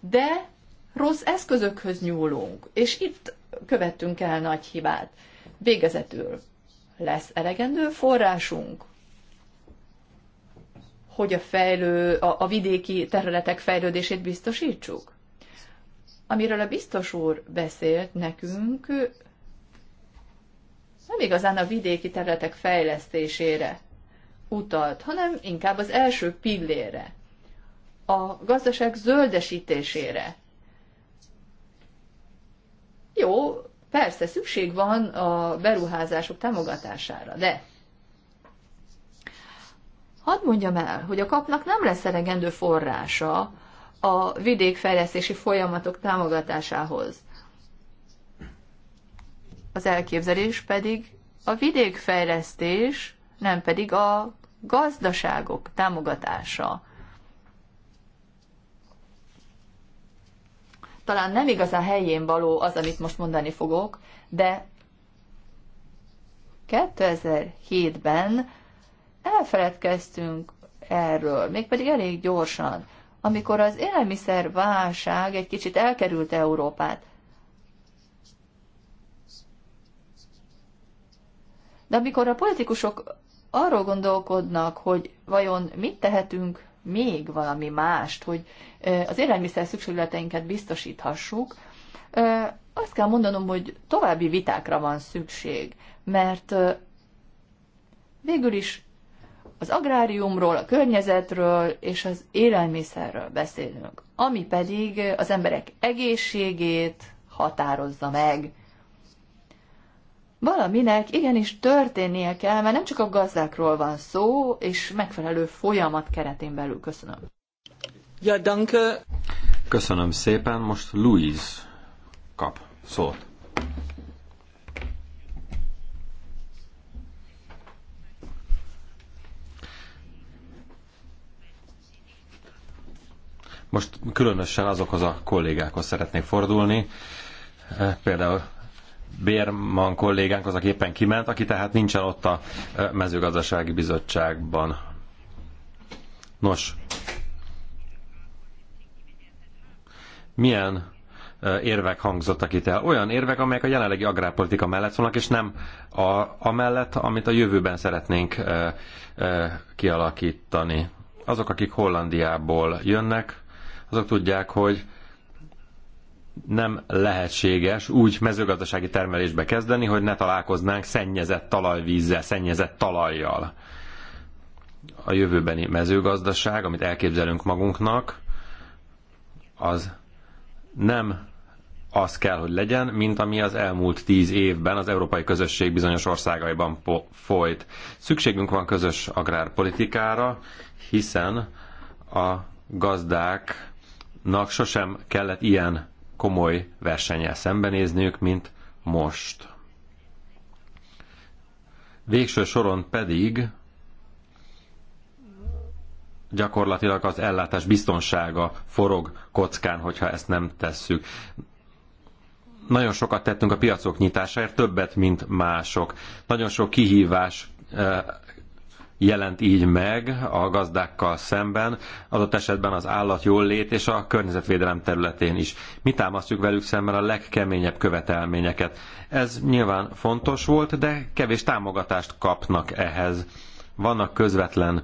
de rossz eszközökhöz nyúlunk, és itt követtünk el nagy hibát. Végezetül lesz elegendő forrásunk hogy a, fejlő, a, a vidéki területek fejlődését biztosítsuk? Amiről a biztos úr beszélt nekünk, nem igazán a vidéki területek fejlesztésére utalt, hanem inkább az első pillére, a gazdaság zöldesítésére. Jó, persze szükség van a beruházások támogatására, de Hadd mondjam el, hogy a kapnak nem lesz elegendő forrása a vidékfejlesztési folyamatok támogatásához. Az elképzelés pedig a vidékfejlesztés, nem pedig a gazdaságok támogatása. Talán nem igazán helyén való az, amit most mondani fogok, de 2007-ben elfeledkeztünk erről, mégpedig elég gyorsan, amikor az válság egy kicsit elkerült Európát. De amikor a politikusok arról gondolkodnak, hogy vajon mit tehetünk még valami mást, hogy az élelmiszer szükségleteinket biztosíthassuk, azt kell mondanom, hogy további vitákra van szükség, mert végül is az agráriumról, a környezetről és az élelmiszerről beszélünk, ami pedig az emberek egészségét határozza meg. Valaminek igenis történnie kell, mert nem csak a gazdákról van szó, és megfelelő folyamat keretén belül. Köszönöm. Ja, danke. Köszönöm szépen. Most Louise kap szót. Most különösen azokhoz a kollégákhoz szeretnék fordulni, eh, például Bérman kollégánk az, aki éppen kiment, aki tehát nincsen ott a eh, mezőgazdasági bizottságban. Nos, milyen eh, érvek hangzottak itt el. Olyan érvek, amelyek a jelenlegi agrárpolitika mellett szólnak, és nem a, amellett, amit a jövőben szeretnénk e, e, kialakítani. Azok, akik Hollandiából jönnek, azok tudják, hogy nem lehetséges úgy mezőgazdasági termelésbe kezdeni, hogy ne találkoznánk szennyezett talajvízzel, szennyezett talajjal. A jövőbeni mezőgazdaság, amit elképzelünk magunknak, az nem az kell, hogy legyen, mint ami az elmúlt tíz évben az európai közösség bizonyos országaiban folyt. Szükségünk van közös agrárpolitikára, hiszen a gazdák nak sosem kellett ilyen komoly versennyel szembenézniük, mint most. Végső soron pedig gyakorlatilag az ellátás biztonsága forog kockán, hogyha ezt nem tesszük. Nagyon sokat tettünk a piacok nyitásáért, többet, mint mások. Nagyon sok kihívás eh, jelent így meg a gazdákkal szemben, adott esetben az állat jól és a környezetvédelem területén is. Mi támasztjuk velük szemben a legkeményebb követelményeket. Ez nyilván fontos volt, de kevés támogatást kapnak ehhez. Vannak közvetlen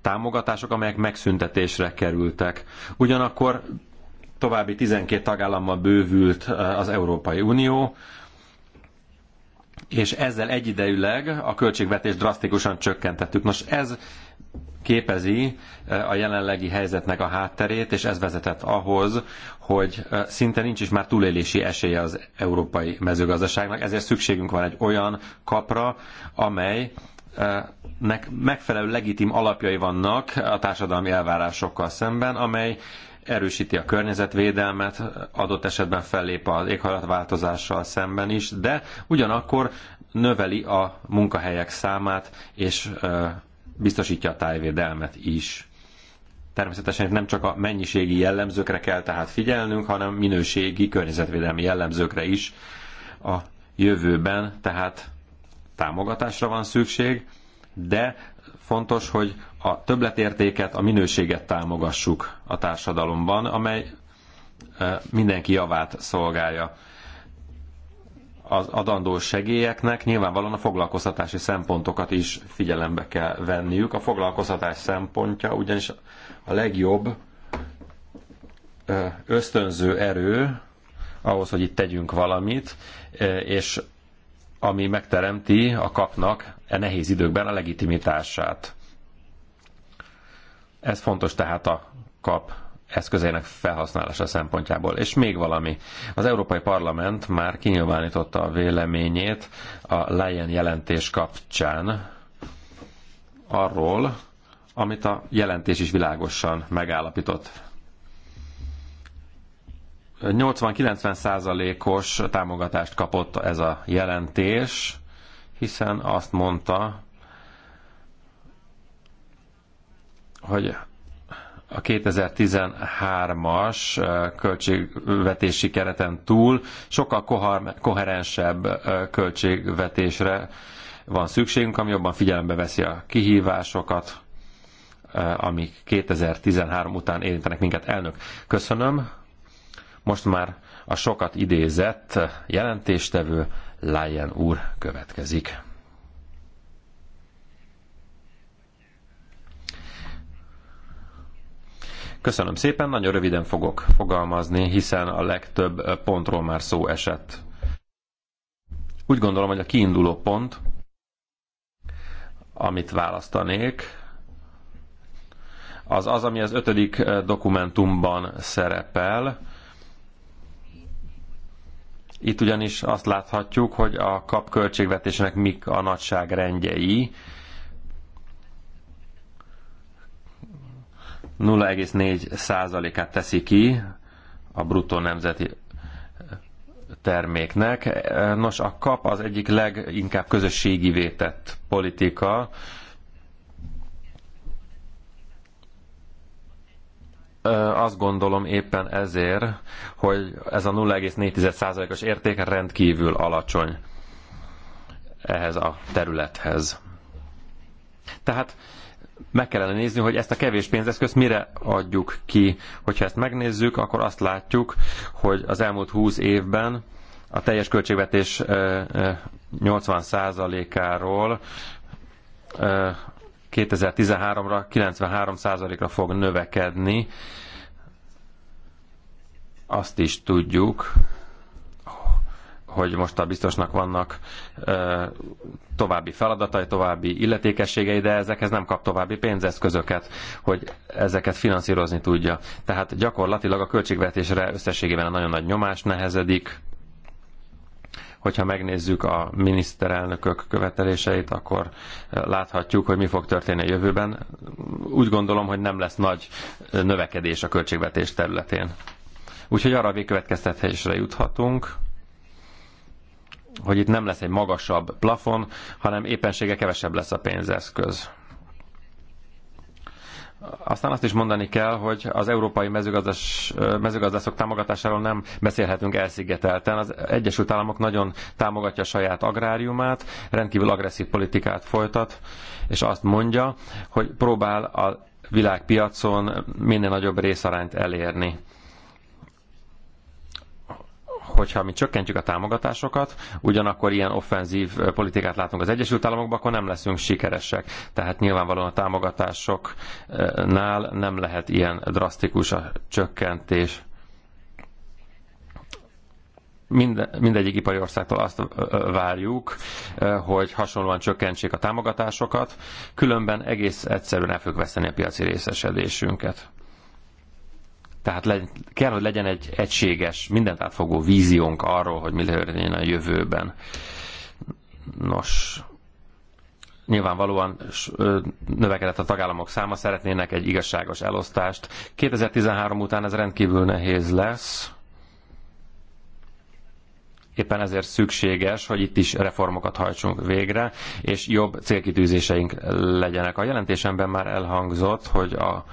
támogatások, amelyek megszüntetésre kerültek. Ugyanakkor további 12 tagállammal bővült az Európai Unió, és ezzel egyidejűleg a költségvetést drasztikusan csökkentettük. Nos, ez képezi eh, a jelenlegi helyzetnek a hátterét, és ez vezetett ahhoz, hogy eh, szinte nincs is már túlélési esélye az európai mezőgazdaságnak, ezért szükségünk van egy olyan kapra, amely eh, megfelelő legitim alapjai vannak a társadalmi elvárásokkal szemben, amely erősíti a környezetvédelmet, adott esetben fellép az éghajlatváltozással szemben is, de ugyanakkor növeli a munkahelyek számát, és biztosítja a tájvédelmet is. Természetesen nem csak a mennyiségi jellemzőkre kell tehát figyelnünk, hanem minőségi környezetvédelmi jellemzőkre is a jövőben, tehát támogatásra van szükség, de Fontos, hogy a többletértéket, a minőséget támogassuk a társadalomban, amely mindenki javát szolgálja. Az adandó segélyeknek nyilvánvalóan a foglalkoztatási szempontokat is figyelembe kell venniük. A foglalkoztatás szempontja ugyanis a legjobb ösztönző erő ahhoz, hogy itt tegyünk valamit, és ami megteremti a kapnak e nehéz időkben a legitimitását. Ez fontos tehát a kap eszközének felhasználása szempontjából. És még valami. Az Európai Parlament már kinyilvánította a véleményét a Leyen jelentés kapcsán arról, amit a jelentés is világosan megállapított. 80-90 százalékos támogatást kapott ez a jelentés, hiszen azt mondta, hogy a 2013-as költségvetési kereten túl sokkal koherensebb költségvetésre van szükségünk, ami jobban figyelembe veszi a kihívásokat, amik 2013 után érintenek minket. Elnök, köszönöm. Most már a sokat idézett jelentéstevő Lyon úr következik. Köszönöm szépen, nagyon röviden fogok fogalmazni, hiszen a legtöbb pontról már szó esett. Úgy gondolom, hogy a kiinduló pont, amit választanék, az az, ami az ötödik dokumentumban szerepel, itt ugyanis azt láthatjuk, hogy a kap költségvetésnek mik a nagyságrendjei. 0,4%-át teszi ki a bruttó nemzeti terméknek. Nos, a kap az egyik leginkább közösségi vétett politika, azt gondolom éppen ezért, hogy ez a 0,4%-os érték rendkívül alacsony ehhez a területhez. Tehát meg kellene nézni, hogy ezt a kevés pénzeszközt mire adjuk ki. Hogyha ezt megnézzük, akkor azt látjuk, hogy az elmúlt 20 évben a teljes költségvetés 80%-áról 2013-ra 93%-ra fog növekedni. Azt is tudjuk, hogy most a biztosnak vannak ö, további feladatai, további illetékességei, de ezekhez nem kap további pénzeszközöket, hogy ezeket finanszírozni tudja. Tehát gyakorlatilag a költségvetésre összességében a nagyon nagy nyomás nehezedik, Hogyha megnézzük a miniszterelnökök követeléseit, akkor eh, láthatjuk, hogy mi fog történni a jövőben. Úgy gondolom, hogy nem lesz nagy eh, növekedés a költségvetés területén. Úgyhogy arra a végkövetkeztetésre juthatunk, hogy itt nem lesz egy magasabb plafon, hanem éppensége kevesebb lesz a pénzeszköz. Aztán azt is mondani kell, hogy az európai mezőgazdas, mezőgazdaszok támogatásáról nem beszélhetünk elszigetelten. Az Egyesült Államok nagyon támogatja saját agráriumát, rendkívül agresszív politikát folytat, és azt mondja, hogy próbál a világpiacon minél nagyobb részarányt elérni hogyha mi csökkentjük a támogatásokat, ugyanakkor ilyen offenzív politikát látunk az Egyesült Államokban, akkor nem leszünk sikeresek. Tehát nyilvánvalóan a támogatásoknál nem lehet ilyen drasztikus a csökkentés. Mind mindegyik ipari országtól azt várjuk, hogy hasonlóan csökkentsék a támogatásokat, különben egész egyszerűen el fogjuk veszteni a piaci részesedésünket. Tehát le, kell, hogy legyen egy egységes, mindent átfogó víziónk arról, hogy mi történjen a jövőben. Nos, nyilvánvalóan növekedett a tagállamok száma, szeretnének egy igazságos elosztást. 2013 után ez rendkívül nehéz lesz. Éppen ezért szükséges, hogy itt is reformokat hajtsunk végre, és jobb célkitűzéseink legyenek. A jelentésemben már elhangzott, hogy a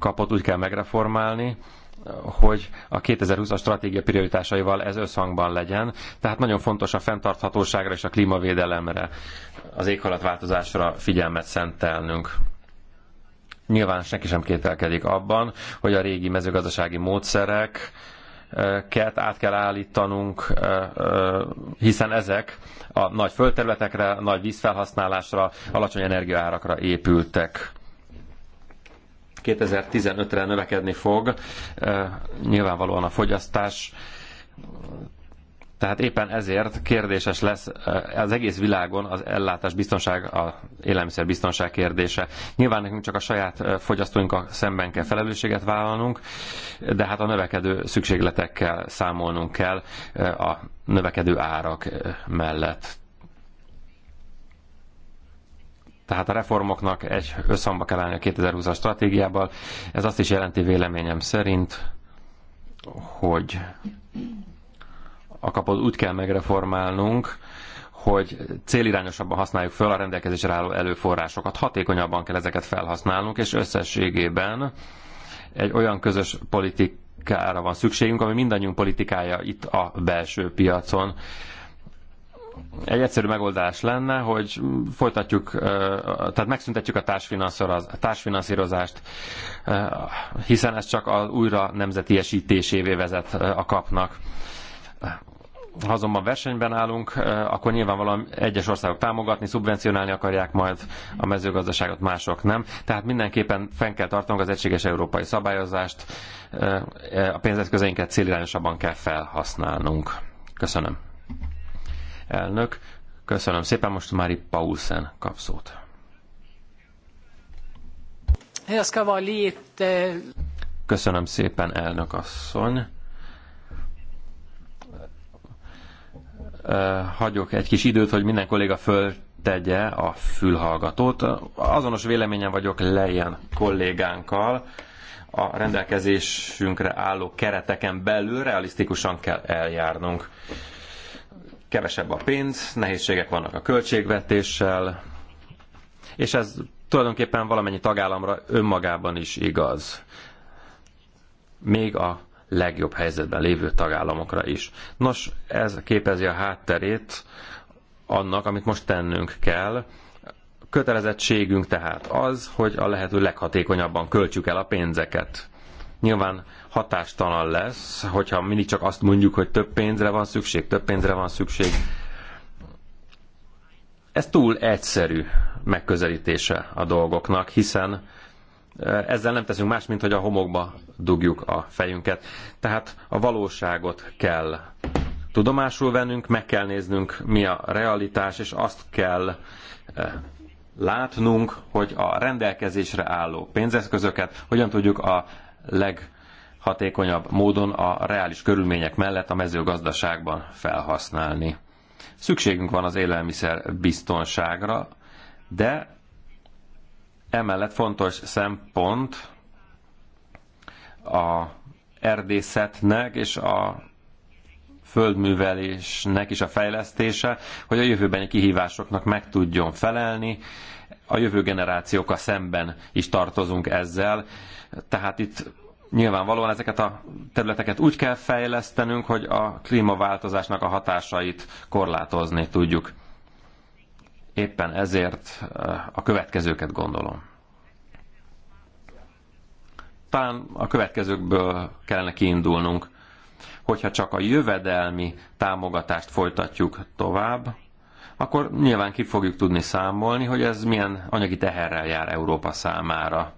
kapot úgy kell megreformálni, hogy a 2020-as stratégia prioritásaival ez összhangban legyen. Tehát nagyon fontos a fenntarthatóságra és a klímavédelemre, az éghajlatváltozásra figyelmet szentelnünk. Nyilván senki sem kételkedik abban, hogy a régi mezőgazdasági módszerek, ket át kell állítanunk, hiszen ezek a nagy földterületekre, nagy vízfelhasználásra, alacsony energiaárakra épültek. 2015-re növekedni fog. E, nyilvánvalóan a fogyasztás tehát éppen ezért kérdéses lesz e, az egész világon az ellátás biztonság, a élelmiszer biztonság kérdése. Nyilván nekünk csak a saját e, fogyasztóinkkal szemben kell felelősséget vállalnunk, de hát a növekedő szükségletekkel számolnunk kell a növekedő árak mellett. Tehát a reformoknak egy összhangba kell állni a 2020-as stratégiával. Ez azt is jelenti véleményem szerint, hogy a kapod úgy kell megreformálnunk, hogy célirányosabban használjuk fel a rendelkezésre álló előforrásokat, hatékonyabban kell ezeket felhasználnunk, és összességében egy olyan közös politikára van szükségünk, ami mindannyiunk politikája itt a belső piacon egy egyszerű megoldás lenne, hogy folytatjuk, tehát megszüntetjük a társfinanszírozást, hiszen ez csak az újra nemzetiesítésévé vezet a kapnak. Ha azonban versenyben állunk, akkor nyilvánvalóan egyes országok támogatni, szubvencionálni akarják majd a mezőgazdaságot, mások nem. Tehát mindenképpen fenn kell tartanunk az egységes európai szabályozást, a pénzeszközeinket célirányosabban kell felhasználnunk. Köszönöm. Elnök, köszönöm szépen, most Mári Paulsen kap szót. Øh, köszönöm szépen, elnök asszony. Hagyok egy kis időt, hogy minden kolléga föl tegye a fülhallgatót. Azonos véleményen vagyok lejjen kollégánkkal. A rendelkezésünkre álló kereteken belül realisztikusan kell eljárnunk kevesebb a pénz, nehézségek vannak a költségvetéssel, és ez tulajdonképpen valamennyi tagállamra önmagában is igaz. Még a legjobb helyzetben lévő tagállamokra is. Nos, ez képezi a hátterét annak, amit most tennünk kell. Kötelezettségünk tehát az, hogy a lehető leghatékonyabban költsük el a pénzeket. Nyilván hatástalan lesz, hogyha mindig csak azt mondjuk, hogy több pénzre van szükség, több pénzre van szükség. Ez túl egyszerű megközelítése a dolgoknak, hiszen ezzel nem teszünk más, mint hogy a homokba dugjuk a fejünket. Tehát a valóságot kell tudomásul vennünk, meg kell néznünk, mi a realitás, és azt kell látnunk, hogy a rendelkezésre álló pénzeszközöket hogyan tudjuk a leg hatékonyabb módon a reális körülmények mellett a mezőgazdaságban felhasználni. Szükségünk van az élelmiszer biztonságra, de emellett fontos szempont a erdészetnek és a földművelésnek is a fejlesztése, hogy a jövőbeni kihívásoknak meg tudjon felelni, a jövő generációkkal szemben is tartozunk ezzel, tehát itt Nyilvánvalóan ezeket a területeket úgy kell fejlesztenünk, hogy a klímaváltozásnak a hatásait korlátozni tudjuk. Éppen ezért eh, a következőket gondolom. Talán a következőkből kellene kiindulnunk. Hogyha csak a jövedelmi támogatást folytatjuk tovább, akkor nyilván ki fogjuk tudni számolni, hogy ez milyen anyagi teherrel jár Európa számára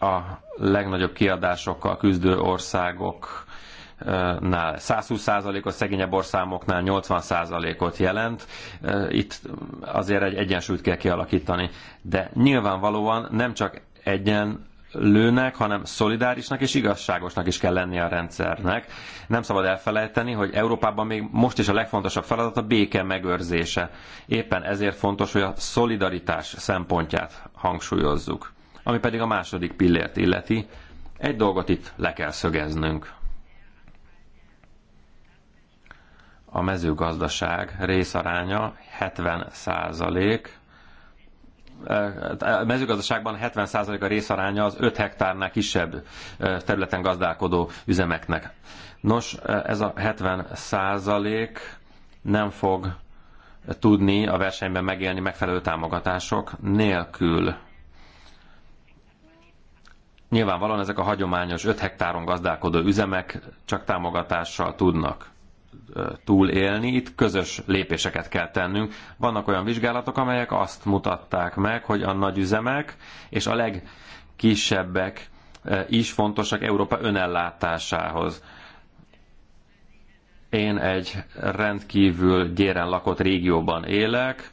a legnagyobb kiadásokkal küzdő országok nál 120%-ot, szegényebb országoknál 80%-ot jelent. Itt azért egy egyensúlyt kell kialakítani. De nyilvánvalóan nem csak egyenlőnek, hanem szolidárisnak és igazságosnak is kell lennie a rendszernek. Nem szabad elfelejteni, hogy Európában még most is a legfontosabb feladat a béke megőrzése. Éppen ezért fontos, hogy a szolidaritás szempontját hangsúlyozzuk. Ami pedig a második pillért illeti, egy dolgot itt le kell szögeznünk. A mezőgazdaság részaránya 70 százalék, a mezőgazdaságban 70% a részaránya az 5 hektárnál kisebb területen gazdálkodó üzemeknek. Nos, ez a 70% nem fog tudni a versenyben megélni megfelelő támogatások nélkül. Nyilvánvalóan ezek a hagyományos 5 hektáron gazdálkodó üzemek csak támogatással tudnak túlélni. Itt közös lépéseket kell tennünk. Vannak olyan vizsgálatok, amelyek azt mutatták meg, hogy a nagy üzemek és a legkisebbek is fontosak Európa önellátásához. Én egy rendkívül gyéren lakott régióban élek,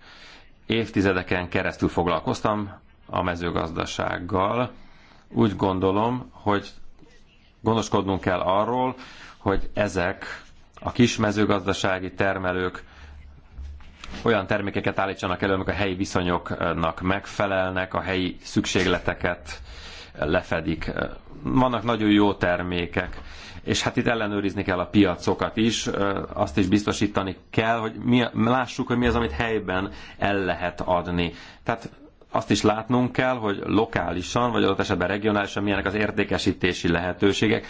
évtizedeken keresztül foglalkoztam a mezőgazdasággal, úgy gondolom, hogy gondoskodnunk kell arról, hogy ezek a kis mezőgazdasági termelők olyan termékeket állítsanak elő, amik a helyi viszonyoknak megfelelnek, a helyi szükségleteket lefedik. Vannak nagyon jó termékek, és hát itt ellenőrizni kell a piacokat is, azt is biztosítani kell, hogy mi, lássuk, hogy mi az, amit helyben el lehet adni. Tehát azt is látnunk kell, hogy lokálisan, vagy adott esetben regionálisan milyenek az értékesítési lehetőségek,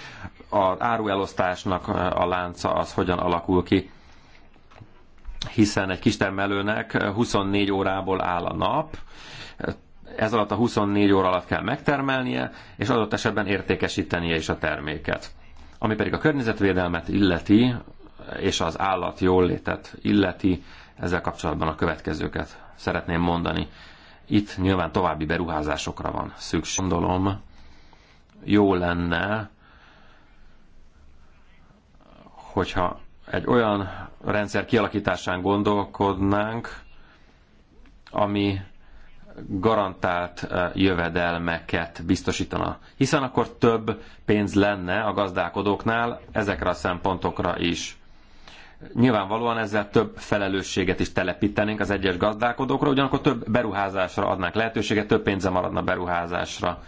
az áruelosztásnak a lánca az hogyan alakul ki, hiszen egy kis termelőnek 24 órából áll a nap, ez alatt a 24 óra alatt kell megtermelnie, és adott esetben értékesítenie is a terméket. Ami pedig a környezetvédelmet illeti, és az állat jóllétet illeti, ezzel kapcsolatban a következőket szeretném mondani itt nyilván további beruházásokra van szükség. Gondolom, jó lenne, hogyha egy olyan rendszer kialakításán gondolkodnánk, ami garantált eh, jövedelmeket biztosítana. Hiszen akkor több pénz lenne a gazdálkodóknál ezekre a szempontokra is. Nyilvánvalóan ezzel több felelősséget is telepítenénk az egyes gazdálkodókra, ugyanakkor több beruházásra adnánk lehetőséget, több pénze maradna beruházásra.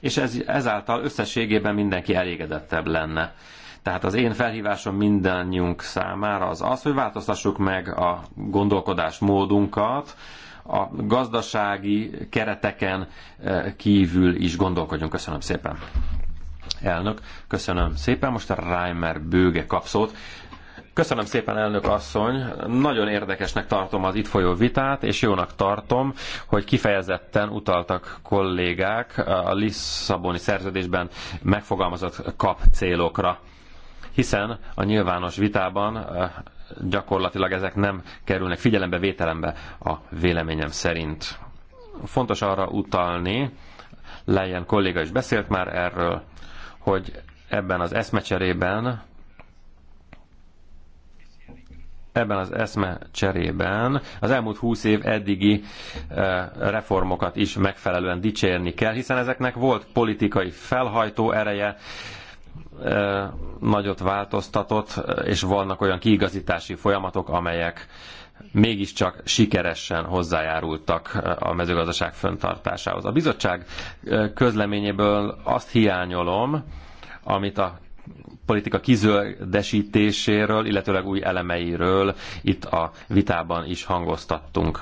És ez, ezáltal összességében mindenki elégedettebb lenne. Tehát az én felhívásom mindannyiunk számára az az, hogy változtassuk meg a gondolkodásmódunkat, a gazdasági kereteken eh, kívül is gondolkodjunk. Köszönöm szépen. Elnök, köszönöm szépen. Most a Reimer bőge kap Köszönöm szépen, elnök asszony. Nagyon érdekesnek tartom az itt folyó vitát, és jónak tartom, hogy kifejezetten utaltak kollégák a Lisszaboni szerződésben megfogalmazott kap célokra. Hiszen a nyilvános vitában eh, gyakorlatilag ezek nem kerülnek figyelembe, vételembe a véleményem szerint. Fontos arra utalni, Lejen kolléga is beszélt már erről, hogy ebben az eszmecserében ebben az eszme cserében az elmúlt húsz év eddigi eh, reformokat is megfelelően dicsérni kell, hiszen ezeknek volt politikai felhajtó ereje, eh, nagyot változtatott, eh, és vannak olyan kiigazítási folyamatok, amelyek mégiscsak sikeresen hozzájárultak a mezőgazdaság föntartásához. A bizottság közleményéből azt hiányolom, amit a politika kizöldesítéséről, illetőleg új elemeiről itt a vitában is hangoztattunk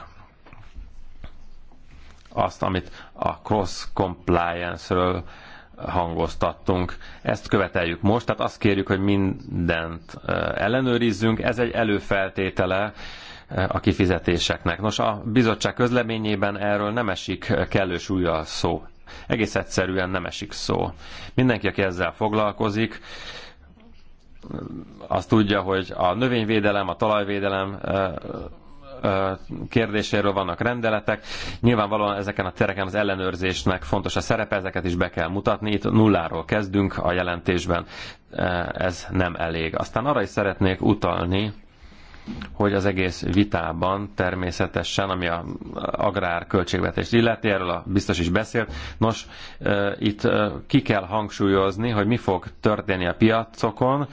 azt, amit a cross compliance-ről hangoztattunk. Ezt követeljük most, tehát azt kérjük, hogy mindent ellenőrizzünk. Ez egy előfeltétele a kifizetéseknek. Nos, a bizottság közleményében erről nem esik kellő súlya szó. Egész egyszerűen nem esik szó. Mindenki, aki ezzel foglalkozik, azt tudja, hogy a növényvédelem, a talajvédelem kérdéséről vannak rendeletek. Nyilvánvalóan ezeken a tereken az ellenőrzésnek fontos a szerepe, ezeket is be kell mutatni. Itt nulláról kezdünk a jelentésben, ez nem elég. Aztán arra is szeretnék utalni, hogy az egész vitában természetesen, ami a agrár költségvetést illeti, erről a biztos is beszélt, nos, itt ki kell hangsúlyozni, hogy mi fog történni a piacokon,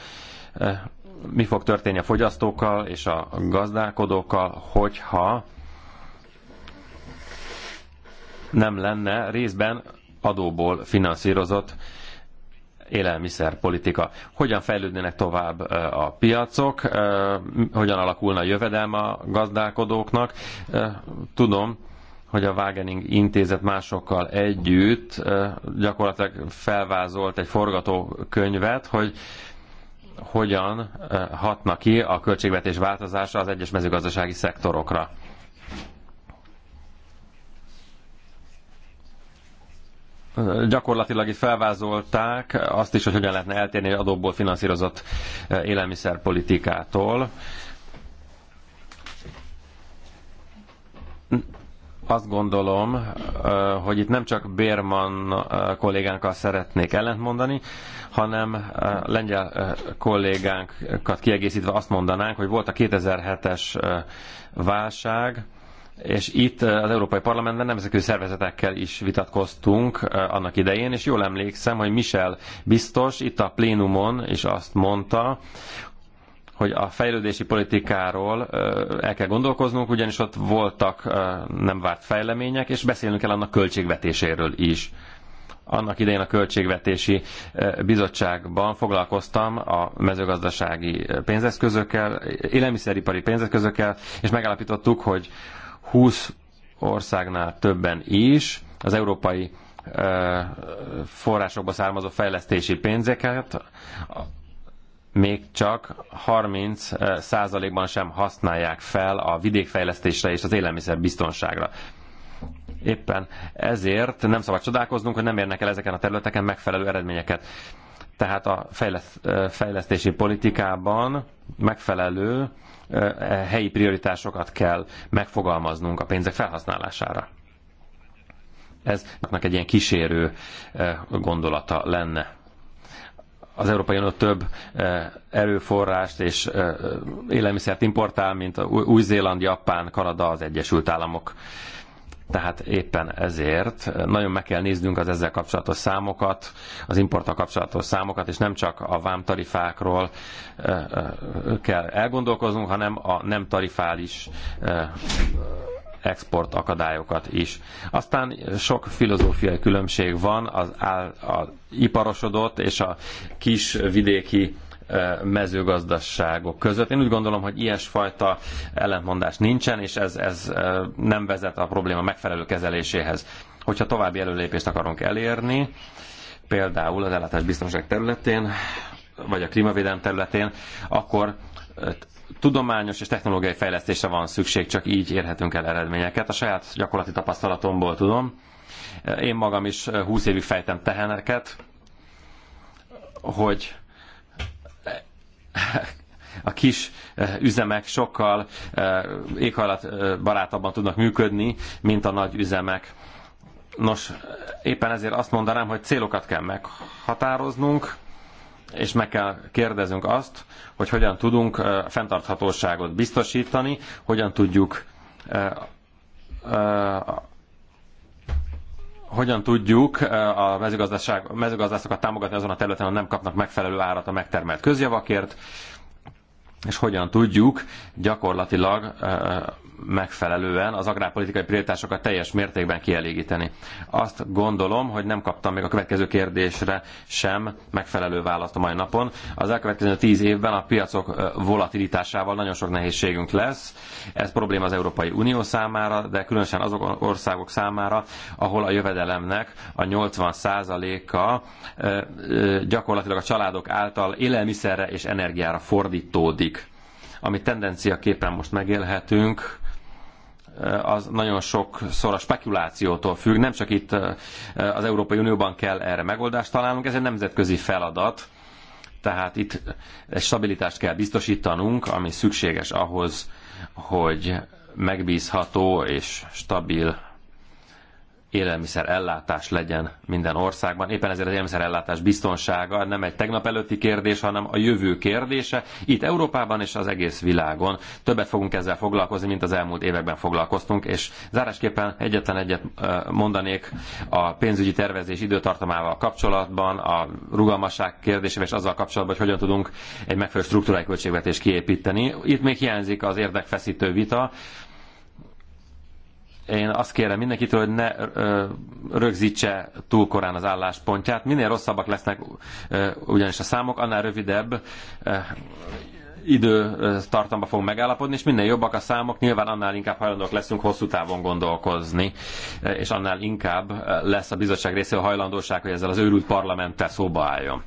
mi fog történni a fogyasztókkal és a gazdálkodókkal, hogyha nem lenne részben adóból finanszírozott élelmiszerpolitika. Hogyan fejlődnének tovább a piacok, hogyan alakulna a jövedelm a gazdálkodóknak. Tudom, hogy a Wagening intézet másokkal együtt gyakorlatilag felvázolt egy forgatókönyvet, hogy hogyan hatna ki a költségvetés változása az egyes mezőgazdasági szektorokra. gyakorlatilag itt felvázolták azt is, hogy hogyan lehetne eltérni egy adóból finanszírozott eh, élelmiszerpolitikától. Azt gondolom, eh, hogy itt nem csak Bérman eh, kollégánkkal szeretnék ellentmondani, hanem lengyel kollégánkat kiegészítve azt mondanánk, hogy volt a 2007-es válság, és itt eh, az Európai Parlamentben nemzetközi szervezetekkel is vitatkoztunk eh, annak idején, és jól emlékszem, hogy Michel biztos itt a plénumon is azt mondta, hogy a fejlődési politikáról eh, el kell gondolkoznunk, ugyanis ott voltak nem várt fejlemények, és beszélnünk kell annak költségvetéséről is. Annak idején a Költségvetési Bizottságban foglalkoztam a mezőgazdasági pénzeszközökkel, élelmiszeripari pénzeszközökkel, és megállapítottuk, hogy 20 országnál többen is az európai forrásokba származó fejlesztési pénzeket még csak 30 százalékban sem használják fel a vidékfejlesztésre és az élelmiszerbiztonságra. Éppen ezért nem szabad csodálkoznunk, hogy nem érnek el ezeken a területeken megfelelő eredményeket tehát a fejlesztési politikában megfelelő e, helyi prioritásokat kell megfogalmaznunk a pénzek felhasználására. Ez egy ilyen kísérő gondolata lenne az Európai Unió több erőforrást és élelmiszert importál, mint Új-Zéland, Japán, Kanada, az Egyesült Államok. Tehát éppen ezért nagyon meg kell néznünk az ezzel kapcsolatos számokat, az importtal kapcsolatos számokat, és nem csak a vám tarifákról kell elgondolkoznunk, hanem a nem tarifális export akadályokat is. Aztán sok filozófiai különbség van az, áll, az iparosodott és a kis vidéki mezőgazdaságok között. Én úgy gondolom, hogy ilyesfajta ellentmondás nincsen, és ez, ez nem vezet a probléma megfelelő kezeléséhez. Hogyha további előlépést akarunk elérni, például az ellátás biztonság területén, vagy a klímavédelem területén, akkor tudományos és technológiai fejlesztésre van szükség, csak így érhetünk el eredményeket. A saját gyakorlati tapasztalatomból tudom. Én magam is 20 évig fejtem teheneket, hogy a kis eh, üzemek sokkal eh, éghajlatbarátabban eh, tudnak működni, mint a nagy üzemek. Nos, éppen ezért azt mondanám, hogy célokat kell meghatároznunk, és meg kell kérdezünk azt, hogy hogyan tudunk fenntarthatóságot biztosítani, hogyan tudjuk hogyan tudjuk eh, a mezőgazdaság, mezőgazdászokat támogatni azon a területen, ahol nem kapnak megfelelő árat a megtermelt közjavakért, és hogyan tudjuk gyakorlatilag eh, megfelelően az agrárpolitikai prioritásokat teljes mértékben kielégíteni. Azt gondolom, hogy nem kaptam még a következő kérdésre sem megfelelő választ a mai napon. Az elkövetkező tíz évben a piacok volatilitásával nagyon sok nehézségünk lesz. Ez probléma az Európai Unió számára, de különösen azok országok számára, ahol a jövedelemnek a 80%-a gyakorlatilag a családok által élelmiszerre és energiára fordítódik ami tendencia képen most megélhetünk, Eh, az nagyon sokszor a spekulációtól függ. Nem csak itt eh, az Európai Unióban kell erre megoldást találnunk, ez egy nemzetközi feladat, tehát itt egy stabilitást kell biztosítanunk, ami szükséges ahhoz, hogy megbízható és stabil élelmiszer ellátás legyen minden országban. Éppen ezért az élelmiszer ellátás biztonsága nem egy tegnap előtti kérdés, hanem a jövő kérdése. Itt Európában és az egész világon többet fogunk ezzel foglalkozni, mint az elmúlt években foglalkoztunk, és zárásképpen egyetlen egyet mondanék a pénzügyi tervezés időtartamával kapcsolatban, a rugalmasság kérdésével és azzal kapcsolatban, hogy hogyan tudunk egy megfelelő struktúrális költségvetést kiépíteni. Itt még hiányzik az érdekfeszítő vita, én azt kérem mindenkitől, hogy ne rögzítse túl korán az álláspontját. Minél rosszabbak lesznek ugyanis a számok, annál rövidebb időtartamba fog megállapodni, és minél jobbak a számok, nyilván annál inkább hajlandók leszünk hosszú távon gondolkozni, és annál inkább lesz a bizottság részéről hajlandóság, hogy ezzel az őrült parlamenttel szóba álljon.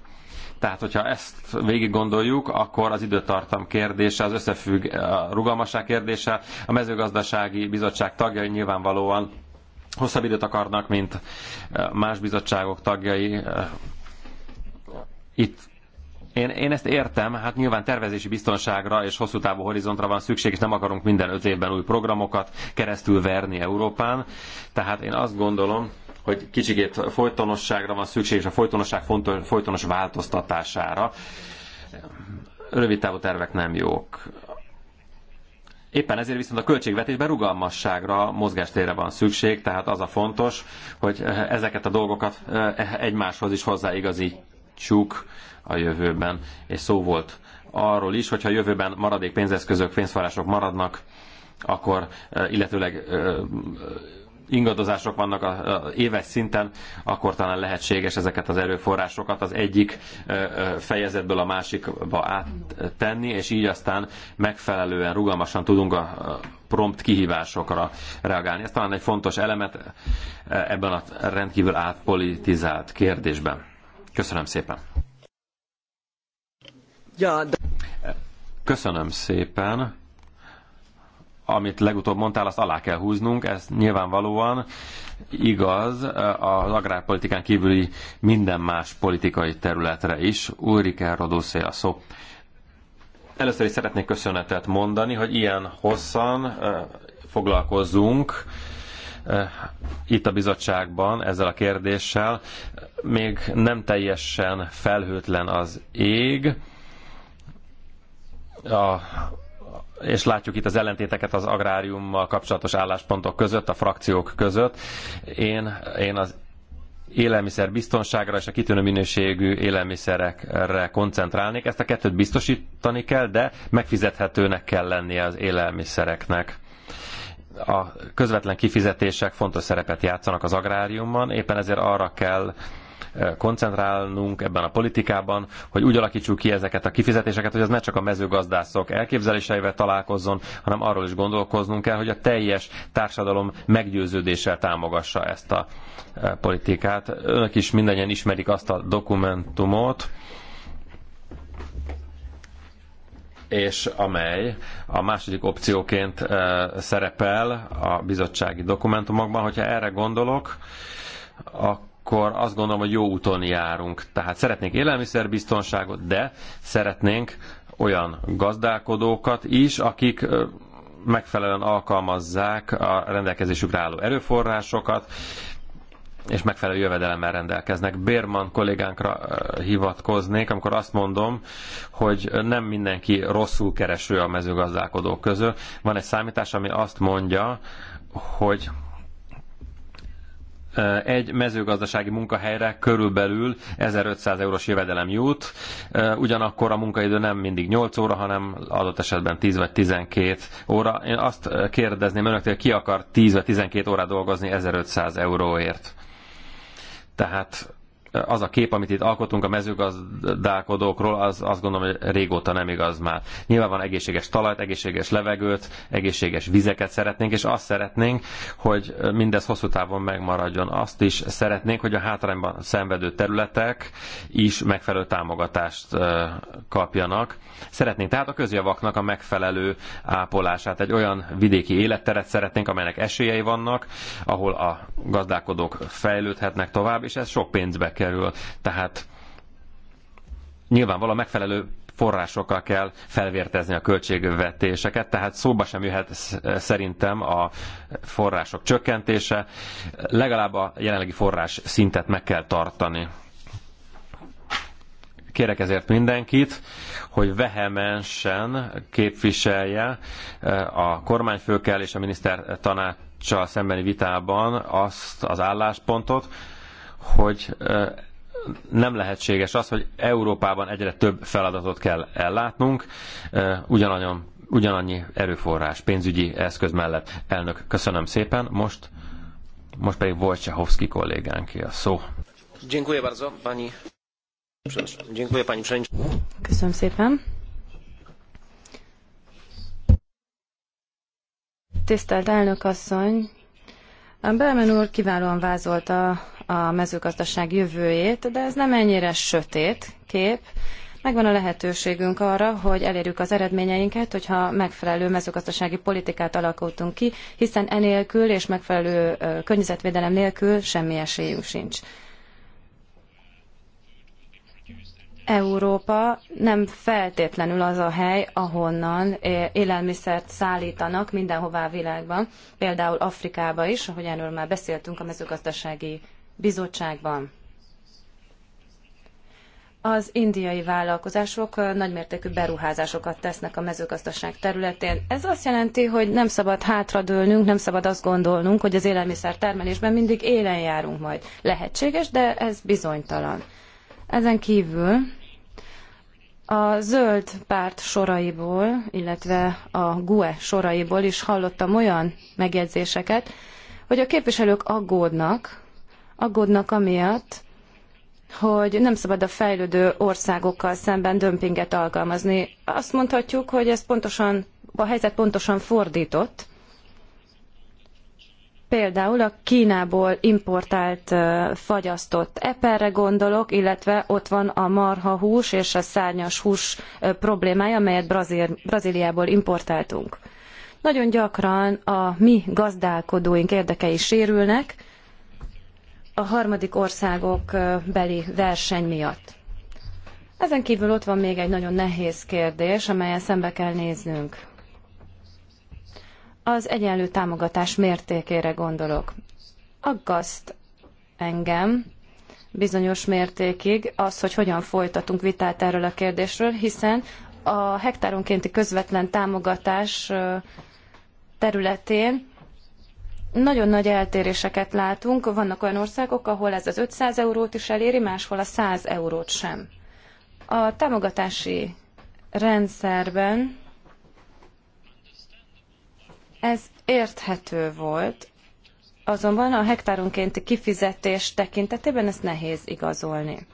Tehát, hogyha ezt végig gondoljuk, akkor az időtartam kérdése, az összefügg eh, a rugalmasság kérdése, a mezőgazdasági bizottság tagjai nyilvánvalóan hosszabb időt akarnak, mint eh, más bizottságok tagjai. Eh, itt én, én ezt értem, hát nyilván tervezési biztonságra és hosszú távú horizontra van szükség, és nem akarunk minden öt évben új programokat keresztül verni Európán. Tehát én azt gondolom, hogy kicsikét folytonosságra van szükség, és a folytonosság fontos, folytonos változtatására. Rövid távú tervek nem jók. Éppen ezért viszont a költségvetésben rugalmasságra, mozgástére van szükség, tehát az a fontos, hogy ezeket a dolgokat eh, egymáshoz is hozzáigazítsuk a jövőben. És szó volt arról is, hogyha a jövőben maradék pénzeszközök, pénzforrások maradnak, akkor eh, illetőleg eh, ingadozások vannak a, a éves szinten, akkor talán lehetséges ezeket az erőforrásokat az egyik fejezetből a másikba áttenni, és így aztán megfelelően rugalmasan tudunk a prompt kihívásokra reagálni. Ez talán egy fontos elemet ebben a rendkívül átpolitizált kérdésben. Köszönöm szépen. Ja, de... Köszönöm szépen amit legutóbb mondtál, azt alá kell húznunk, ez nyilvánvalóan igaz az agrárpolitikán kívüli minden más politikai területre is. Ulrike Rodószél a szó. Először is szeretnék köszönetet mondani, hogy ilyen hosszan foglalkozzunk itt a bizottságban ezzel a kérdéssel. Még nem teljesen felhőtlen az ég. A és látjuk itt az ellentéteket az agráriummal kapcsolatos álláspontok között, a frakciók között. Én, én az élelmiszer biztonságra és a kitűnő minőségű élelmiszerekre koncentrálnék. Ezt a kettőt biztosítani kell, de megfizethetőnek kell lennie az élelmiszereknek a közvetlen kifizetések fontos szerepet játszanak az agráriumban, éppen ezért arra kell koncentrálnunk ebben a politikában, hogy úgy alakítsuk ki ezeket a kifizetéseket, hogy ez ne csak a mezőgazdászok elképzeléseivel találkozzon, hanem arról is gondolkoznunk kell, hogy a teljes társadalom meggyőződéssel támogassa ezt a e, politikát. Önök is mindannyian ismerik azt a dokumentumot, és amely a második opcióként e, szerepel a bizottsági dokumentumokban. Hogyha erre gondolok, akkor akkor azt gondolom, hogy jó úton járunk. Tehát szeretnénk élelmiszerbiztonságot, de szeretnénk olyan gazdálkodókat is, akik megfelelően alkalmazzák a rendelkezésükre álló erőforrásokat, és megfelelő jövedelemmel rendelkeznek. Bérman kollégánkra hivatkoznék, amikor azt mondom, hogy nem mindenki rosszul kereső a mezőgazdálkodók közül. Van egy számítás, ami azt mondja, hogy egy mezőgazdasági munkahelyre körülbelül 1500 eurós jövedelem jut, ugyanakkor a munkaidő nem mindig 8 óra, hanem adott esetben 10 vagy 12 óra. Én azt kérdezném önöktől, ki akar 10 vagy 12 órát dolgozni 1500 euróért? Tehát az a kép, amit itt alkotunk a mezőgazdálkodókról, az azt gondolom, hogy régóta nem igaz már. Nyilván van egészséges talajt, egészséges levegőt, egészséges vizeket szeretnénk, és azt szeretnénk, hogy mindez hosszú távon megmaradjon. Azt is szeretnénk, hogy a hátrányban szenvedő területek is megfelelő támogatást kapjanak. Szeretnénk tehát a közjavaknak a megfelelő ápolását. Egy olyan vidéki életteret szeretnénk, amelynek esélyei vannak, ahol a gazdálkodók fejlődhetnek tovább, és ez sok pénzbe kerül. Tehát nyilvánvalóan megfelelő forrásokkal kell felvértezni a költségvetéseket, tehát szóba sem jöhet szerintem a források csökkentése. Legalább a jelenlegi forrás szintet meg kell tartani. Kérek ezért mindenkit, hogy vehemensen képviselje eh, a kormányfőkkel és a miniszter tanácssal szembeni vitában azt az álláspontot, hogy nem lehetséges az, hogy Európában egyre több feladatot kell ellátnunk, ugyanannyi, ugyanannyi erőforrás, pénzügyi eszköz mellett. Elnök, köszönöm szépen. Most, most pedig Wojciechowski kollégánké a szó. Dziękuję bardzo, pani... Dziękuję, pani Köszönöm szépen. Tisztelt elnök asszony, Belmen úr kiválóan vázolta a mezőgazdaság jövőjét, de ez nem ennyire sötét kép. Megvan a lehetőségünk arra, hogy elérjük az eredményeinket, hogyha megfelelő mezőgazdasági politikát alakultunk ki, hiszen enélkül és megfelelő környezetvédelem nélkül semmi esélyünk sincs. Európa nem feltétlenül az a hely, ahonnan élelmiszert szállítanak mindenhová a világban, például Afrikába is, ahogy erről már beszéltünk a mezőgazdasági bizottságban. Az indiai vállalkozások nagymértékű beruházásokat tesznek a mezőgazdaság területén. Ez azt jelenti, hogy nem szabad hátradőlnünk, nem szabad azt gondolnunk, hogy az élelmiszer termelésben mindig élen járunk majd. Lehetséges, de ez bizonytalan. Ezen kívül a zöld párt soraiból, illetve a GUE soraiból is hallottam olyan megjegyzéseket, hogy a képviselők aggódnak, aggódnak amiatt, hogy nem szabad a fejlődő országokkal szemben dömpinget alkalmazni. Azt mondhatjuk, hogy ez pontosan, a helyzet pontosan fordított. Például a Kínából importált fagyasztott eperre gondolok, illetve ott van a marha hús és a szárnyas hús problémája, amelyet Brazíl, Brazíliából importáltunk. Nagyon gyakran a mi gazdálkodóink érdekei sérülnek, a harmadik országok beli verseny miatt. Ezen kívül ott van még egy nagyon nehéz kérdés, amelyen szembe kell néznünk. Az egyenlő támogatás mértékére gondolok. Aggaszt engem bizonyos mértékig az, hogy hogyan folytatunk vitát erről a kérdésről, hiszen a hektáronkénti közvetlen támogatás területén nagyon nagy eltéréseket látunk. Vannak olyan országok, ahol ez az 500 eurót is eléri, máshol a 100 eurót sem. A támogatási rendszerben ez érthető volt, azonban a hektáronkénti kifizetés tekintetében ezt nehéz igazolni.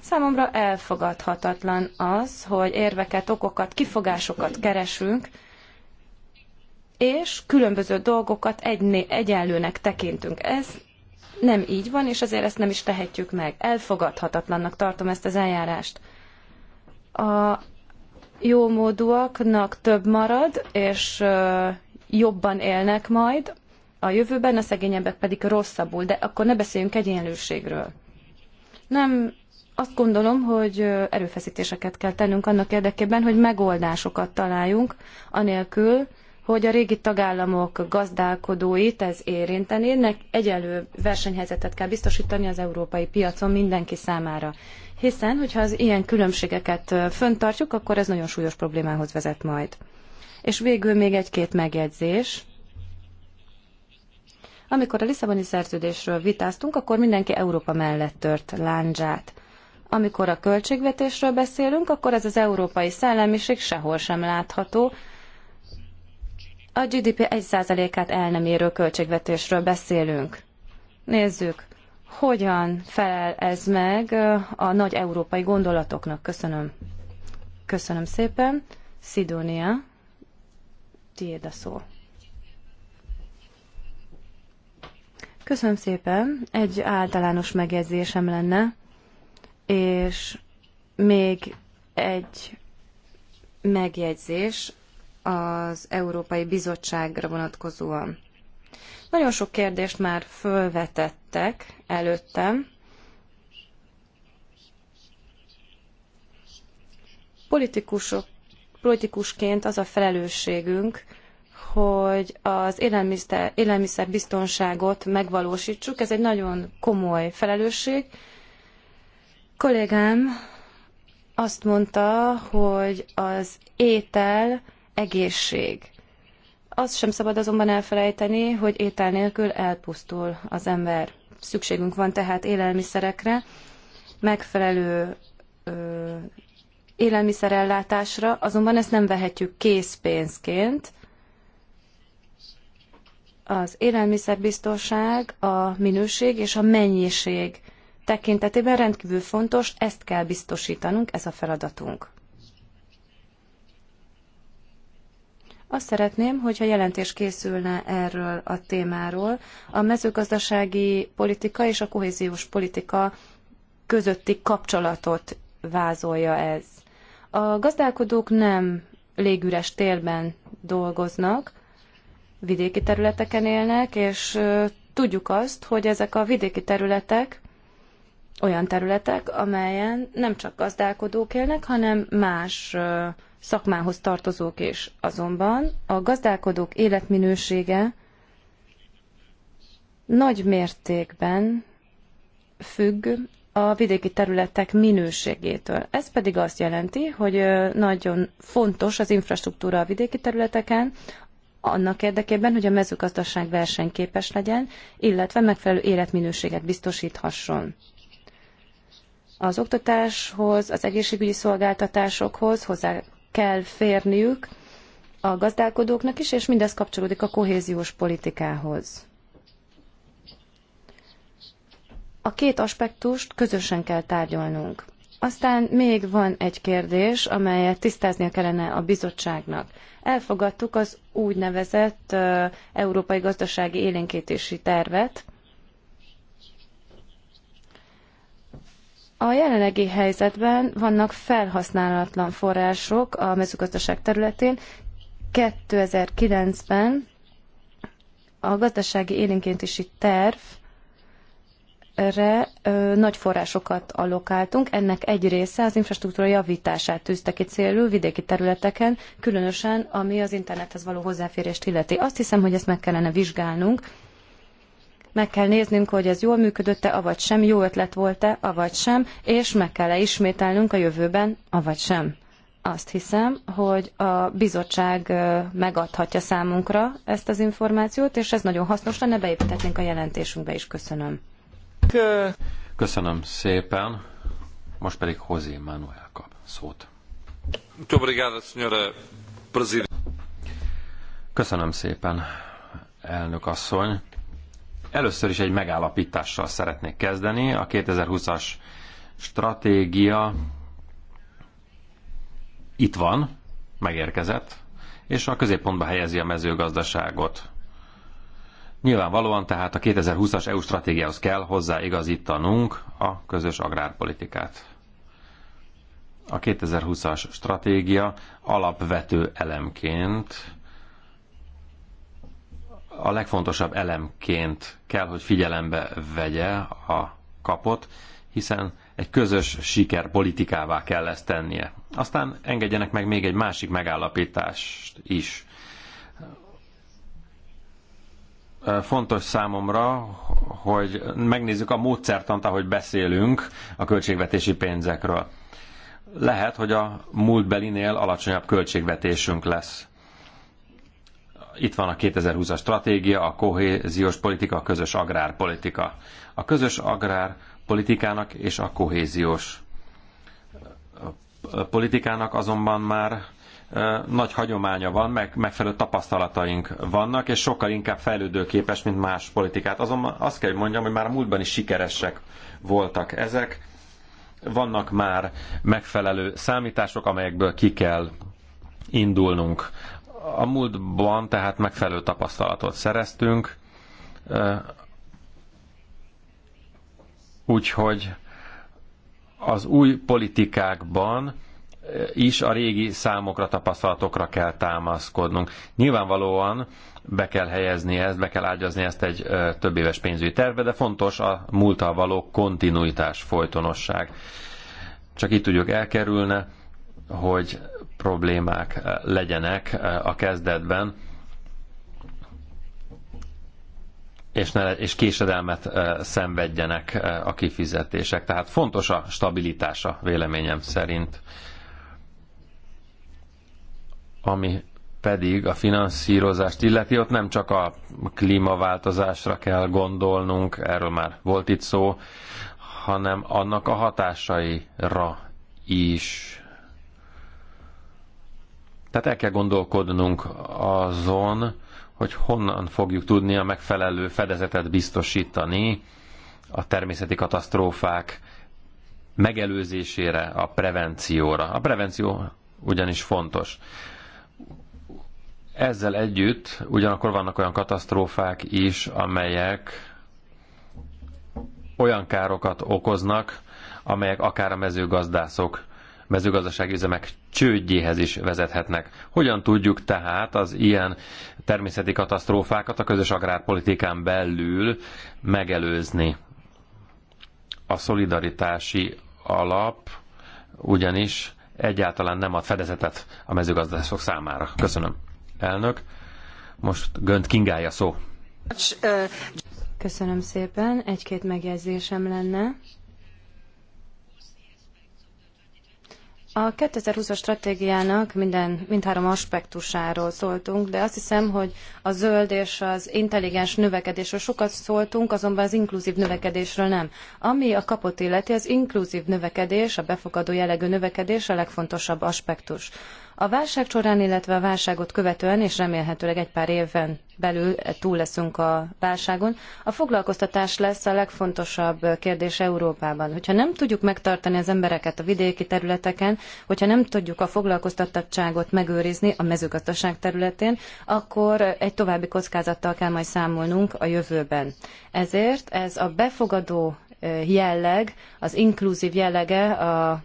Számomra elfogadhatatlan az, hogy érveket, okokat, kifogásokat keresünk, és különböző dolgokat egyné, egyenlőnek tekintünk. Ez nem így van, és ezért ezt nem is tehetjük meg. Elfogadhatatlannak tartom ezt az eljárást. A jómódúaknak több marad, és jobban élnek majd, a jövőben, a szegényebbek pedig rosszabbul, de akkor ne beszéljünk egyenlőségről. Nem, azt gondolom, hogy erőfeszítéseket kell tennünk annak érdekében, hogy megoldásokat találjunk, anélkül, hogy a régi tagállamok gazdálkodóit ez érintenének, egyelő versenyhelyzetet kell biztosítani az európai piacon mindenki számára. Hiszen, hogyha az ilyen különbségeket föntartjuk, akkor ez nagyon súlyos problémához vezet majd. És végül még egy-két megjegyzés. Amikor a Lisszaboni szerződésről vitáztunk, akkor mindenki Európa mellett tört láncsát. Amikor a költségvetésről beszélünk, akkor ez az európai szellemiség sehol sem látható, a GDP 1%-át el nem érő költségvetésről beszélünk. Nézzük, hogyan felel ez meg a nagy európai gondolatoknak. Köszönöm. Köszönöm szépen. Szidónia, tiéd a szó. Köszönöm szépen. Egy általános megjegyzésem lenne, és még egy megjegyzés az Európai Bizottságra vonatkozóan. Nagyon sok kérdést már fölvetettek előttem. Politikusok, politikusként az a felelősségünk, hogy az élelmiszer, élelmiszerbiztonságot megvalósítsuk. Ez egy nagyon komoly felelősség. Kollégám azt mondta, hogy az étel egészség. Azt sem szabad azonban elfelejteni, hogy étel nélkül elpusztul az ember. Szükségünk van tehát élelmiszerekre, megfelelő ö, élelmiszerellátásra, azonban ezt nem vehetjük készpénzként. Az élelmiszerbiztonság, a minőség és a mennyiség tekintetében rendkívül fontos, ezt kell biztosítanunk, ez a feladatunk. Azt szeretném, hogyha jelentés készülne erről a témáról, a mezőgazdasági politika és a kohéziós politika közötti kapcsolatot vázolja ez. A gazdálkodók nem légüres térben dolgoznak, vidéki területeken élnek, és tudjuk azt, hogy ezek a vidéki területek olyan területek, amelyen nem csak gazdálkodók élnek, hanem más szakmához tartozók is. Azonban a gazdálkodók életminősége nagy mértékben függ a vidéki területek minőségétől. Ez pedig azt jelenti, hogy nagyon fontos az infrastruktúra a vidéki területeken, annak érdekében, hogy a mezőgazdaság versenyképes legyen, illetve megfelelő életminőséget biztosíthasson az oktatáshoz, az egészségügyi szolgáltatásokhoz hozzá kell férniük a gazdálkodóknak is, és mindez kapcsolódik a kohéziós politikához. A két aspektust közösen kell tárgyalnunk. Aztán még van egy kérdés, amelyet tisztáznia kellene a bizottságnak. Elfogadtuk az úgynevezett uh, Európai Gazdasági Élénkítési Tervet, A jelenlegi helyzetben vannak felhasználatlan források a mezőgazdaság területén. 2009-ben a gazdasági élénkéntési tervre ö, nagy forrásokat allokáltunk. Ennek egy része az infrastruktúra javítását tűzte ki célul vidéki területeken, különösen ami az internethez való hozzáférést illeti. Azt hiszem, hogy ezt meg kellene vizsgálnunk, meg kell néznünk, hogy ez jól működött-e, avagy sem, jó ötlet volt-e, avagy sem, és meg kell-e ismételnünk a jövőben, avagy sem. Azt hiszem, hogy a bizottság megadhatja számunkra ezt az információt, és ez nagyon hasznos lenne, beépítetnénk a jelentésünkbe is. Köszönöm. Köszönöm szépen. Most pedig Hozé Manuel kap szót. Köszönöm szépen, elnök asszony. Először is egy megállapítással szeretnék kezdeni. A 2020-as stratégia itt van, megérkezett, és a középpontba helyezi a mezőgazdaságot. Nyilvánvalóan tehát a 2020-as EU stratégiához kell hozzáigazítanunk a közös agrárpolitikát. A 2020-as stratégia alapvető elemként a legfontosabb elemként kell, hogy figyelembe vegye a kapot, hiszen egy közös siker politikává kell ezt tennie. Aztán engedjenek meg még egy másik megállapítást is. Fontos számomra, hogy megnézzük a módszertant, ahogy beszélünk a költségvetési pénzekről. Lehet, hogy a múltbelinél alacsonyabb költségvetésünk lesz itt van a 2020-as stratégia, a kohéziós politika, a közös agrárpolitika. A közös agrárpolitikának és a kohéziós politikának azonban már nagy hagyománya van, meg megfelelő tapasztalataink vannak, és sokkal inkább fejlődőképes, mint más politikát. Azonban azt kell, hogy mondjam, hogy már a múltban is sikeresek voltak ezek. Vannak már megfelelő számítások, amelyekből ki kell indulnunk. A múltban tehát megfelelő tapasztalatot szereztünk, úgyhogy az új politikákban is a régi számokra, tapasztalatokra kell támaszkodnunk. Nyilvánvalóan be kell helyezni ezt, be kell ágyazni ezt egy több éves pénzügyi tervbe, de fontos a múltal való kontinuitás, folytonosság. Csak itt tudjuk elkerülne, hogy problémák eh, legyenek eh, a kezdetben, és, ne, és késedelmet eh, szenvedjenek a kifizetések. Tehát fontos a stabilitása véleményem szerint. Ami pedig a finanszírozást illeti, ott nem csak a klímaváltozásra kell gondolnunk, erről már volt itt szó, hanem annak a hatásaira is. Tehát el kell gondolkodnunk azon, hogy honnan fogjuk tudni a megfelelő fedezetet biztosítani a természeti katasztrófák megelőzésére, a prevencióra. A prevenció ugyanis fontos. Ezzel együtt ugyanakkor vannak olyan katasztrófák is, amelyek olyan károkat okoznak, amelyek akár a mezőgazdászok mezőgazdasági üzemek csődjéhez is vezethetnek. Hogyan tudjuk tehát az ilyen természeti katasztrófákat a közös agrárpolitikán belül megelőzni? A szolidaritási alap ugyanis egyáltalán nem ad fedezetet a mezőgazdászok számára. Köszönöm. Elnök, most Gönt Kingája szó. Köszönöm szépen. Egy-két megjegyzésem lenne. A 2020-as stratégiának minden, mindhárom aspektusáról szóltunk, de azt hiszem, hogy a zöld és az intelligens növekedésről sokat szóltunk, azonban az inkluzív növekedésről nem. Ami a kapott illeti, az inkluzív növekedés, a befogadó jellegű növekedés a legfontosabb aspektus. A válság során, illetve a válságot követően, és remélhetőleg egy pár éven belül túl leszünk a válságon, a foglalkoztatás lesz a legfontosabb kérdés Európában. Hogyha nem tudjuk megtartani az embereket a vidéki területeken, hogyha nem tudjuk a foglalkoztatottságot megőrizni a mezőgazdaság területén, akkor egy további kockázattal kell majd számolnunk a jövőben. Ezért ez a befogadó jelleg, az inkluzív jellege a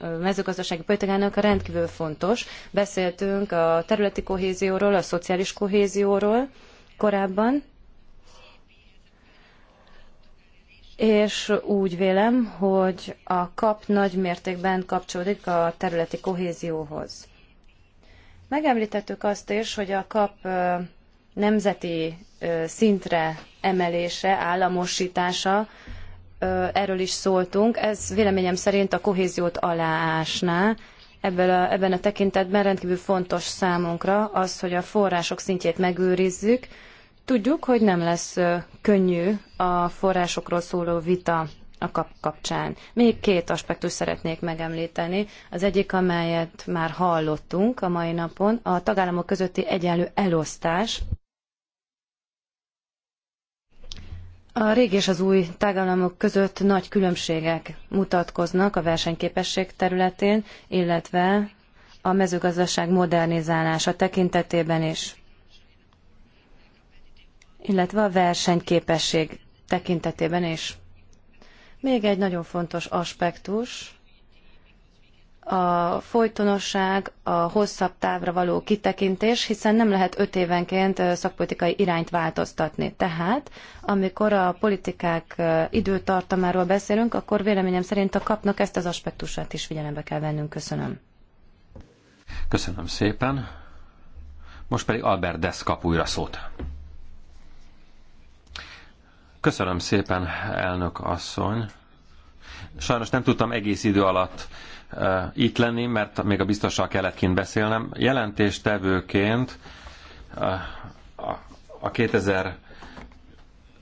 mezőgazdasági politikának rendkívül fontos. Beszéltünk a területi kohézióról, a szociális kohézióról korábban, és úgy vélem, hogy a kap nagy mértékben kapcsolódik a területi kohézióhoz. Megemlítettük azt is, hogy a kap nemzeti szintre emelése, államosítása erről is szóltunk, ez véleményem szerint a kohéziót aláásná. Ebben a, ebben a tekintetben rendkívül fontos számunkra az, hogy a források szintjét megőrizzük. Tudjuk, hogy nem lesz könnyű a forrásokról szóló vita a kap kapcsán. Még két aspektus szeretnék megemlíteni. Az egyik, amelyet már hallottunk a mai napon, a tagállamok közötti egyenlő elosztás, A régi és az új tagállamok között nagy különbségek mutatkoznak a versenyképesség területén, illetve a mezőgazdaság modernizálása tekintetében is, illetve a versenyképesség tekintetében is. Még egy nagyon fontos aspektus, a folytonosság, a hosszabb távra való kitekintés, hiszen nem lehet öt évenként szakpolitikai irányt változtatni. Tehát, amikor a politikák időtartamáról beszélünk, akkor véleményem szerint a kapnak ezt az aspektusát is figyelembe kell vennünk. Köszönöm. Köszönöm szépen. Most pedig Albert Desz kap újra szót. Köszönöm szépen, elnök asszony. Sajnos nem tudtam egész idő alatt Eh, itt lenni, mert még a biztossal kellett kint beszélnem. Jelentéstevőként eh, a 2000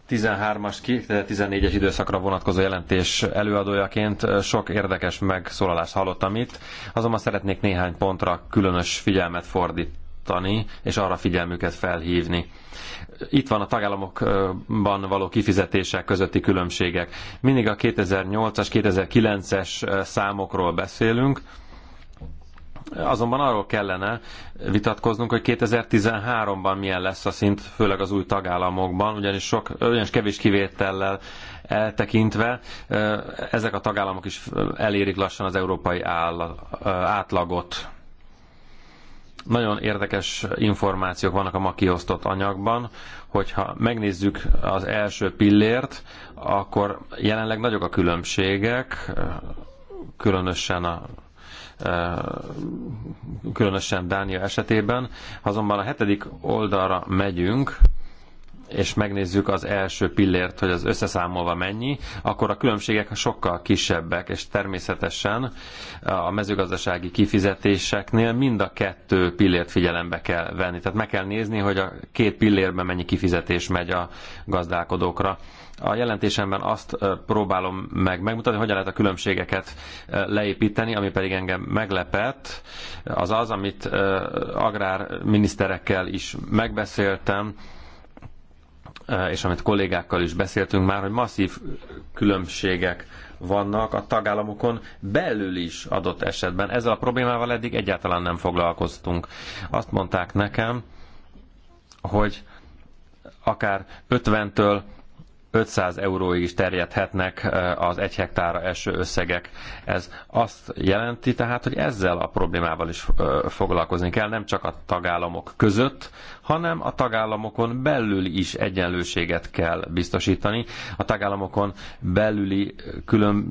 13-as, 14 es időszakra vonatkozó jelentés előadójaként eh, sok érdekes megszólalást hallottam itt, azonban szeretnék néhány pontra különös figyelmet fordítani tanítani, és arra figyelmüket felhívni. Itt van a tagállamokban való kifizetések közötti különbségek. Mindig a 2008-as, 2009-es számokról beszélünk, Azonban arról kellene vitatkoznunk, hogy 2013-ban milyen lesz a szint, főleg az új tagállamokban, ugyanis, sok, ugyanis kevés kivétellel eltekintve ezek a tagállamok is elérik lassan az európai áll, átlagot. Nagyon érdekes információk vannak a ma kiosztott anyagban, hogyha megnézzük az első pillért, akkor jelenleg nagyok a különbségek, különösen a e, különösen Dánia esetében. Ha azonban a hetedik oldalra megyünk, és megnézzük az első pillért, hogy az összeszámolva mennyi, akkor a különbségek sokkal kisebbek, és természetesen a mezőgazdasági kifizetéseknél mind a kettő pillért figyelembe kell venni. Tehát meg kell nézni, hogy a két pillérben mennyi kifizetés megy a gazdálkodókra. A jelentésemben azt próbálom meg megmutatni, hogyan lehet a különbségeket leépíteni, ami pedig engem meglepett. Az az, amit agrárminiszterekkel is megbeszéltem, Eh, és amit kollégákkal is beszéltünk már, hogy masszív különbségek vannak a tagállamokon belül is adott esetben. Ezzel a problémával eddig egyáltalán nem foglalkoztunk. Azt mondták nekem, hogy akár 50-től 500 euróig is terjedhetnek eh, az egy hektára eső összegek. Ez azt jelenti tehát, hogy ezzel a problémával is eh, foglalkozni kell, nem csak a tagállamok között, hanem a tagállamokon belül is egyenlőséget kell biztosítani. A tagállamokon belüli külön,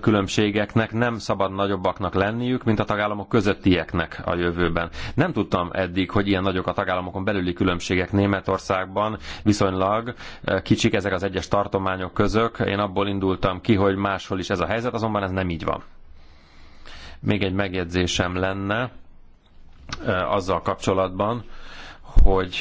különbségeknek nem szabad nagyobbaknak lenniük, mint a tagállamok közöttieknek a jövőben. Nem tudtam eddig, hogy ilyen nagyok a tagállamokon belüli különbségek Németországban, viszonylag eh, kicsik ezek az egyes tartományok közök. Én abból indultam ki, hogy máshol is ez a helyzet, azonban ez nem így van. Még egy megjegyzésem lenne eh, azzal kapcsolatban, hogy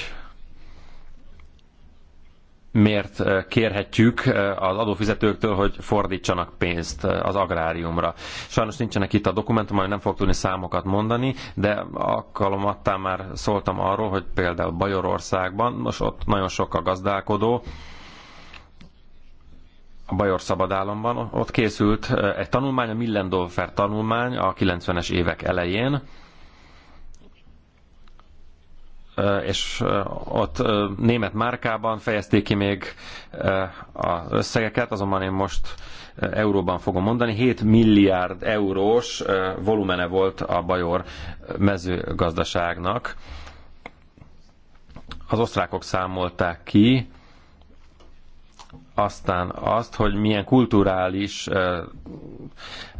miért eh, kérhetjük eh, az adófizetőktől, hogy fordítsanak pénzt eh, az agráriumra. Sajnos nincsenek itt a dokumentumai, nem fog tudni számokat mondani, de alkalomattán már szóltam arról, hogy például Bajorországban, most ott nagyon sok a gazdálkodó, a Bajor Szabadállamban, ott készült egy tanulmány, a Millendorfer tanulmány a 90-es évek elején, és ott német márkában fejezték ki még az összegeket, azonban én most euróban fogom mondani, 7 milliárd eurós volumene volt a Bajor mezőgazdaságnak. Az osztrákok számolták ki, aztán azt, hogy milyen kulturális ö,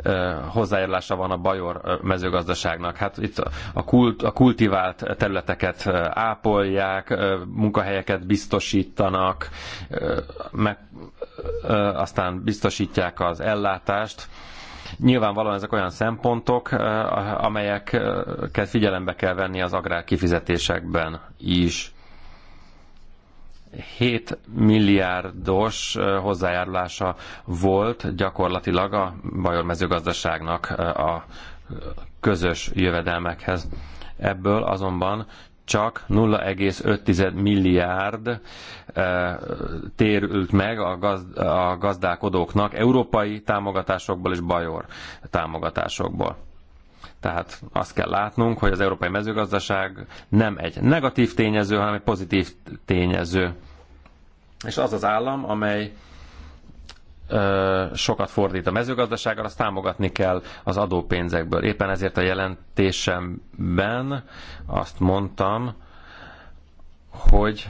ö, hozzájárulása van a bajor mezőgazdaságnak. Hát itt a, kult, a kultivált területeket ápolják, ö, munkahelyeket biztosítanak, ö, meg, ö, aztán biztosítják az ellátást. Nyilvánvalóan ezek olyan szempontok, amelyeket figyelembe kell venni az agrár kifizetésekben is 7 milliárdos hozzájárulása volt gyakorlatilag a bajor mezőgazdaságnak a közös jövedelmekhez. Ebből azonban csak 0,5 milliárd e, térült meg a, gazd, a gazdálkodóknak európai támogatásokból és bajor támogatásokból. Tehát azt kell látnunk, hogy az európai mezőgazdaság nem egy negatív tényező, hanem egy pozitív tényező. És az az állam, amely sokat fordít a mezőgazdasággal, azt támogatni kell az adópénzekből. Éppen ezért a jelentésemben azt mondtam, hogy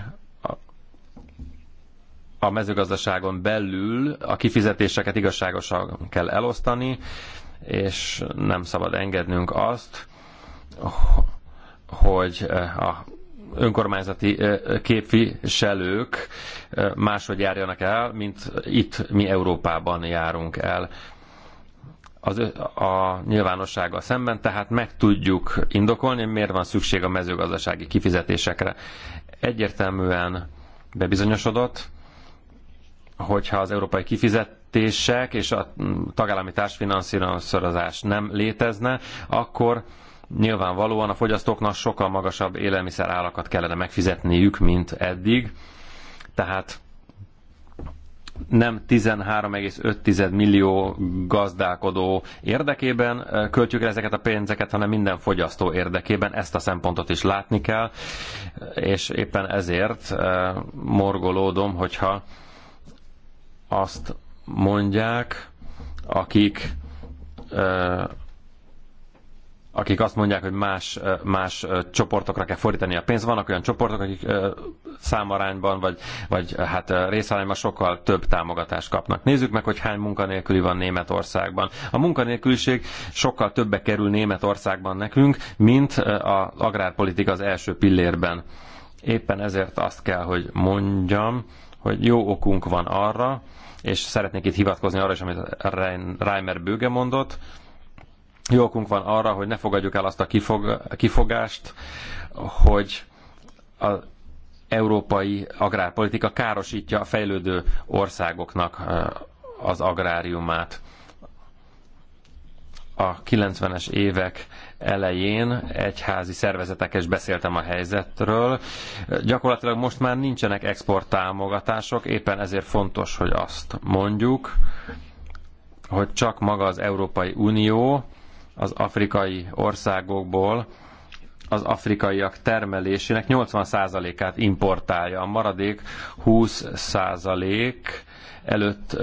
a mezőgazdaságon belül a kifizetéseket igazságosan kell elosztani, és nem szabad engednünk azt, hogy eh, a önkormányzati eh, képviselők eh, máshogy járjanak el, mint itt mi Európában járunk el az, a nyilvánossággal szemben, tehát meg tudjuk indokolni, miért van szükség a mezőgazdasági kifizetésekre. Egyértelműen bebizonyosodott, hogyha az európai kifizet kifizetések és a tagállami társfinanszírozás nem létezne, akkor nyilvánvalóan a fogyasztóknak sokkal magasabb élelmiszerárakat kellene megfizetniük, mint eddig. Tehát nem 13,5 millió gazdálkodó érdekében költjük el ezeket a pénzeket, hanem minden fogyasztó érdekében. Ezt a szempontot is látni kell, és éppen ezért morgolódom, hogyha azt mondják, akik akik azt mondják, hogy más, más csoportokra kell fordítani a pénzt. Vannak olyan csoportok, akik számarányban, vagy, vagy hát részarányban sokkal több támogatást kapnak. Nézzük meg, hogy hány munkanélküli van Németországban. A munkanélküliség sokkal többe kerül Németországban nekünk, mint az agrárpolitika az első pillérben. Éppen ezért azt kell, hogy mondjam, hogy jó okunk van arra, és szeretnék itt hivatkozni arra is, amit Reimer Bőge mondott, jókunk van arra, hogy ne fogadjuk el azt a kifog, kifogást, hogy az európai agrárpolitika károsítja a fejlődő országoknak eh, az agráriumát. A 90-es évek elején egyházi szervezetek is beszéltem a helyzetről. Gyakorlatilag most már nincsenek exporttámogatások, éppen ezért fontos, hogy azt mondjuk, hogy csak maga az Európai Unió az afrikai országokból az afrikaiak termelésének 80%-át importálja. A maradék 20% előtt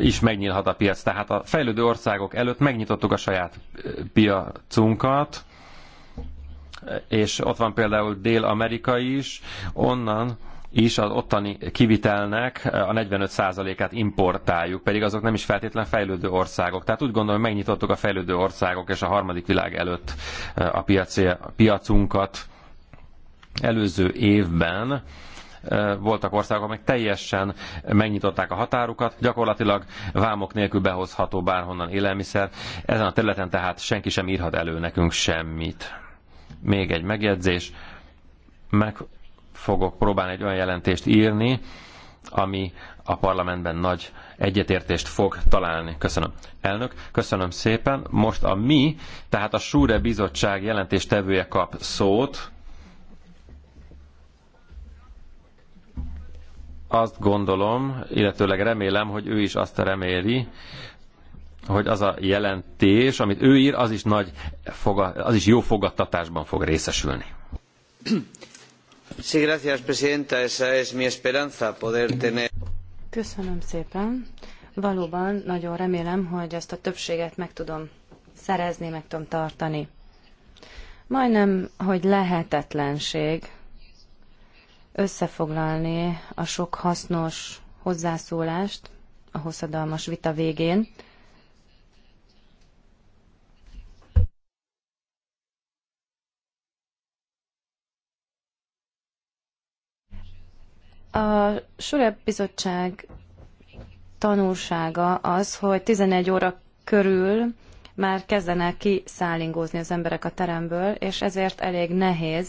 is megnyílhat a piac. Tehát a fejlődő országok előtt megnyitottuk a saját piacunkat, és ott van például Dél-Amerika is, onnan is az ottani kivitelnek a 45%-át importáljuk, pedig azok nem is feltétlen fejlődő országok. Tehát úgy gondolom, hogy megnyitottuk a fejlődő országok és a harmadik világ előtt a, piaci, a piacunkat előző évben Eh, voltak országok, amelyek teljesen megnyitották a határukat, gyakorlatilag vámok nélkül behozható bárhonnan élelmiszer. Ezen a területen tehát senki sem írhat elő nekünk semmit. Még egy megjegyzés. Meg fogok próbálni egy olyan jelentést írni, ami a parlamentben nagy egyetértést fog találni. Köszönöm. Elnök, köszönöm szépen. Most a mi, tehát a Súre Bizottság jelentéstevője kap szót. azt gondolom, illetőleg remélem, hogy ő is azt reméli, hogy az a jelentés, amit ő ír, az is, nagy, az is jó fogadtatásban fog részesülni. Sí, gracias, presidenta. Esa es mi esperanza, poder tener... Köszönöm szépen. Valóban nagyon remélem, hogy ezt a többséget meg tudom szerezni, meg tudom tartani. Majdnem, hogy lehetetlenség összefoglalni a sok hasznos hozzászólást a hosszadalmas vita végén. A Surebb Bizottság tanulsága az, hogy 11 óra körül már kezdenek kiszállingózni az emberek a teremből, és ezért elég nehéz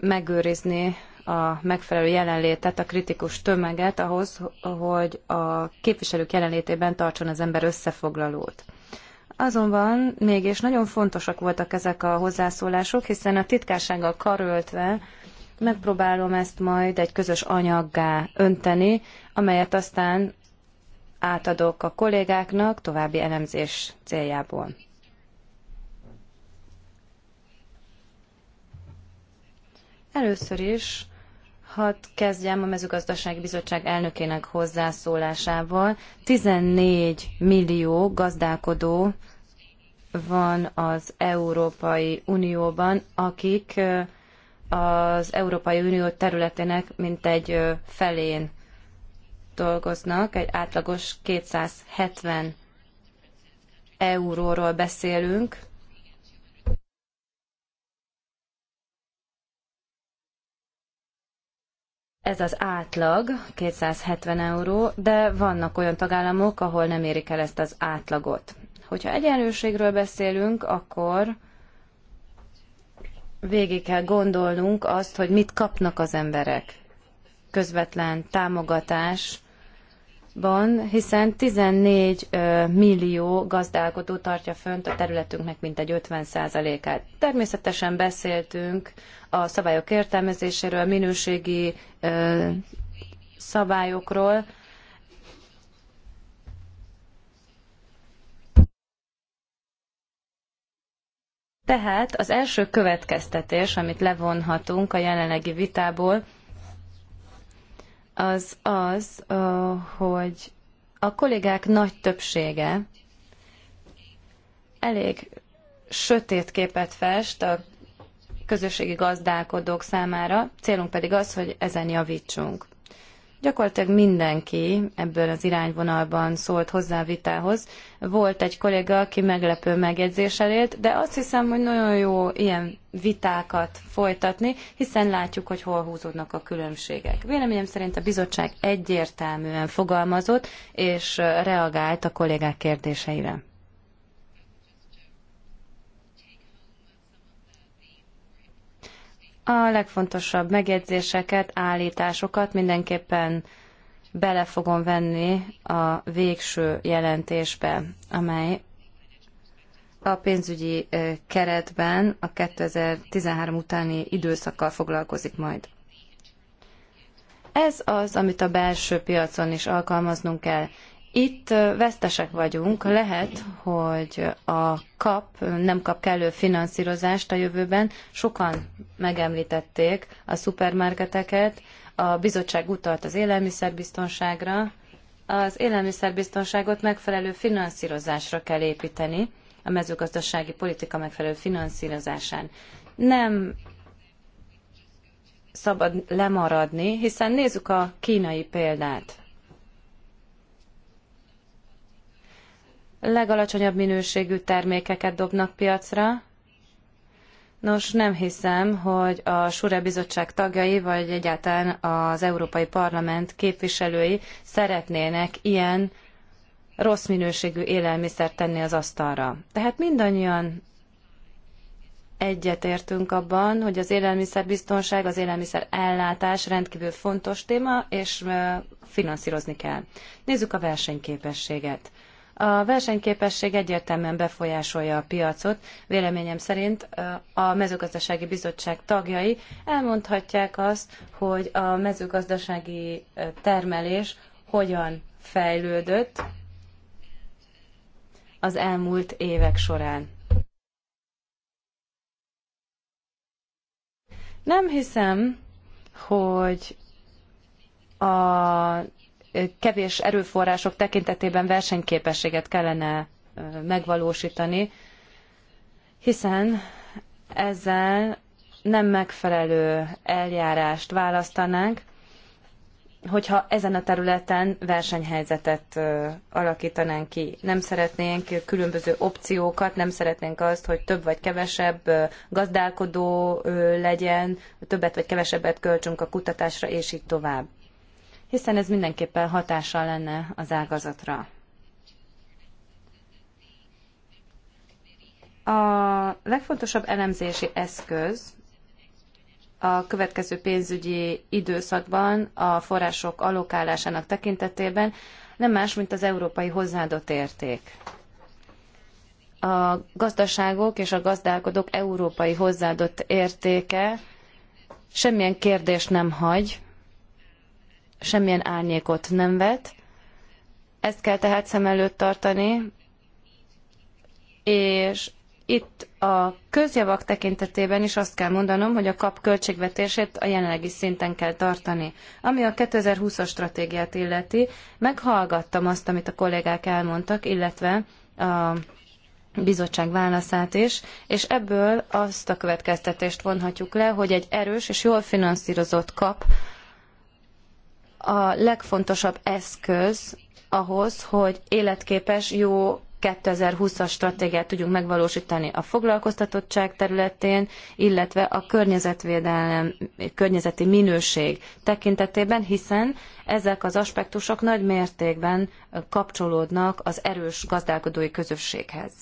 megőrizni a megfelelő jelenlétet, a kritikus tömeget ahhoz, hogy a képviselők jelenlétében tartson az ember összefoglalót. Azonban mégis nagyon fontosak voltak ezek a hozzászólások, hiszen a titkársággal karöltve megpróbálom ezt majd egy közös anyaggá önteni, amelyet aztán átadok a kollégáknak további elemzés céljából. Először is hadd kezdjem a mezőgazdasági bizottság elnökének hozzászólásával. 14 millió gazdálkodó van az Európai Unióban, akik az Európai Unió területének mintegy felén dolgoznak, egy átlagos 270 euróról beszélünk, ez az átlag, 270 euró, de vannak olyan tagállamok, ahol nem érik el ezt az átlagot. Hogyha egyenlőségről beszélünk, akkor végig kell gondolnunk azt, hogy mit kapnak az emberek. Közvetlen támogatás ban, hiszen 14 millió gazdálkodó tartja fönt a területünknek mintegy 50%-át. Természetesen beszéltünk a szabályok értelmezéséről, a minőségi szabályokról, Tehát az első következtetés, amit levonhatunk a jelenlegi vitából, az az, hogy a kollégák nagy többsége elég sötét képet fest a közösségi gazdálkodók számára, célunk pedig az, hogy ezen javítsunk. Gyakorlatilag mindenki ebből az irányvonalban szólt hozzá a vitához. Volt egy kolléga, aki meglepő megjegyzéssel élt, de azt hiszem, hogy nagyon jó ilyen vitákat folytatni, hiszen látjuk, hogy hol húzódnak a különbségek. Véleményem szerint a bizottság egyértelműen fogalmazott és reagált a kollégák kérdéseire. A legfontosabb megjegyzéseket, állításokat mindenképpen bele fogom venni a végső jelentésbe, amely a pénzügyi keretben a 2013 utáni időszakkal foglalkozik majd. Ez az, amit a belső piacon is alkalmaznunk kell, itt vesztesek vagyunk, lehet, hogy a kap nem kap kellő finanszírozást a jövőben. Sokan megemlítették a szupermarketeket, a bizottság utalt az élelmiszerbiztonságra. Az élelmiszerbiztonságot megfelelő finanszírozásra kell építeni, a mezőgazdasági politika megfelelő finanszírozásán. Nem szabad lemaradni, hiszen nézzük a kínai példát legalacsonyabb minőségű termékeket dobnak piacra. Nos, nem hiszem, hogy a Sure Bizottság tagjai, vagy egyáltalán az Európai Parlament képviselői szeretnének ilyen rossz minőségű élelmiszert tenni az asztalra. Tehát mindannyian egyetértünk abban, hogy az élelmiszerbiztonság, az élelmiszer ellátás rendkívül fontos téma, és finanszírozni kell. Nézzük a versenyképességet. A versenyképesség egyértelműen befolyásolja a piacot. Véleményem szerint a mezőgazdasági bizottság tagjai elmondhatják azt, hogy a mezőgazdasági termelés hogyan fejlődött az elmúlt évek során. Nem hiszem, hogy a kevés erőforrások tekintetében versenyképességet kellene megvalósítani, hiszen ezzel nem megfelelő eljárást választanánk, hogyha ezen a területen versenyhelyzetet alakítanánk ki. Nem szeretnénk különböző opciókat, nem szeretnénk azt, hogy több vagy kevesebb gazdálkodó legyen, többet vagy kevesebbet költsünk a kutatásra, és így tovább hiszen ez mindenképpen hatással lenne az ágazatra. A legfontosabb elemzési eszköz a következő pénzügyi időszakban a források alokálásának tekintetében nem más, mint az európai hozzáadott érték. A gazdaságok és a gazdálkodók európai hozzáadott értéke semmilyen kérdést nem hagy semmilyen árnyékot nem vet. Ezt kell tehát szem előtt tartani, és itt a közjavak tekintetében is azt kell mondanom, hogy a kap költségvetését a jelenlegi szinten kell tartani. Ami a 2020-as stratégiát illeti, meghallgattam azt, amit a kollégák elmondtak, illetve a bizottság válaszát is, és ebből azt a következtetést vonhatjuk le, hogy egy erős és jól finanszírozott kap a legfontosabb eszköz ahhoz, hogy életképes, jó 2020-as stratégiát tudjunk megvalósítani a foglalkoztatottság területén, illetve a környezetvédelem, környezeti minőség tekintetében, hiszen ezek az aspektusok nagy mértékben kapcsolódnak az erős gazdálkodói közösséghez.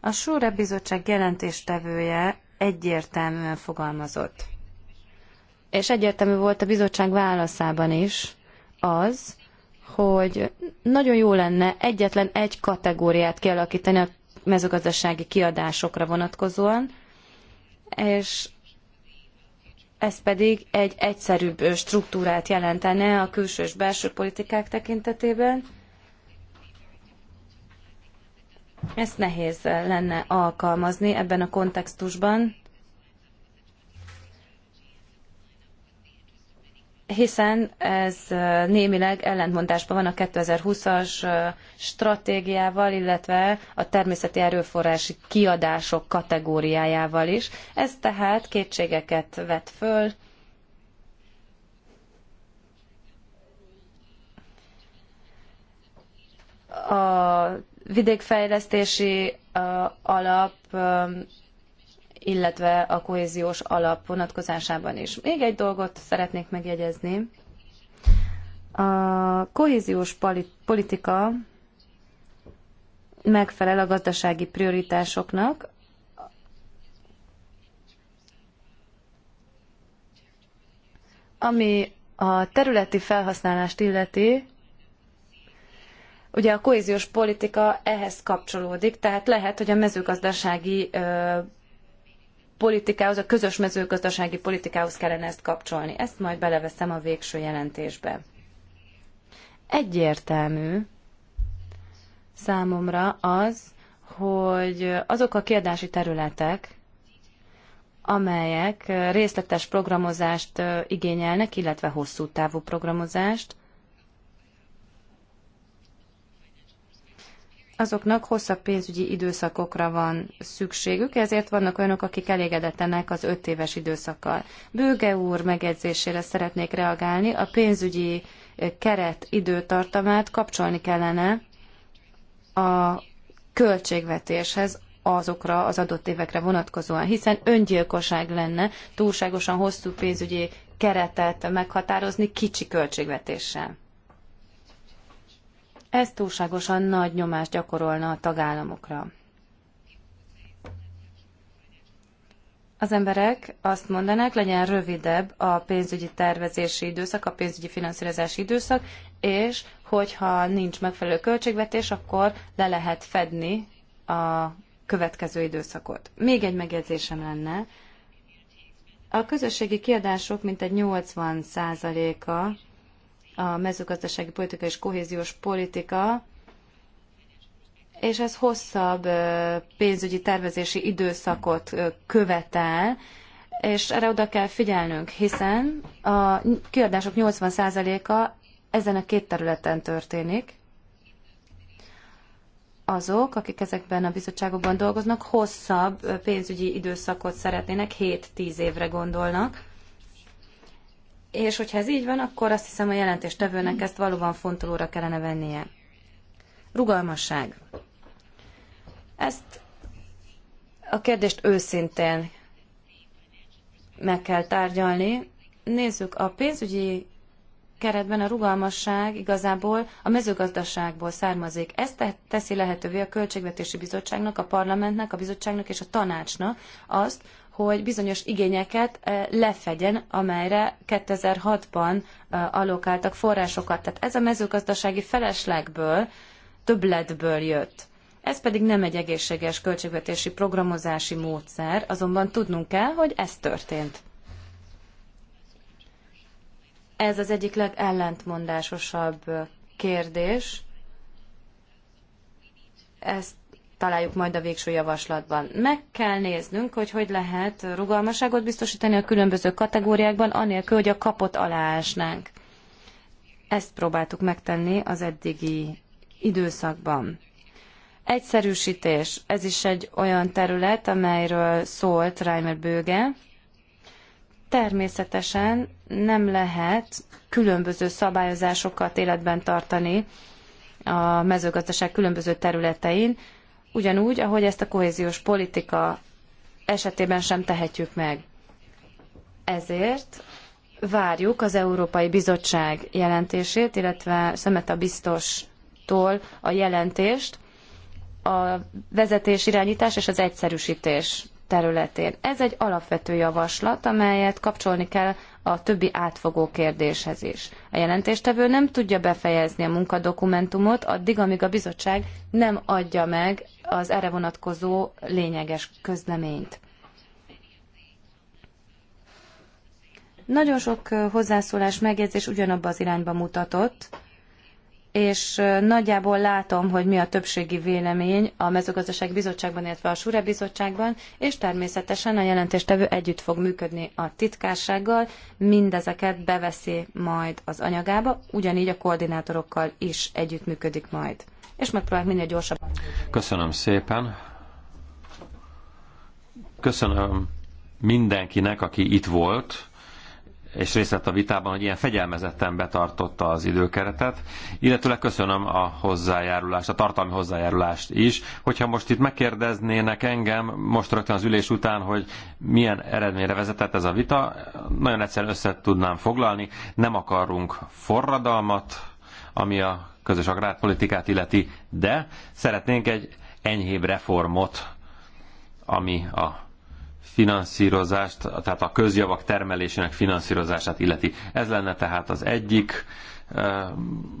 A Súre Bizottság jelentéstevője egyértelműen fogalmazott és egyértelmű volt a bizottság válaszában is az, hogy nagyon jó lenne egyetlen egy kategóriát kialakítani a mezőgazdasági kiadásokra vonatkozóan, és ez pedig egy egyszerűbb struktúrát jelentene a külső és belső politikák tekintetében. Ezt nehéz lenne alkalmazni ebben a kontextusban, hiszen ez némileg ellentmondásban van a 2020-as stratégiával, illetve a természeti erőforrási kiadások kategóriájával is. Ez tehát kétségeket vet föl. A vidékfejlesztési alap illetve a kohéziós alap vonatkozásában is. Még egy dolgot szeretnék megjegyezni. A kohéziós politika megfelel a gazdasági prioritásoknak, ami a területi felhasználást illeti, ugye a kohéziós politika ehhez kapcsolódik, tehát lehet, hogy a mezőgazdasági politikához, a közös mezőgazdasági politikához kellene ezt kapcsolni. Ezt majd beleveszem a végső jelentésbe. Egyértelmű számomra az, hogy azok a kiadási területek, amelyek részletes programozást igényelnek, illetve hosszú távú programozást, azoknak hosszabb pénzügyi időszakokra van szükségük, ezért vannak olyanok, akik elégedetlenek az öt éves időszakkal. Bőge úr megjegyzésére szeretnék reagálni, a pénzügyi keret időtartamát kapcsolni kellene a költségvetéshez azokra az adott évekre vonatkozóan, hiszen öngyilkosság lenne túlságosan hosszú pénzügyi keretet meghatározni kicsi költségvetéssel. Ez túlságosan nagy nyomást gyakorolna a tagállamokra. Az emberek azt mondanák, legyen rövidebb a pénzügyi tervezési időszak, a pénzügyi finanszírozási időszak, és hogyha nincs megfelelő költségvetés, akkor le lehet fedni a következő időszakot. Még egy megjegyzésem lenne. A közösségi kiadások mintegy 80%-a a mezőgazdasági politika és kohéziós politika, és ez hosszabb pénzügyi tervezési időszakot követel, és erre oda kell figyelnünk, hiszen a kiadások 80%-a ezen a két területen történik. Azok, akik ezekben a bizottságokban dolgoznak, hosszabb pénzügyi időszakot szeretnének, 7-10 évre gondolnak és hogyha ez így van, akkor azt hiszem a jelentéstevőnek ezt valóban fontolóra kellene vennie. Rugalmasság. Ezt a kérdést őszintén meg kell tárgyalni. Nézzük, a pénzügyi keretben a rugalmasság igazából a mezőgazdaságból származik. Ezt teszi lehetővé a Költségvetési Bizottságnak, a parlamentnek, a bizottságnak és a tanácsnak azt, hogy bizonyos igényeket eh, lefedjen, amelyre 2006-ban eh, alokáltak forrásokat. Tehát ez a mezőgazdasági feleslegből, többletből jött. Ez pedig nem egy egészséges költségvetési programozási módszer, azonban tudnunk kell, hogy ez történt. Ez az egyik legellentmondásosabb eh, kérdés. Ezt találjuk majd a végső javaslatban. Meg kell néznünk, hogy hogy lehet rugalmasságot biztosítani a különböző kategóriákban, anélkül, hogy a kapot aláásnánk. Ezt próbáltuk megtenni az eddigi időszakban. Egyszerűsítés. Ez is egy olyan terület, amelyről szólt Reimer Bőge. Természetesen nem lehet különböző szabályozásokat életben tartani a mezőgazdaság különböző területein, ugyanúgy, ahogy ezt a kohéziós politika esetében sem tehetjük meg. Ezért várjuk az Európai Bizottság jelentését, illetve Szemet a biztostól a jelentést a vezetés irányítás és az egyszerűsítés területén. Ez egy alapvető javaslat, amelyet kapcsolni kell a többi átfogó kérdéshez is. A jelentéstevő nem tudja befejezni a munkadokumentumot addig, amíg a bizottság nem adja meg az erre vonatkozó lényeges közleményt. Nagyon sok hozzászólás megjegyzés ugyanabba az irányba mutatott, és nagyjából látom, hogy mi a többségi vélemény a mezőgazdaság bizottságban, illetve a Sure bizottságban, és természetesen a jelentéstevő együtt fog működni a titkársággal, mindezeket beveszi majd az anyagába, ugyanígy a koordinátorokkal is együttműködik majd. És megpróbálok minél gyorsabban. Köszönöm szépen. Köszönöm mindenkinek, aki itt volt és részt vett a vitában, hogy ilyen fegyelmezetten betartotta az időkeretet, illetőleg köszönöm a hozzájárulást, a tartalmi hozzájárulást is. Hogyha most itt megkérdeznének engem, most rögtön az ülés után, hogy milyen eredményre vezetett ez a vita, nagyon egyszerűen össze tudnám foglalni, nem akarunk forradalmat, ami a közös agrárpolitikát illeti, de szeretnénk egy enyhébb reformot, ami a finanszírozást, tehát a közjavak termelésének finanszírozását illeti. Ez lenne tehát az egyik eh,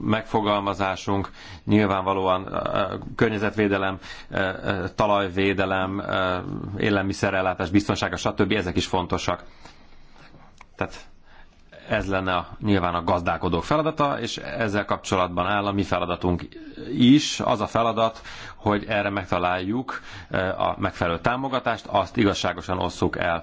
megfogalmazásunk. Nyilvánvalóan eh, környezetvédelem, eh, talajvédelem, élelmiszerellátás, biztonsága, stb. ezek is fontosak. Tehát ez lenne a, nyilván a gazdálkodók feladata, és ezzel kapcsolatban áll a mi feladatunk is. Az a feladat, hogy erre megtaláljuk eh, a megfelelő támogatást, azt igazságosan osszuk el.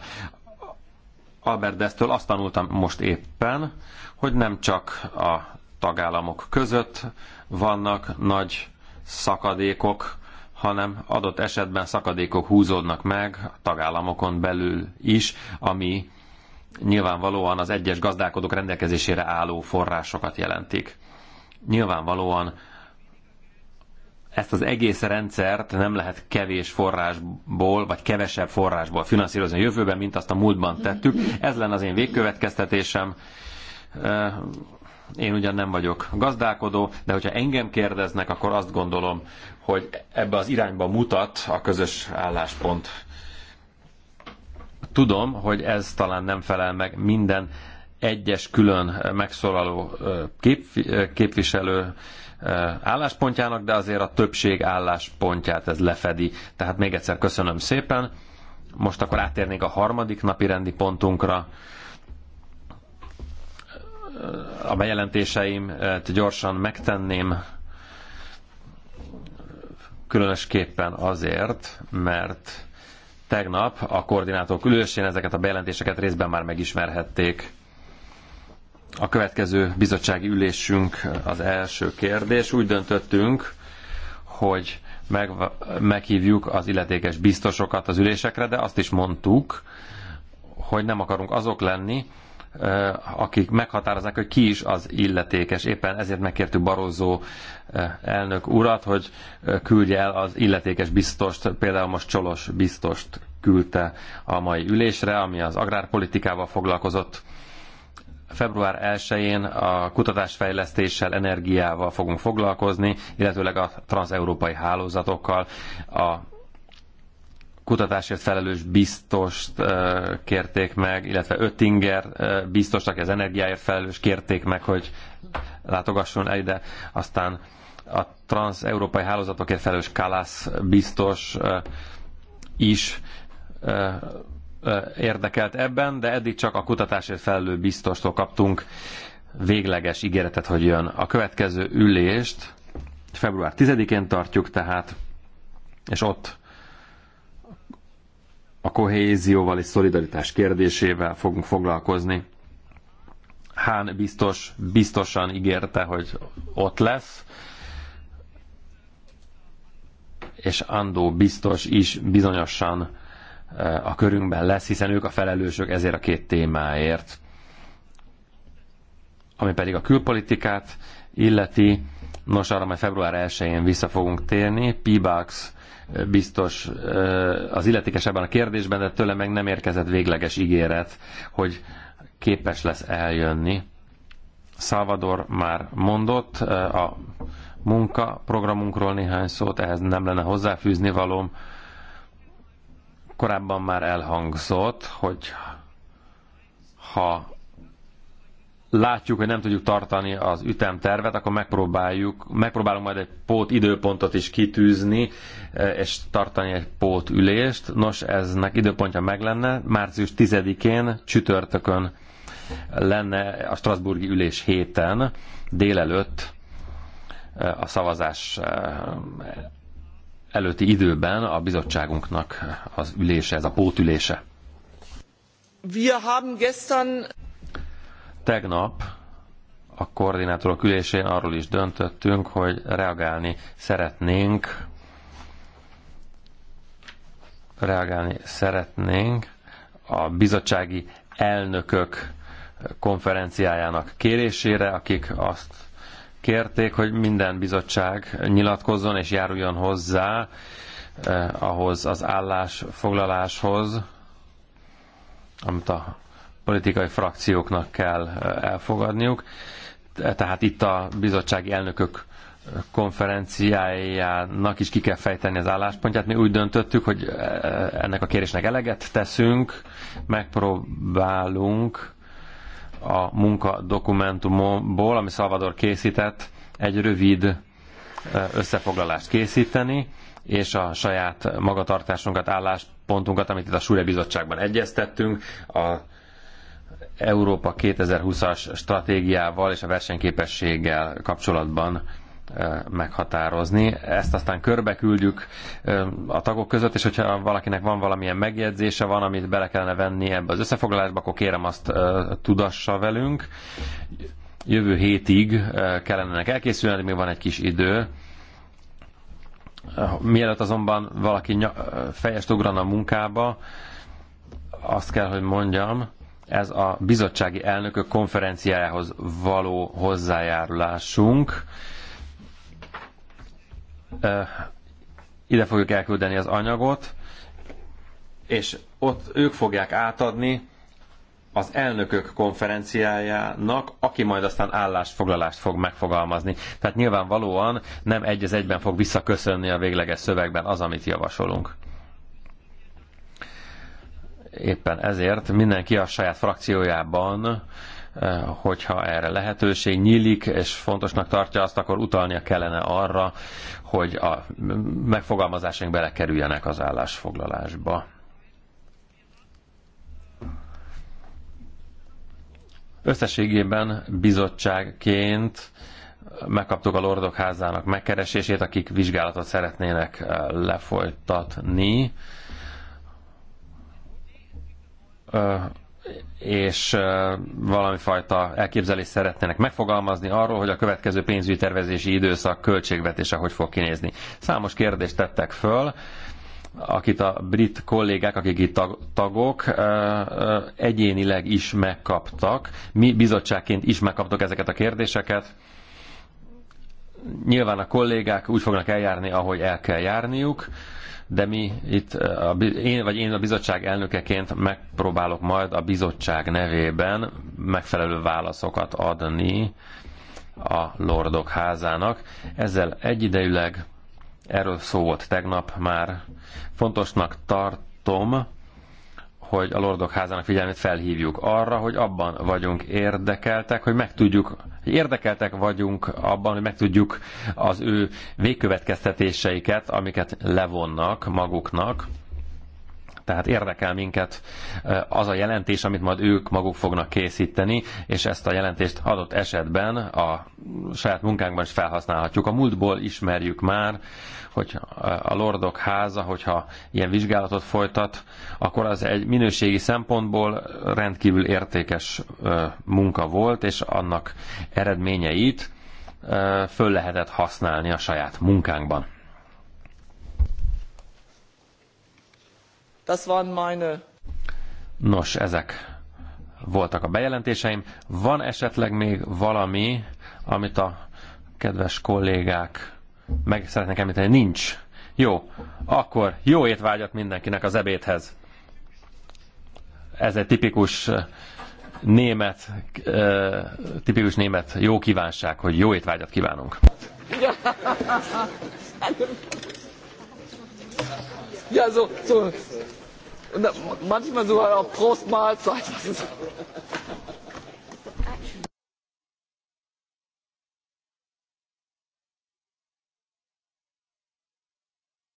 Albert Desztől azt tanultam most éppen, hogy nem csak a tagállamok között vannak nagy szakadékok, hanem adott esetben szakadékok húzódnak meg a tagállamokon belül is, ami nyilvánvalóan az egyes gazdálkodók rendelkezésére álló forrásokat jelentik. Nyilvánvalóan ezt az egész rendszert nem lehet kevés forrásból, vagy kevesebb forrásból finanszírozni a jövőben, mint azt a múltban tettük. Ez lenne az én végkövetkeztetésem. Én ugyan nem vagyok gazdálkodó, de hogyha engem kérdeznek, akkor azt gondolom, hogy ebbe az irányba mutat a közös álláspont. Tudom, hogy ez talán nem felel meg minden egyes külön megszólaló kép, képviselő álláspontjának, de azért a többség álláspontját ez lefedi. Tehát még egyszer köszönöm szépen. Most akkor átérnék a harmadik napi rendi pontunkra. A bejelentéseim gyorsan megtenném, különösképpen azért, mert Tegnap a koordinátorok ülésén ezeket a bejelentéseket részben már megismerhették. A következő bizottsági ülésünk az első kérdés. Úgy döntöttünk, hogy meg, meghívjuk az illetékes biztosokat az ülésekre, de azt is mondtuk, hogy nem akarunk azok lenni, Eh, akik meghatározzák, hogy ki is az illetékes. Éppen ezért megkértük Barozó eh, elnök urat, hogy eh, küldje el az illetékes biztost, például most Csolos biztost küldte a mai ülésre, ami az agrárpolitikával foglalkozott. Február 1-én a kutatásfejlesztéssel, energiával fogunk foglalkozni, illetőleg a transeurópai hálózatokkal, a kutatásért felelős biztost kérték meg, illetve Öttinger biztost, aki az energiáért felelős, kérték meg, hogy látogasson el ide. Aztán a trans-európai hálózatokért felelős Kalász biztos is érdekelt ebben, de eddig csak a kutatásért felelő biztostól kaptunk végleges ígéretet, hogy jön. A következő ülést február 10-én tartjuk tehát, és ott a kohézióval és szolidaritás kérdésével fogunk foglalkozni. Hán biztos, biztosan ígérte, hogy ott lesz, és Andó biztos is bizonyosan eh, a körünkben lesz, hiszen ők a felelősök ezért a két témáért. Ami pedig a külpolitikát illeti, nos arra majd február 1-én vissza fogunk térni. P-Bucks biztos az illetékes ebben a kérdésben, de tőle meg nem érkezett végleges ígéret, hogy képes lesz eljönni. Salvador már mondott a munka programunkról néhány szót, ehhez nem lenne hozzáfűzni valóm. Korábban már elhangzott, hogy ha látjuk, hogy nem tudjuk tartani az ütemtervet, akkor megpróbáljuk, megpróbálunk majd egy pót időpontot is kitűzni, eh, és tartani egy pót ülést. Nos, eznek időpontja meg lenne, március 10-én csütörtökön lenne a Strasburgi ülés héten délelőtt eh, a szavazás eh, előtti időben a bizottságunknak az ülése, ez a pótülése. Wir haben gestern Tegnap a koordinátorok ülésén arról is döntöttünk, hogy reagálni szeretnénk reagálni szeretnénk a bizottsági elnökök konferenciájának kérésére, akik azt kérték, hogy minden bizottság nyilatkozzon és járuljon hozzá eh, ahhoz az állásfoglaláshoz, amit a politikai frakcióknak kell elfogadniuk. Tehát itt a bizottsági elnökök konferenciájának is ki kell fejteni az álláspontját. Mi úgy döntöttük, hogy ennek a kérésnek eleget teszünk, megpróbálunk a munka dokumentumból, ami Salvador készített, egy rövid összefoglalást készíteni, és a saját magatartásunkat, álláspontunkat, amit itt a Súlya Bizottságban egyeztettünk, a Európa 2020-as stratégiával és a versenyképességgel kapcsolatban meghatározni. Ezt aztán körbeküldjük a tagok között, és hogyha valakinek van valamilyen megjegyzése, van, amit bele kellene venni ebbe az összefoglalásba, akkor kérem azt tudassa velünk. Jövő hétig kellene elkészülni, még van egy kis idő. Mielőtt azonban valaki fejest ugran a munkába, azt kell, hogy mondjam, ez a bizottsági elnökök konferenciájához való hozzájárulásunk. Ide fogjuk elküldeni az anyagot, és ott ők fogják átadni az elnökök konferenciájának, aki majd aztán állásfoglalást fog megfogalmazni. Tehát nyilvánvalóan nem egy az egyben fog visszaköszönni a végleges szövegben az, amit javasolunk. Éppen ezért mindenki a saját frakciójában, eh, hogyha erre lehetőség nyílik, és fontosnak tartja azt, akkor utalnia kellene arra, hogy a megfogalmazásaink belekerüljenek az állásfoglalásba. Összességében bizottságként megkaptuk a Lordok házának megkeresését, akik vizsgálatot szeretnének eh, lefolytatni és valami fajta elképzelést szeretnének megfogalmazni arról, hogy a következő pénzügyi tervezési időszak költségvetése hogy fog kinézni. Számos kérdést tettek föl, akit a brit kollégák, akik itt tagok, egyénileg is megkaptak. Mi bizottságként is megkaptuk ezeket a kérdéseket. Nyilván a kollégák úgy fognak eljárni, ahogy el kell járniuk de mi itt, a, én, vagy én a bizottság elnökeként megpróbálok majd a bizottság nevében megfelelő válaszokat adni a Lordok házának. Ezzel egyidejűleg, erről szó volt tegnap már, fontosnak tartom, hogy a Lordok házának figyelmét felhívjuk arra, hogy abban vagyunk érdekeltek, hogy megtudjuk, hogy érdekeltek vagyunk abban, hogy megtudjuk az ő végkövetkeztetéseiket, amiket levonnak maguknak. Tehát érdekel minket eh, az a jelentés, amit majd ők maguk fognak készíteni, és ezt a jelentést adott esetben a saját munkánkban is felhasználhatjuk. A múltból ismerjük már, hogy a Lordok háza, hogyha ilyen vizsgálatot folytat, akkor az egy minőségi szempontból rendkívül értékes munka volt, és annak eredményeit föl lehetett használni a saját munkánkban. Das waren meine. Nos, ezek voltak a bejelentéseim. Van esetleg még valami, amit a kedves kollégák meg szeretnék említeni, nincs. Jó, akkor jó étvágyat mindenkinek az ebédhez. Ez egy tipikus eh, német, eh, tipikus német jó kívánság, hogy jó étvágyat kívánunk. Ja, so, so. manchmal sogar auch Prost Mahlzeit.